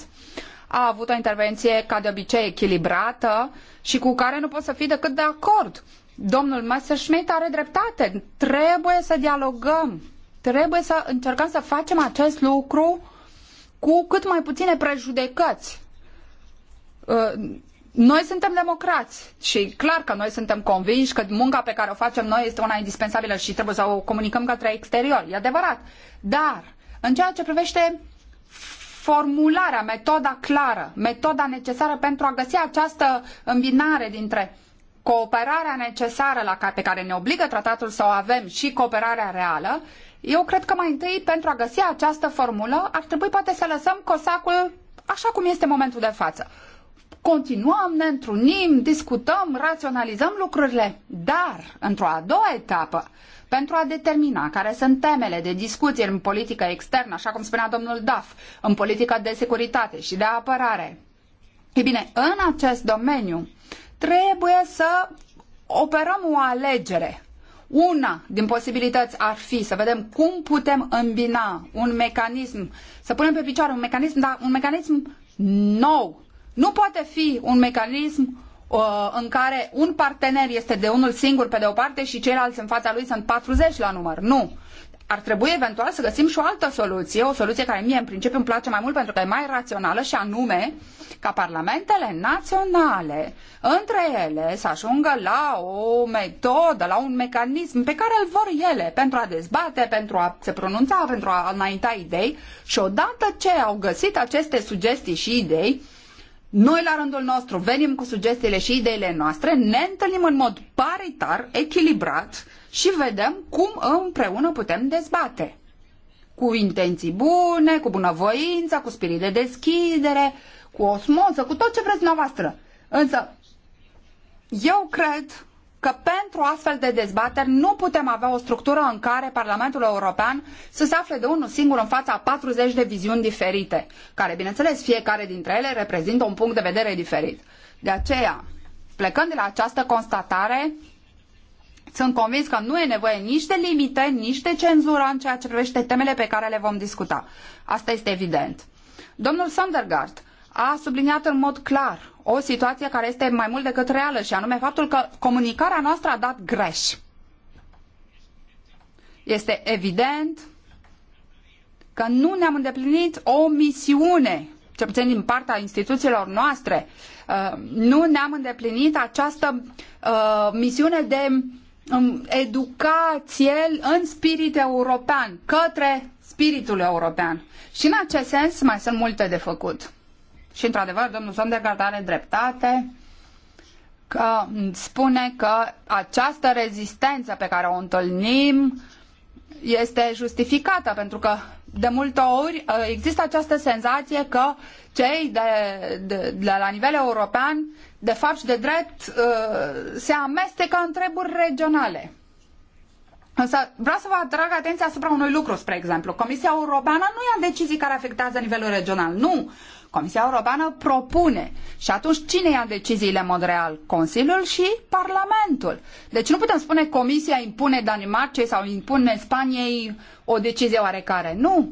a avut o intervenție ca de obicei echilibrată și cu care nu pot să fi decât de acord. Domnul Messerschmidt are dreptate. Trebuie să dialogăm. Trebuie să încercăm să facem acest lucru cu cât mai puține prejudecăți uh, noi suntem democrați și clar că noi suntem convinși că munca pe care o facem noi este una indispensabilă și trebuie să o comunicăm către exterior. E adevărat. Dar, în ceea ce privește formularea, metoda clară, metoda necesară pentru a găsi această îmbinare dintre cooperarea necesară la care, pe care ne obligă tratatul să o avem și cooperarea reală, eu cred că mai întâi, pentru a găsi această formulă, ar trebui poate să lăsăm cosacul așa cum este momentul de față continuăm, ne întrunim, discutăm, raționalizăm lucrurile. Dar, într-o a doua etapă, pentru a determina care sunt temele de discuție în politică externă, așa cum spunea domnul Duff, în politica de securitate și de apărare. Ei bine, în acest domeniu trebuie să operăm o alegere. Una din posibilități ar fi să vedem cum putem îmbina un mecanism, să punem pe picioare un mecanism, dar un mecanism nou nu poate fi un mecanism uh, în care un partener este de unul singur pe de o parte și ceilalți în fața lui sunt 40 la număr. Nu. Ar trebui eventual să găsim și o altă soluție, o soluție care mie în principiu îmi place mai mult pentru că e mai rațională și anume ca parlamentele naționale între ele să ajungă la o metodă, la un mecanism pe care îl vor ele pentru a dezbate, pentru a se pronunța, pentru a înainta idei și odată ce au găsit aceste sugestii și idei, noi, la rândul nostru, venim cu sugestiile și ideile noastre, ne întâlnim în mod paritar, echilibrat și vedem cum împreună putem dezbate. Cu intenții bune, cu bunăvoință, cu spirit de deschidere, cu osmoză, cu tot ce vreți dumneavoastră. Însă, eu cred că pentru astfel de dezbateri nu putem avea o structură în care Parlamentul European să se afle de unul singur în fața 40 de viziuni diferite, care, bineînțeles, fiecare dintre ele reprezintă un punct de vedere diferit. De aceea, plecând de la această constatare, sunt convins că nu e nevoie nici de limite, nici de cenzură în ceea ce privește temele pe care le vom discuta. Asta este evident. Domnul Sondergaard a subliniat în mod clar o situație care este mai mult decât reală și anume faptul că comunicarea noastră a dat greș. Este evident că nu ne-am îndeplinit o misiune, cel puțin din partea instituțiilor noastre, uh, nu ne-am îndeplinit această uh, misiune de um, educație în spirit european, către spiritul european. Și în acest sens mai sunt multe de făcut și într-adevăr domnul Sondergaard are dreptate că spune că această rezistență pe care o întâlnim este justificată pentru că de multe ori uh, există această senzație că cei de, de, de la nivel european de fapt și de drept uh, se amestecă în treburi regionale. Însă vreau să vă atrag atenția asupra unui lucru, spre exemplu. Comisia Europeană nu ia decizii care afectează nivelul regional. Nu! Comisia Europeană propune și atunci cine ia deciziile în mod real? Consiliul și Parlamentul. Deci nu putem spune Comisia impune Danimarcei sau impune Spaniei o decizie oarecare. Nu!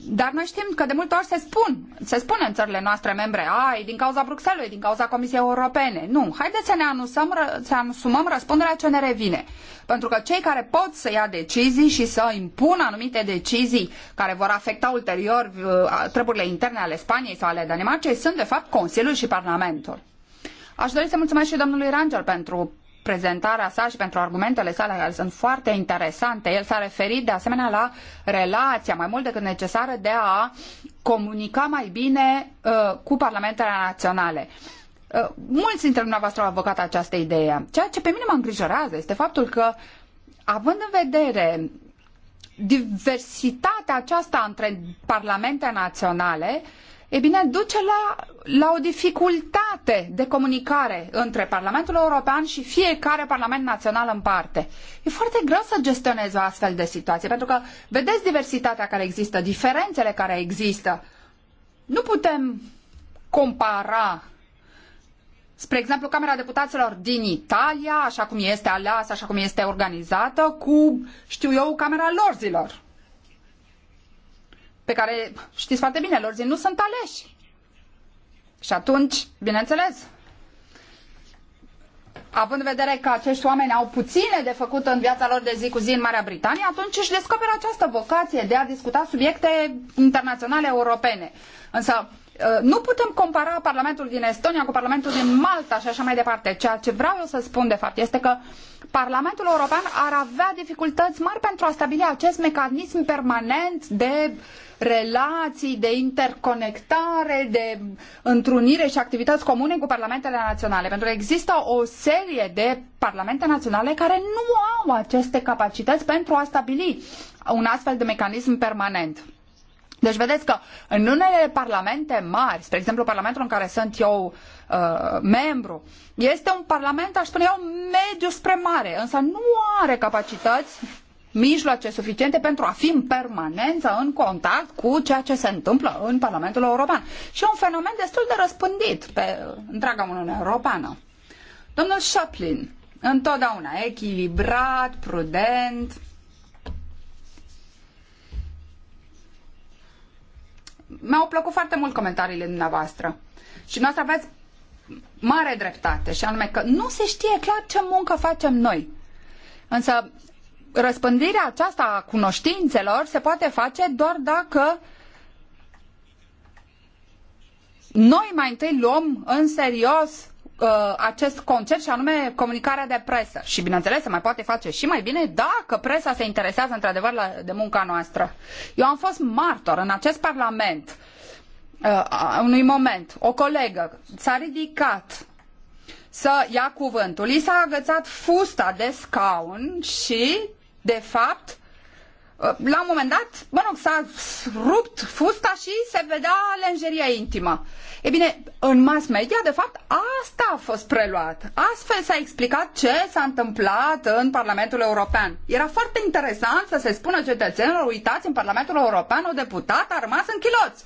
Dar noi știm că de multe ori se spun, se spune în țările noastre membre, a, e din cauza Bruxelles, din cauza Comisiei Europene. Nu, haideți să ne anusăm, să asumăm răspunderea ce ne revine. Pentru că cei care pot să ia decizii și să impună anumite decizii care vor afecta ulterior uh, treburile interne ale Spaniei sau ale Danemarcei sunt, de fapt, Consiliul și Parlamentul. Aș dori să mulțumesc și domnului Rangel pentru prezentarea sa și pentru argumentele sale, care sunt foarte interesante. El s-a referit de asemenea la relația mai mult decât necesară de a comunica mai bine uh, cu parlamentele naționale. Uh, mulți dintre dumneavoastră au avocat această idee. Ceea ce pe mine mă îngrijorează este faptul că, având în vedere diversitatea aceasta între parlamente naționale, uh, e bine, duce la, la o dificultate de comunicare între Parlamentul European și fiecare Parlament Național în parte. E foarte greu să gestionezi o astfel de situație, pentru că vedeți diversitatea care există, diferențele care există. Nu putem compara spre exemplu, Camera Deputaților din Italia, așa cum este aleasă, așa cum este organizată, cu, știu eu, Camera Lorzilor pe care știți foarte bine, lor zi nu sunt aleși. Și atunci, bineînțeles, având în vedere că acești oameni au puține de făcut în viața lor de zi cu zi în Marea Britanie, atunci își descoperă această vocație de a discuta subiecte internaționale europene. Însă Uh, nu putem compara Parlamentul din Estonia cu Parlamentul din Malta și așa mai departe. Ceea ce vreau eu să spun, de fapt, este că Parlamentul European ar avea dificultăți mari pentru a stabili acest mecanism permanent de relații, de interconectare, de întrunire și activități comune cu parlamentele naționale. Pentru că există o serie de parlamente naționale care nu au aceste capacități pentru a stabili un astfel de mecanism permanent. Deci vedeți că în unele parlamente mari, spre exemplu parlamentul în care sunt eu uh, membru, este un parlament, aș spune eu, mediu spre mare, însă nu are capacități mijloace suficiente pentru a fi în permanență în contact cu ceea ce se întâmplă în Parlamentul European. Și e un fenomen destul de răspândit pe întreaga Uniune Europeană. Domnul Chaplin, întotdeauna echilibrat, prudent, mi-au plăcut foarte mult comentariile dumneavoastră. Și noastră aveți mare dreptate, și anume că nu se știe clar ce muncă facem noi. Însă răspândirea aceasta a cunoștințelor se poate face doar dacă noi mai întâi luăm în serios Uh, acest concept și anume comunicarea de presă. Și bineînțeles se mai poate face și mai bine dacă presa se interesează într-adevăr de munca noastră. Eu am fost martor în acest parlament uh, unui moment. O colegă s-a ridicat să ia cuvântul. I s-a agățat fusta de scaun și, de fapt, la un moment dat, mă rog, s-a rupt fusta și se vedea lenjeria intimă. E bine, în mass media, de fapt, asta a fost preluat. Astfel s-a explicat ce s-a întâmplat în Parlamentul European. Era foarte interesant să se spună cetățenilor, uitați, în Parlamentul European, o deputată a rămas în chiloți.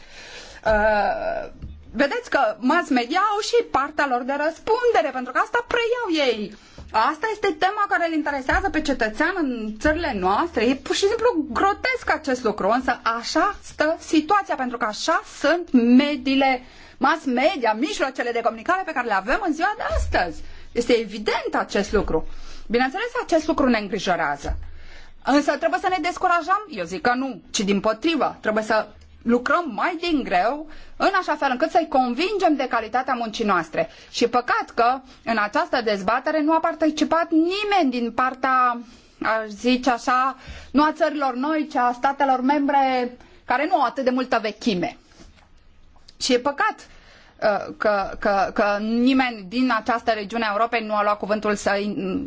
Uh, vedeți că mass media au și partea lor de răspundere, pentru că asta preiau ei. Asta este tema care îl interesează pe cetățean în țările noastre. E pur și simplu grotesc acest lucru, însă așa stă situația, pentru că așa sunt mediile, mass media, mijloacele de comunicare pe care le avem în ziua de astăzi. Este evident acest lucru. Bineînțeles, acest lucru ne îngrijorează. Însă trebuie să ne descurajăm? Eu zic că nu, ci din potrivă. Trebuie să lucrăm mai din greu în așa fel încât să-i convingem de calitatea muncii noastre. Și păcat că în această dezbatere nu a participat nimeni din partea, aș zice așa, nu a țărilor noi, ci a statelor membre care nu au atât de multă vechime. Și e păcat că, că, că nimeni din această regiune a Europei nu a luat cuvântul să,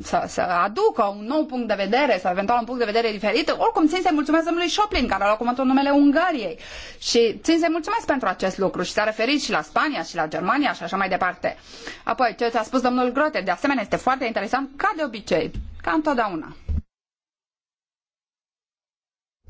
să, să aducă un nou punct de vedere sau eventual un punct de vedere diferit. Oricum, țin să-i mulțumesc domnului Șoplin, care a luat cuvântul numele Ungariei. Și țin să-i mulțumesc pentru acest lucru și s-a referit și la Spania și la Germania și așa mai departe. Apoi, ce a spus domnul Grote, de asemenea, este foarte interesant, ca de obicei, ca întotdeauna.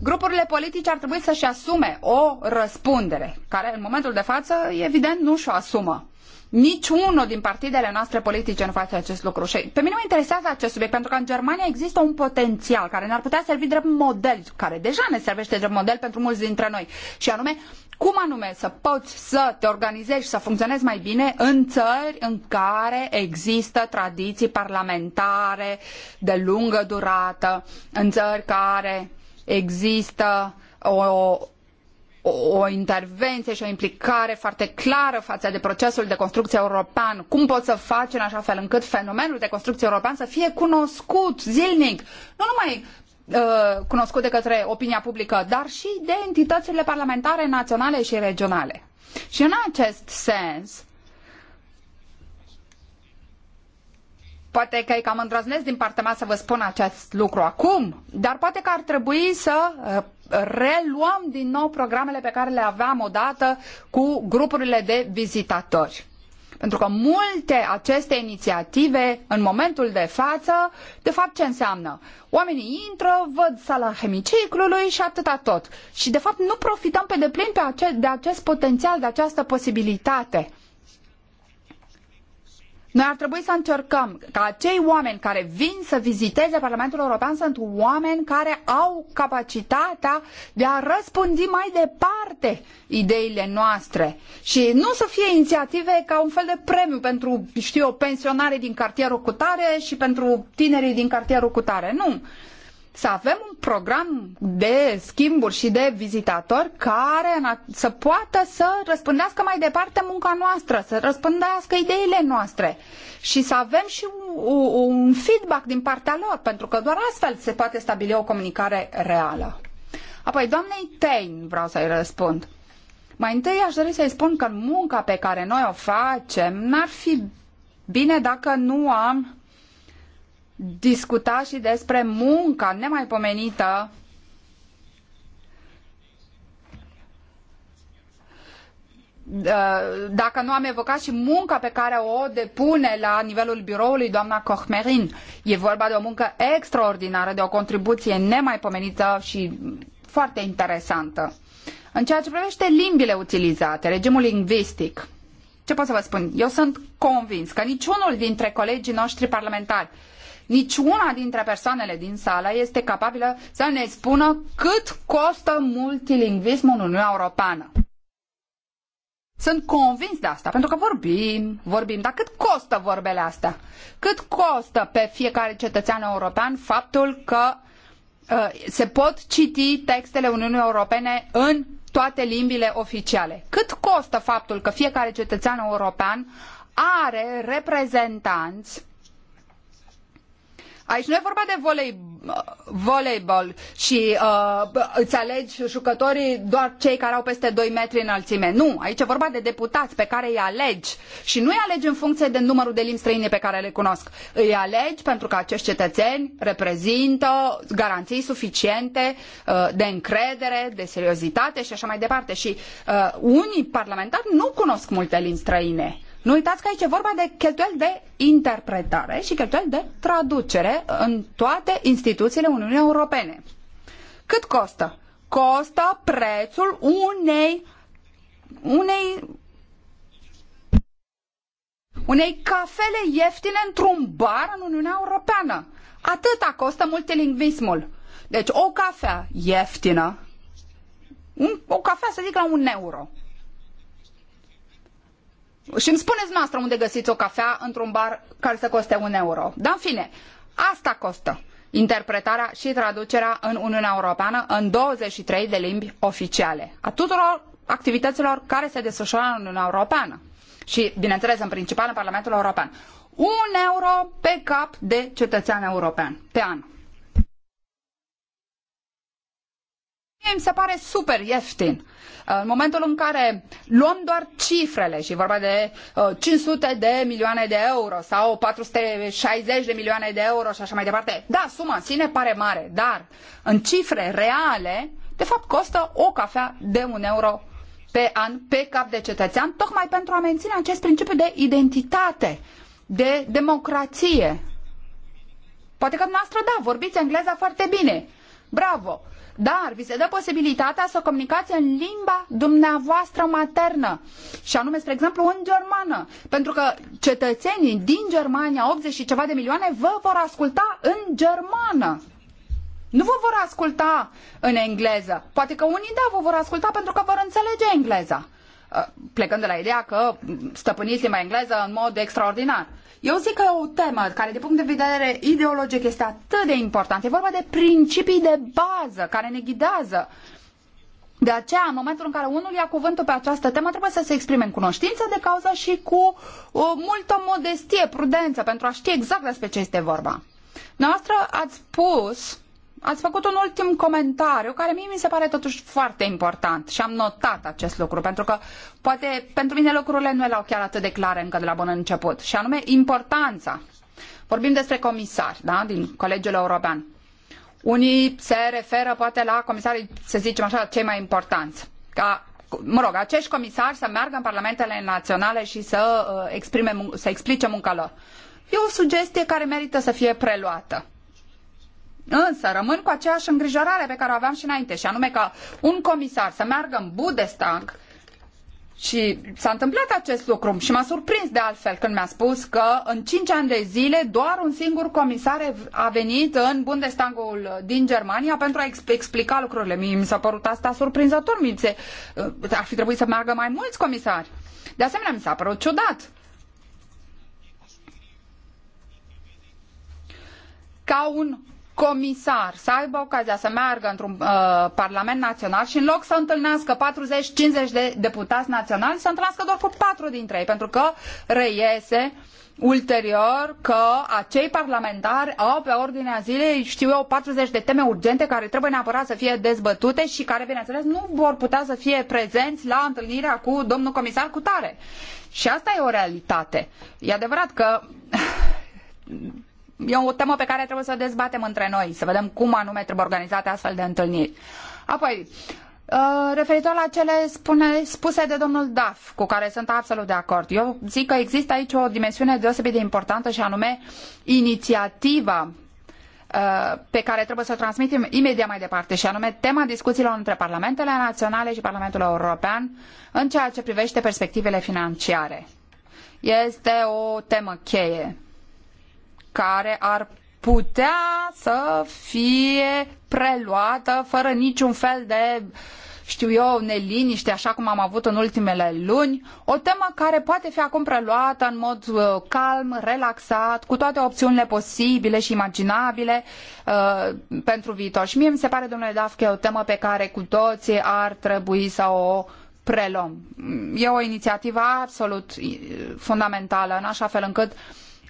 Grupurile politice ar trebui să-și asume o răspundere, care în momentul de față, evident, nu și-o asumă. Niciunul din partidele noastre politice nu face acest lucru. Și pe mine mă interesează acest subiect, pentru că în Germania există un potențial care ne-ar putea servi drept model, care deja ne servește drept model pentru mulți dintre noi, și anume cum anume să poți să te organizezi și să funcționezi mai bine în țări în care există tradiții parlamentare de lungă durată, în țări care există o, o intervenție și o implicare foarte clară față de procesul de construcție european. Cum poți să faci în așa fel încât fenomenul de construcție european să fie cunoscut zilnic, nu numai uh, cunoscut de către opinia publică, dar și de entitățile parlamentare naționale și regionale. Și în acest sens, Poate că e cam îndrăznesc din partea mea să vă spun acest lucru acum, dar poate că ar trebui să uh, reluăm din nou programele pe care le aveam odată cu grupurile de vizitatori. Pentru că multe aceste inițiative, în momentul de față, de fapt ce înseamnă? Oamenii intră, văd sala hemiciclului și atâta tot. Și de fapt nu profităm pe deplin pe de acest potențial, de această posibilitate. Noi ar trebui să încercăm ca acei oameni care vin să viziteze Parlamentul European sunt oameni care au capacitatea de a răspândi mai departe ideile noastre și nu să fie inițiative ca un fel de premiu pentru, știu eu, pensionare din cartierul cutare și pentru tinerii din cartierul cutare. Nu să avem un program de schimburi și de vizitatori care să poată să răspândească mai departe munca noastră, să răspândească ideile noastre și să avem și un feedback din partea lor, pentru că doar astfel se poate stabili o comunicare reală. Apoi, doamnei Tain, vreau să-i răspund. Mai întâi aș dori să-i spun că munca pe care noi o facem n-ar fi bine dacă nu am discuta și despre munca nemaipomenită uh, dacă nu am evocat și munca pe care o depune la nivelul biroului doamna Cochmerin. E vorba de o muncă extraordinară, de o contribuție nemaipomenită și foarte interesantă. În ceea ce privește limbile utilizate, regimul lingvistic, ce pot să vă spun? Eu sunt convins că niciunul dintre colegii noștri parlamentari Niciuna dintre persoanele din sală este capabilă să ne spună cât costă multilingvismul în Uniunea Europeană. Sunt convins de asta, pentru că vorbim, vorbim, dar cât costă vorbele astea? Cât costă pe fiecare cetățean european faptul că uh, se pot citi textele Uniunii Europene în toate limbile oficiale? Cât costă faptul că fiecare cetățean european are reprezentanți Aici nu e vorba de volei, uh, voleibol și uh, îți alegi jucătorii doar cei care au peste 2 metri înălțime. Nu, aici e vorba de deputați pe care îi alegi și nu îi alegi în funcție de numărul de limbi străine pe care le cunosc. Îi alegi pentru că acești cetățeni reprezintă garanții suficiente uh, de încredere, de seriozitate și așa mai departe. Și uh, unii parlamentari nu cunosc multe limbi străine. Nu uitați că aici e vorba de cheltuieli de interpretare și cheltuieli de traducere în toate instituțiile Uniunii Europene. Cât costă? Costă prețul unei unei unei cafele ieftine într-un bar în Uniunea Europeană. Atâta costă multilingvismul. Deci o cafea ieftină, un, o cafea să zic la un euro, și îmi spuneți noastră unde găsiți o cafea într-un bar care să coste un euro. Dar în fine, asta costă interpretarea și traducerea în Uniunea Europeană în 23 de limbi oficiale a tuturor activităților care se desfășoară în Uniunea Europeană și, bineînțeles, în principal în Parlamentul European. Un euro pe cap de cetățean european pe an. mi se pare super ieftin. În momentul în care luăm doar cifrele și vorba de 500 uh, de milioane de euro sau 460 de milioane de euro și așa mai departe, da, suma în sine pare mare, dar în cifre reale, de fapt costă o cafea de un euro pe an pe cap de cetățean, tocmai pentru a menține acest principiu de identitate, de democrație. Poate că dumneavoastră, da, vorbiți engleza foarte bine. Bravo! dar vi se dă posibilitatea să comunicați în limba dumneavoastră maternă și anume, spre exemplu, în germană, pentru că cetățenii din Germania, 80 și ceva de milioane, vă vor asculta în germană. Nu vă vor asculta în engleză. Poate că unii da, vă vor asculta pentru că vor înțelege engleza ă, plecând de la ideea că stăpâniți limba engleză în mod extraordinar. Eu zic că e o temă care, din punct de vedere ideologic, este atât de importantă. E vorba de principii de bază care ne ghidează. De aceea, în momentul în care unul ia cuvântul pe această temă, trebuie să se exprime în cunoștință de cauză și cu o multă modestie, prudență, pentru a ști exact despre ce este vorba. Noastră ați spus ați făcut un ultim comentariu care mie mi se pare totuși foarte important și am notat acest lucru pentru că poate pentru mine lucrurile nu erau chiar atât de clare încă de la bun început și anume importanța. Vorbim despre comisari, da, din Colegiul European. Unii se referă poate la comisarii, să zicem așa, cei mai importanți. Ca mă rog, acești comisari să meargă în parlamentele naționale și să, uh, exprime, să explice munca lor. E o sugestie care merită să fie preluată. Însă rămân cu aceeași îngrijorare pe care o aveam și înainte, și anume că un comisar să meargă în Budestang și s-a întâmplat acest lucru și m-a surprins de altfel când mi-a spus că în cinci ani de zile doar un singur comisar a venit în Bundestagul din Germania pentru a explica lucrurile. Mie mi s-a părut asta surprinzător. Mi se, uh, ar fi trebuit să meargă mai mulți comisari. De asemenea, mi s-a părut ciudat ca un comisar să aibă ocazia să meargă într-un uh, Parlament Național și în loc să întâlnească 40-50 de deputați naționali, să întâlnească doar cu patru dintre ei, pentru că reiese ulterior că acei parlamentari au pe ordinea zilei, știu eu, 40 de teme urgente care trebuie neapărat să fie dezbătute și care, bineînțeles, nu vor putea să fie prezenți la întâlnirea cu domnul comisar Cutare. Și asta e o realitate. E adevărat că e o temă pe care trebuie să o dezbatem între noi, să vedem cum anume trebuie organizate astfel de întâlniri. Apoi, uh, referitor la cele spune, spuse de domnul Daf, cu care sunt absolut de acord. Eu zic că există aici o dimensiune deosebit de importantă și anume inițiativa uh, pe care trebuie să o transmitem imediat mai departe și anume tema discuțiilor între Parlamentele Naționale și Parlamentul European în ceea ce privește perspectivele financiare. Este o temă cheie care ar putea să fie preluată fără niciun fel de știu eu, neliniște, așa cum am avut în ultimele luni, o temă care poate fi acum preluată în mod uh, calm, relaxat, cu toate opțiunile posibile și imaginabile uh, pentru viitor. Și mie mi se pare, domnule Daf, că e o temă pe care cu toții ar trebui să o preluăm. E o inițiativă absolut uh, fundamentală, în așa fel încât uh,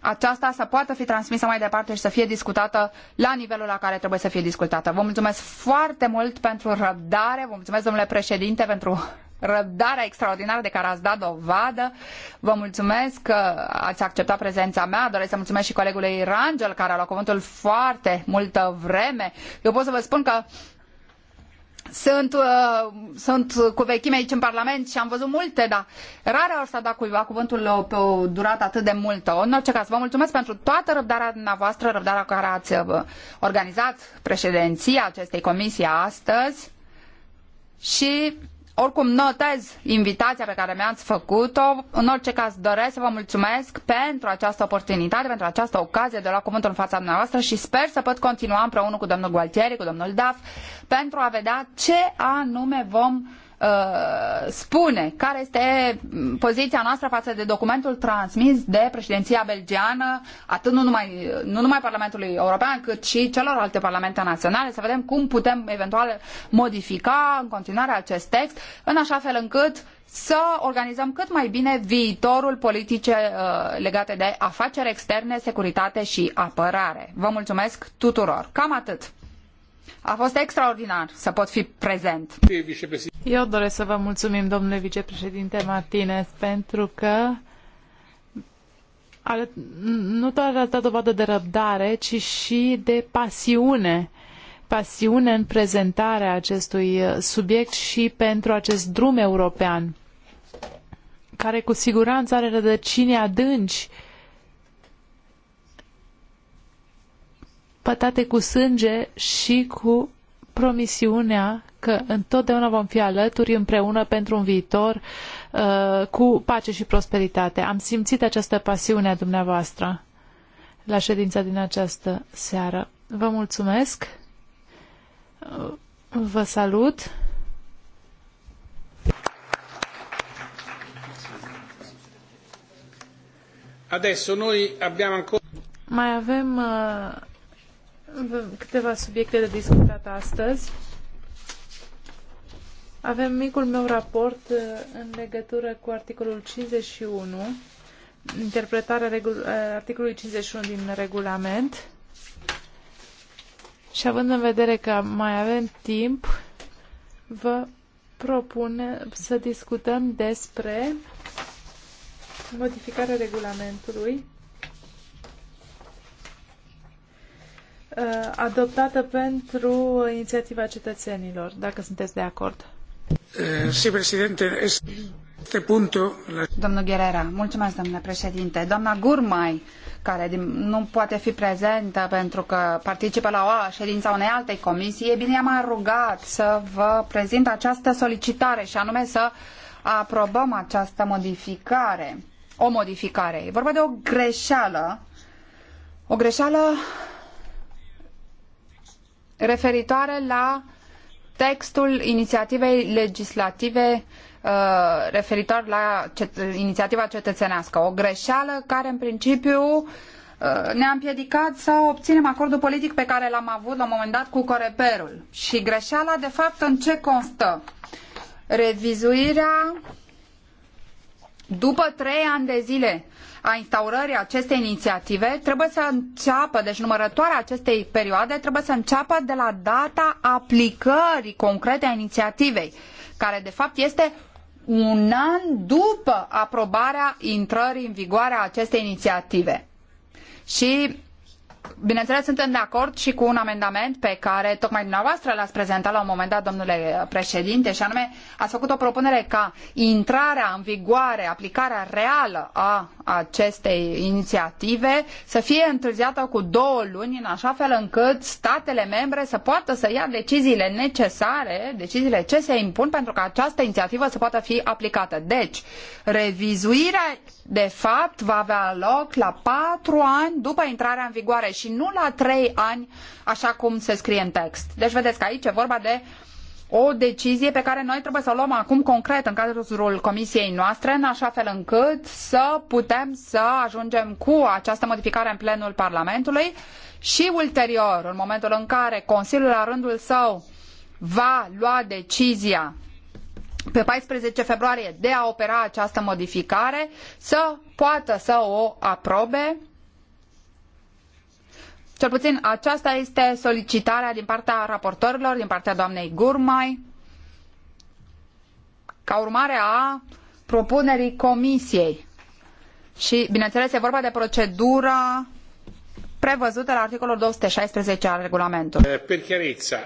aceasta să poată fi transmisă mai departe și să fie discutată la nivelul la care trebuie să fie discutată. Vă mulțumesc foarte mult pentru răbdare, vă mulțumesc, domnule președinte, pentru răbdarea extraordinară de care ați dat dovadă. Vă mulțumesc că ați acceptat prezența mea. Doresc să mulțumesc și colegului Rangel, care a luat cuvântul foarte multă vreme. Eu pot să vă spun că sunt, uh, sunt cu vechime aici în Parlament și am văzut multe, dar rar ori s-a dat cuiva cuvântul pe o durată atât de multă. În orice caz, vă mulțumesc pentru toată răbdarea dumneavoastră, răbdarea care ați uh, organizat președinția acestei comisii astăzi și oricum, notez invitația pe care mi-ați făcut-o. În orice caz, doresc să vă mulțumesc pentru această oportunitate, pentru această ocazie de a lua cuvântul în fața dumneavoastră și sper să pot continua împreună cu domnul Gualtieri, cu domnul Daf, pentru a vedea ce anume vom Uh, spune care este poziția noastră față de documentul transmis de președinția belgiană, atât nu numai, nu numai Parlamentului European, cât și celorlalte parlamente naționale, să vedem cum putem eventual modifica în continuare acest text, în așa fel încât să organizăm cât mai bine viitorul politice uh, legate de afaceri externe, securitate și apărare. Vă mulțumesc tuturor. Cam atât. A fost extraordinar să pot fi prezent. Eu doresc să vă mulțumim, domnule vicepreședinte Martinez, pentru că nu doar a dat dovadă de răbdare, ci și de pasiune pasiune în prezentarea acestui uh, subiect și pentru acest drum european, care cu siguranță are rădăcini adânci uh, pătate cu sânge și cu promisiunea că întotdeauna vom fi alături împreună pentru un viitor uh, cu pace și prosperitate. Am simțit această pasiune a dumneavoastră la ședința din această seară. Vă mulțumesc, uh, vă salut. Adesso noi abbiamo ancora... Mai avem uh câteva subiecte de discutat astăzi. Avem micul meu raport uh, în legătură cu articolul 51, interpretarea uh, articolului 51 din regulament. Și având în vedere că mai avem timp, vă propun uh, să discutăm despre modificarea regulamentului Uh, adoptată pentru inițiativa cetățenilor, dacă sunteți de acord. Eh, sí, președinte, este punctul... Domnul Guerrera, mulțumesc, domnule președinte. Doamna Gurmai, care nu poate fi prezentă pentru că participă la o ședință unei alte comisii, e bine, am rugat să vă prezint această solicitare și anume să aprobăm această modificare, o modificare. E vorba de o greșeală, o greșeală referitoare la textul inițiativei legislative uh, referitor la inițiativa cetățenească. O greșeală care în principiu uh, ne-a împiedicat să obținem acordul politic pe care l-am avut la un moment dat cu Coreperul. Și greșeala, de fapt, în ce constă? Revizuirea după trei ani de zile a instaurării acestei inițiative trebuie să înceapă, deci numărătoarea acestei perioade trebuie să înceapă de la data aplicării concrete a inițiativei, care de fapt este un an după aprobarea intrării în vigoare a acestei inițiative. Și Bineînțeles, suntem de acord și cu un amendament pe care tocmai dumneavoastră l-ați prezentat la un moment dat, domnule președinte, și anume ați făcut o propunere ca intrarea în vigoare, aplicarea reală a acestei inițiative să fie întârziată cu două luni, în așa fel încât statele membre să poată să ia deciziile necesare, deciziile ce se impun pentru ca această inițiativă să poată fi aplicată. Deci, revizuirea de fapt va avea loc la patru ani după intrarea în vigoare și și nu la trei ani, așa cum se scrie în text. Deci vedeți că aici e vorba de o decizie pe care noi trebuie să o luăm acum concret în cadrul comisiei noastre, în așa fel încât să putem să ajungem cu această modificare în plenul Parlamentului și ulterior, în momentul în care Consiliul la rândul său va lua decizia pe 14 februarie de a opera această modificare, să poată să o aprobe cel puțin aceasta este solicitarea din partea raportorilor, din partea doamnei Gurmai, ca urmare a propunerii comisiei. Și, bineînțeles, e vorba de procedura prevăzută la articolul 216 al regulamentului. Eh,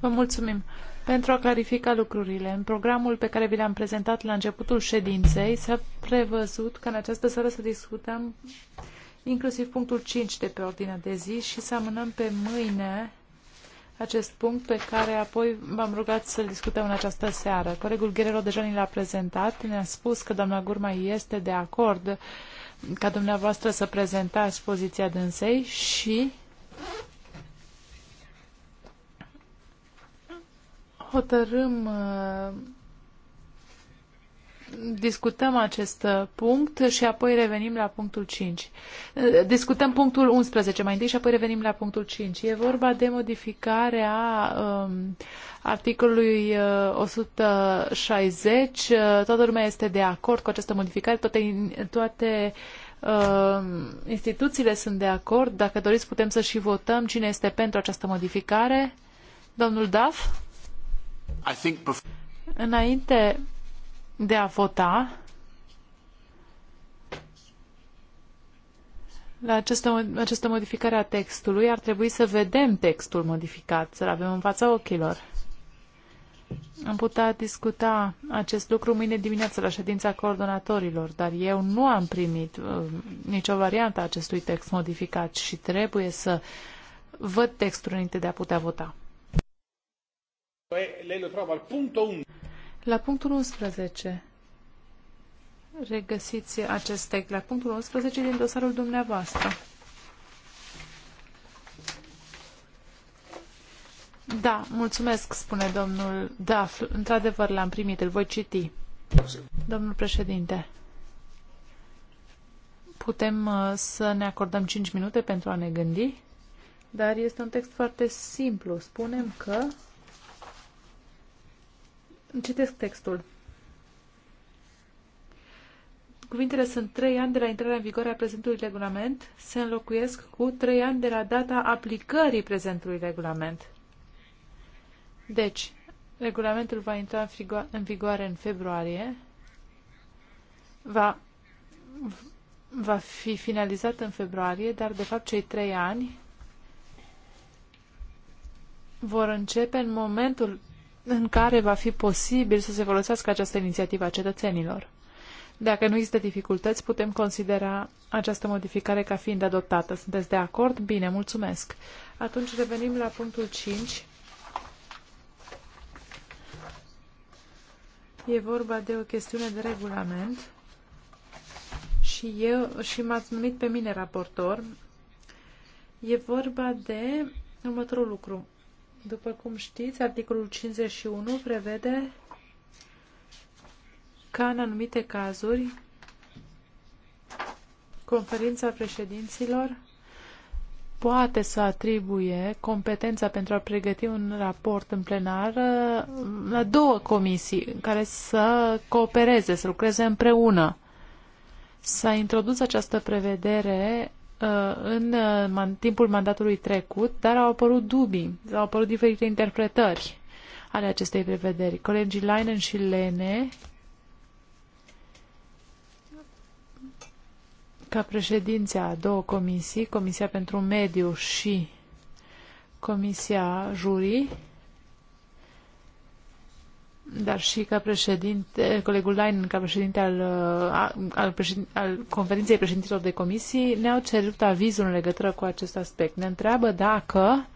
Vă mulțumim. Pentru a clarifica lucrurile, în programul pe care vi l-am prezentat la începutul ședinței s-a prevăzut că în această seară să discutăm inclusiv punctul 5 de pe ordinea de zi și să amânăm pe mâine acest punct pe care apoi v-am rugat să-l discutăm în această seară. Colegul Guerrero deja ni l-a prezentat, ne-a spus că doamna Gurma este de acord ca dumneavoastră să prezentați poziția dânsei și hotărâm uh, discutăm acest uh, punct și apoi revenim la punctul 5. Uh, discutăm punctul 11 mai întâi și apoi revenim la punctul 5. E vorba de modificarea um, articolului 160. Uh, toată lumea este de acord cu această modificare. Toate, toate uh, instituțiile sunt de acord. Dacă doriți, putem să și votăm cine este pentru această modificare. Domnul Daf? Înainte de a vota la această, această modificare a textului. Ar trebui să vedem textul modificat, să-l avem în fața ochilor. Am putea discuta acest lucru mâine dimineață la ședința coordonatorilor, dar eu nu am primit uh, nicio variantă a acestui text modificat și trebuie să văd textul înainte de a putea vota. 1. Păi, la punctul 11 regăsiți acest text, la punctul 11 din dosarul dumneavoastră. Da, mulțumesc, spune domnul Daf. Într-adevăr, l-am primit, îl voi citi. Domnul președinte, putem uh, să ne acordăm 5 minute pentru a ne gândi, dar este un text foarte simplu. Spunem că Citesc textul. Cuvintele sunt trei ani de la intrarea în vigoare a prezentului regulament, se înlocuiesc cu trei ani de la data aplicării prezentului regulament. Deci, regulamentul va intra în, în vigoare în februarie, va, va fi finalizat în februarie, dar de fapt cei trei ani vor începe în momentul în care va fi posibil să se folosească această inițiativă a cetățenilor. Dacă nu există dificultăți, putem considera această modificare ca fiind adoptată. Sunteți de acord? Bine, mulțumesc. Atunci revenim la punctul 5. E vorba de o chestiune de regulament și eu și m-ați numit pe mine raportor. E vorba de următorul lucru. După cum știți, articolul 51 prevede ca în anumite cazuri conferința președinților poate să atribuie competența pentru a pregăti un raport în plenar la două comisii care să coopereze, să lucreze împreună. S-a introdus această prevedere Uh, în, în uh, timpul mandatului trecut, dar au apărut dubii, au apărut diferite interpretări ale acestei prevederi. Colegii Leinen și Lene, ca președinția a două comisii, Comisia pentru Mediu și Comisia Jurii, dar și ca președinte, colegul Lain, ca președinte al, al, președinte, al conferinței președinților de comisii, ne-au cerut avizul în legătură cu acest aspect. Ne întreabă dacă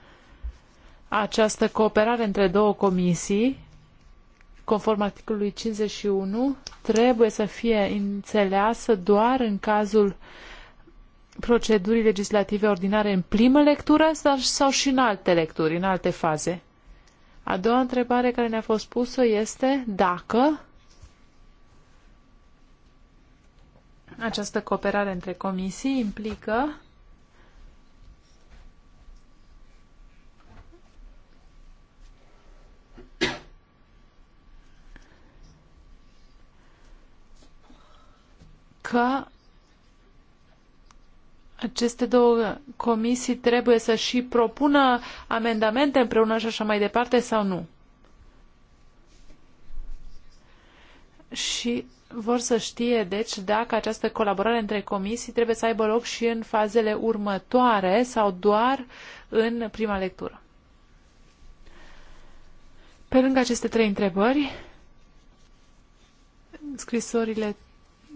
această cooperare între două comisii, conform articolului 51, trebuie să fie înțeleasă doar în cazul procedurii legislative ordinare în primă lectură sau și în alte lecturi, în alte faze. A doua întrebare care ne-a fost pusă este dacă această cooperare între comisii implică că aceste două comisii trebuie să și propună amendamente împreună și așa mai departe sau nu? Și vor să știe, deci, dacă această colaborare între comisii trebuie să aibă loc și în fazele următoare sau doar în prima lectură. Pe lângă aceste trei întrebări, scrisorile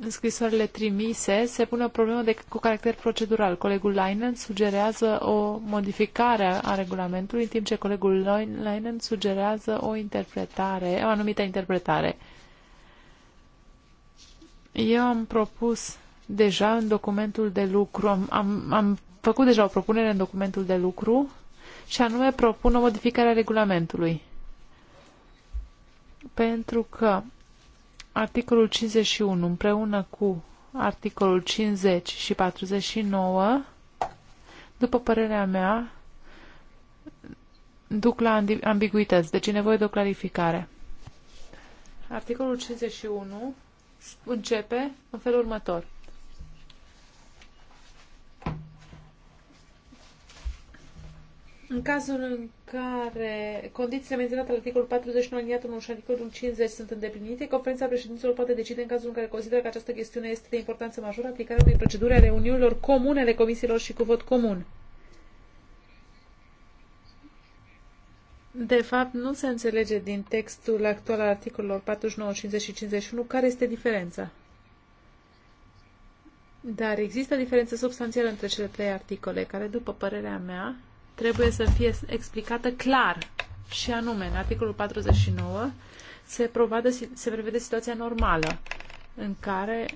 în scrisorile trimise se pune o problemă de, cu caracter procedural. Colegul Leinen sugerează o modificare a regulamentului, în timp ce colegul Leinen sugerează o interpretare, o anumită interpretare. Eu am propus deja în documentul de lucru, am, am, am făcut deja o propunere în documentul de lucru și anume propun o modificare a regulamentului. Pentru că Articolul 51 împreună cu articolul 50 și 49, după părerea mea, duc la ambiguități, deci e nevoie de o clarificare. Articolul 51 începe în felul următor. În cazul în care condițiile menționate la articolul 49 aliniatul 1 și articolul 50 sunt îndeplinite, conferința președinților poate decide în cazul în care consideră că această chestiune este de importanță majoră aplicarea unei proceduri a reuniunilor comune ale comisiilor și cu vot comun. De fapt, nu se înțelege din textul actual al articolelor 49, 50 și 51 care este diferența. Dar există diferență substanțială între cele trei articole, care, după părerea mea, trebuie să fie explicată clar și anume, în articolul 49 se, provadă, se prevede situația normală în care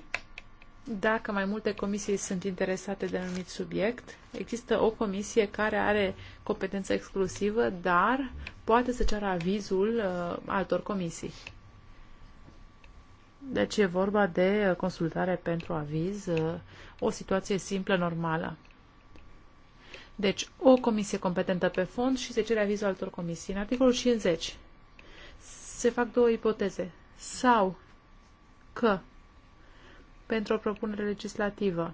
dacă mai multe comisii sunt interesate de anumit subiect, există o comisie care are competență exclusivă, dar poate să ceară avizul uh, altor comisii. Deci e vorba de uh, consultare pentru aviz, uh, o situație simplă, normală. Deci, o comisie competentă pe fond și se cere avizul altor comisii. În articolul 50 se fac două ipoteze. Sau că pentru o propunere legislativă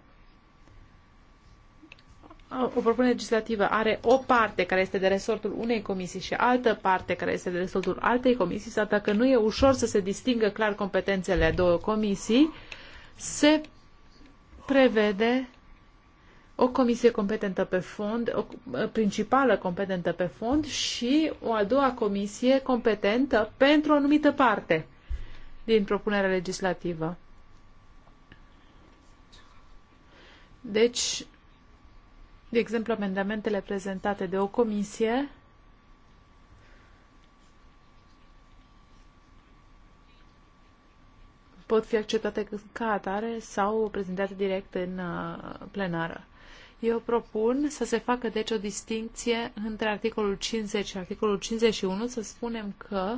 o propunere legislativă are o parte care este de resortul unei comisii și altă parte care este de resortul altei comisii sau dacă nu e ușor să se distingă clar competențele a două comisii, se prevede o comisie competentă pe fond, o uh, principală competentă pe fond și o a doua comisie competentă pentru o anumită parte din propunerea legislativă. Deci, de exemplu, amendamentele prezentate de o comisie pot fi acceptate ca atare sau prezentate direct în uh, plenară. Eu propun să se facă deci o distinție între articolul 50 și articolul 51, să spunem că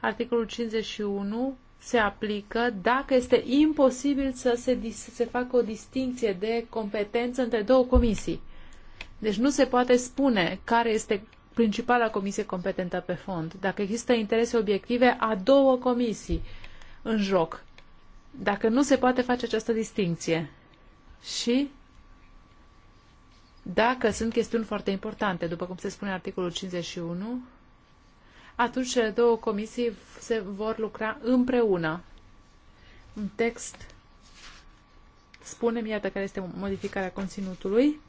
articolul 51 se aplică dacă este imposibil să se, să se facă o distinție de competență între două comisii. Deci nu se poate spune care este principala comisie competentă pe fond. Dacă există interese obiective a două comisii în joc, dacă nu se poate face această distinție. Și dacă sunt chestiuni foarte importante, după cum se spune în articolul 51, atunci cele două comisii se vor lucra împreună. Un text mi iată care este modificarea conținutului.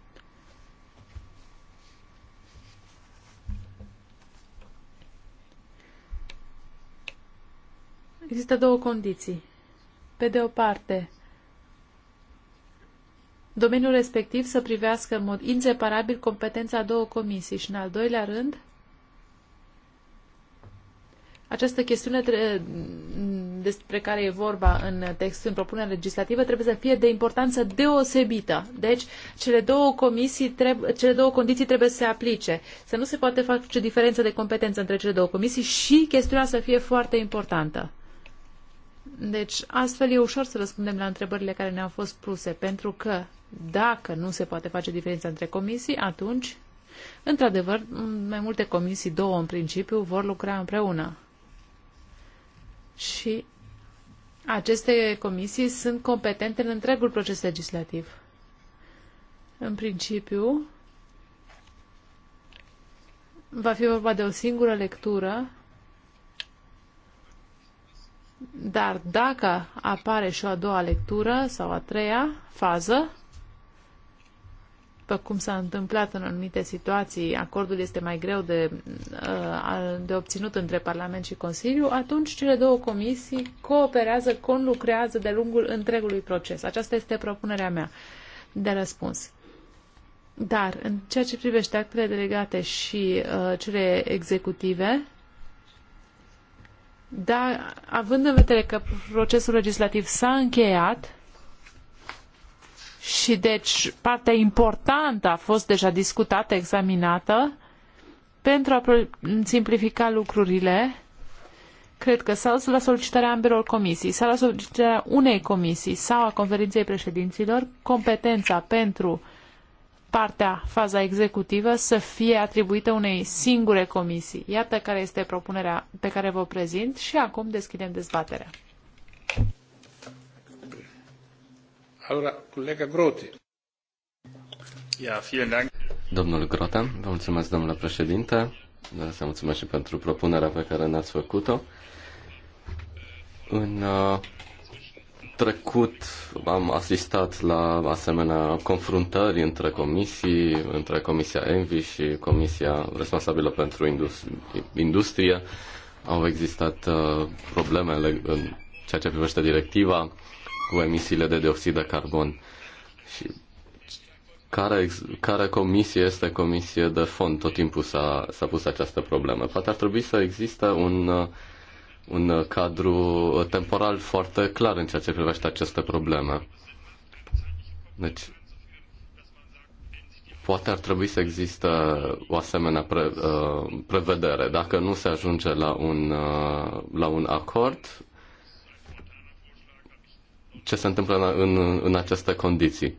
Există două condiții. Pe de o parte, domeniul respectiv să privească în mod inseparabil competența a două comisii și, în al doilea rând, această chestiune despre care e vorba în textul, în propunerea legislativă, trebuie să fie de importanță deosebită. Deci, cele două, comisii trebuie, cele două condiții trebuie să se aplice. Să nu se poate face diferență de competență între cele două comisii și chestiunea să fie foarte importantă. Deci, astfel e ușor să răspundem la întrebările care ne-au fost puse, pentru că dacă nu se poate face diferența între comisii, atunci, într-adevăr, mai multe comisii, două în principiu, vor lucra împreună. Și aceste comisii sunt competente în întregul proces legislativ. În principiu, va fi vorba de o singură lectură dar dacă apare și o a doua lectură sau a treia fază, după cum s-a întâmplat în anumite situații, acordul este mai greu de, uh, de obținut între Parlament și Consiliu, atunci cele două comisii cooperează, conlucrează de lungul întregului proces. Aceasta este propunerea mea de răspuns. Dar în ceea ce privește actele delegate și uh, cele executive, da, având în vedere că procesul legislativ s-a încheiat și deci partea importantă a fost deja discutată, examinată, pentru a simplifica lucrurile, cred că sau la solicitarea ambelor comisii, sau la solicitarea unei comisii, sau a conferinței președinților, competența pentru partea, faza executivă, să fie atribuită unei singure comisii. Iată care este propunerea pe care vă prezint și acum deschidem dezbaterea. Allora, colega Groti. Ia vielen Dank. Domnul Grota, vă mulțumesc, domnule președinte. Vă să mulțumesc și pentru propunerea pe care ne-ați făcut-o. În uh, trecut am asistat la asemenea confruntări între comisii, între Comisia Envi și Comisia responsabilă pentru industrie. Au existat uh, probleme în ceea ce privește directiva cu emisiile de dioxid de carbon. Și care, care comisie este comisie de fond? Tot timpul s-a, s-a pus această problemă. Poate ar trebui să există un uh, un uh, cadru uh, temporal foarte clar în ceea ce privește aceste probleme. Deci, poate ar trebui să existe o asemenea pre, uh, prevedere. Dacă nu se ajunge la un, uh, la un acord, ce se întâmplă în, în, în aceste condiții?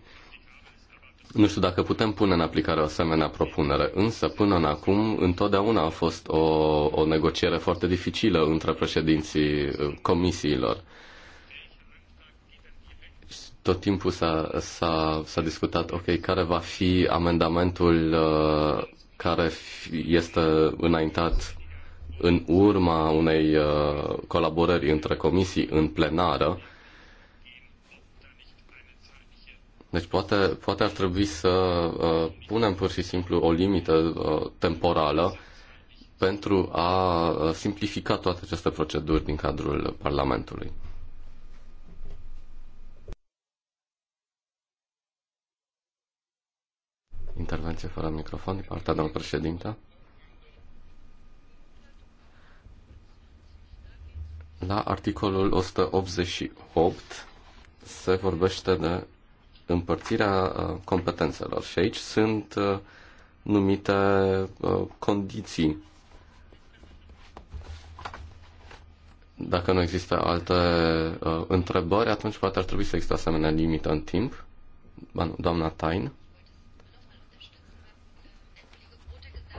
Nu știu dacă putem pune în aplicare o asemenea propunere, însă până în acum întotdeauna a fost o, o negociere foarte dificilă între președinții uh, comisiilor. Tot timpul s-a, s-a, s-a discutat, ok, care va fi amendamentul uh, care este înaintat în urma unei uh, colaborări între comisii în plenară Deci poate, poate ar trebui să uh, punem pur și simplu o limită uh, temporală pentru a uh, simplifica toate aceste proceduri din cadrul Parlamentului. Intervenție fără microfon din partea domnului președinte. La articolul 188 se vorbește de împărțirea uh, competențelor. Și aici sunt uh, numite uh, condiții. Dacă nu există alte întrebări, atunci poate ar trebui să există asemenea limită în timp. Doamna Tain.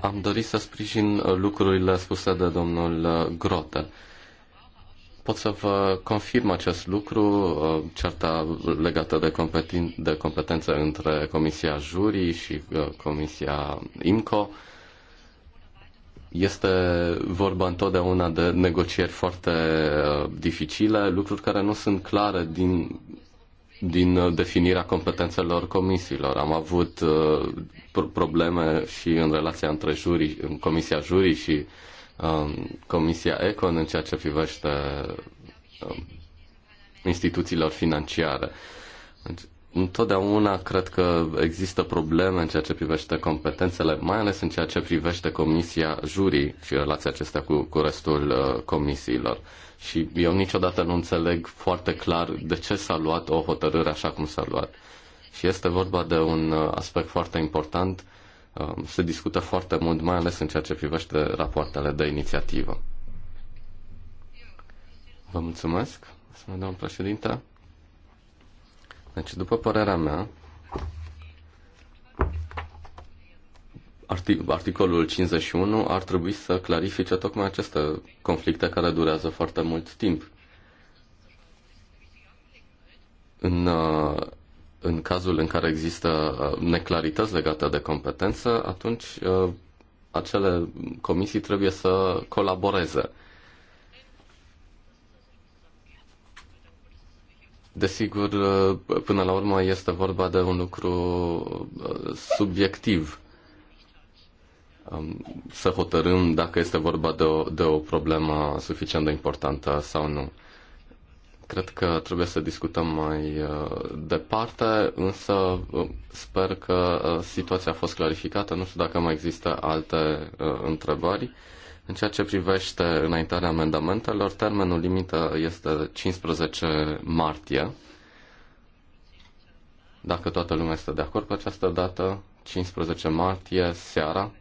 Am dorit să sprijin lucrurile spuse de domnul Grote pot să vă confirm acest lucru, uh, certa legată de, competin, de competență între Comisia Jurii și uh, Comisia IMCO. Este vorba întotdeauna de negocieri foarte uh, dificile, lucruri care nu sunt clare din, din definirea competențelor comisiilor. Am avut probleme și în relația între jurii, în Comisia Jurii și um, Comisia Econ în ceea ce privește um, instituțiilor financiare. Deci, întotdeauna cred că există probleme în ceea ce privește competențele, mai ales în ceea ce privește comisia jurii și relația acestea cu, cu restul uh, comisiilor. Și eu niciodată nu înțeleg foarte clar de ce s-a luat o hotărâre așa cum s-a luat. Și este vorba de un uh, aspect foarte important Um, se discută foarte mult, mai ales în ceea ce privește rapoartele de inițiativă. Vă mulțumesc, domnul președinte. Deci, după părerea mea, articolul 51 ar trebui să clarifice tocmai aceste conflicte care durează foarte mult timp. În uh, în cazul în care există uh, neclarități legate de competență, atunci uh, acele comisii trebuie să colaboreze. Desigur, uh, până la urmă este vorba de un lucru subiectiv. Um, să hotărâm dacă este vorba de o, de o problemă suficient de importantă sau nu. Cred că trebuie să discutăm mai uh, departe, însă uh, sper că uh, situația a fost clarificată. Nu știu dacă mai există alte întrebări. În ceea ce privește înaintarea amendamentelor, termenul limită este 15 martie. Dacă toată lumea este de acord pe această dată, 15 martie, seara.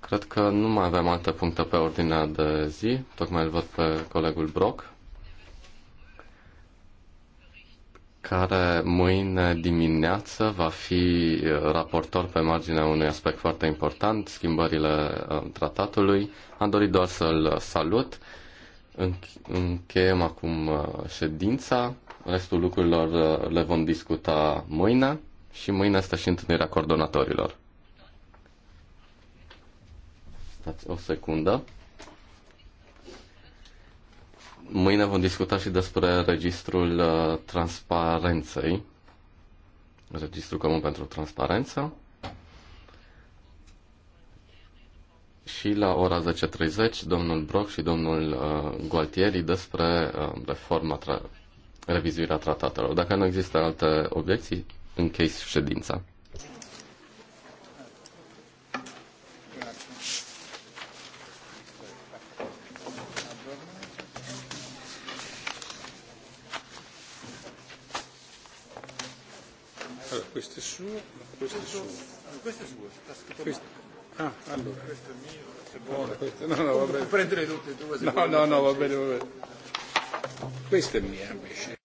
Cred că nu mai avem alte puncte pe ordinea de zi. Tocmai îl văd pe colegul Brock. care mâine dimineață va fi raportor pe marginea unui aspect foarte important, schimbările tratatului. Am dorit doar să-l salut. Încheiem acum ședința. Restul lucrurilor le vom discuta mâine și mâine este și întâlnirea coordonatorilor. Stați o secundă. Mâine vom discuta și despre registrul uh, transparenței, registrul comun pentru transparență. Și la ora 10.30, domnul Brock și domnul uh, Gualtieri despre uh, reforma, tra- revizuirea tratatelor. Dacă nu există alte obiecții, închei ședința. questo è suo, questo è suo. Ah, questo Ah, allora. Questo è mio, se vuole. Questo, no, no, va bene. Prendere tutte e due. No, no, no, va bene, va bene. Questa è mia invece.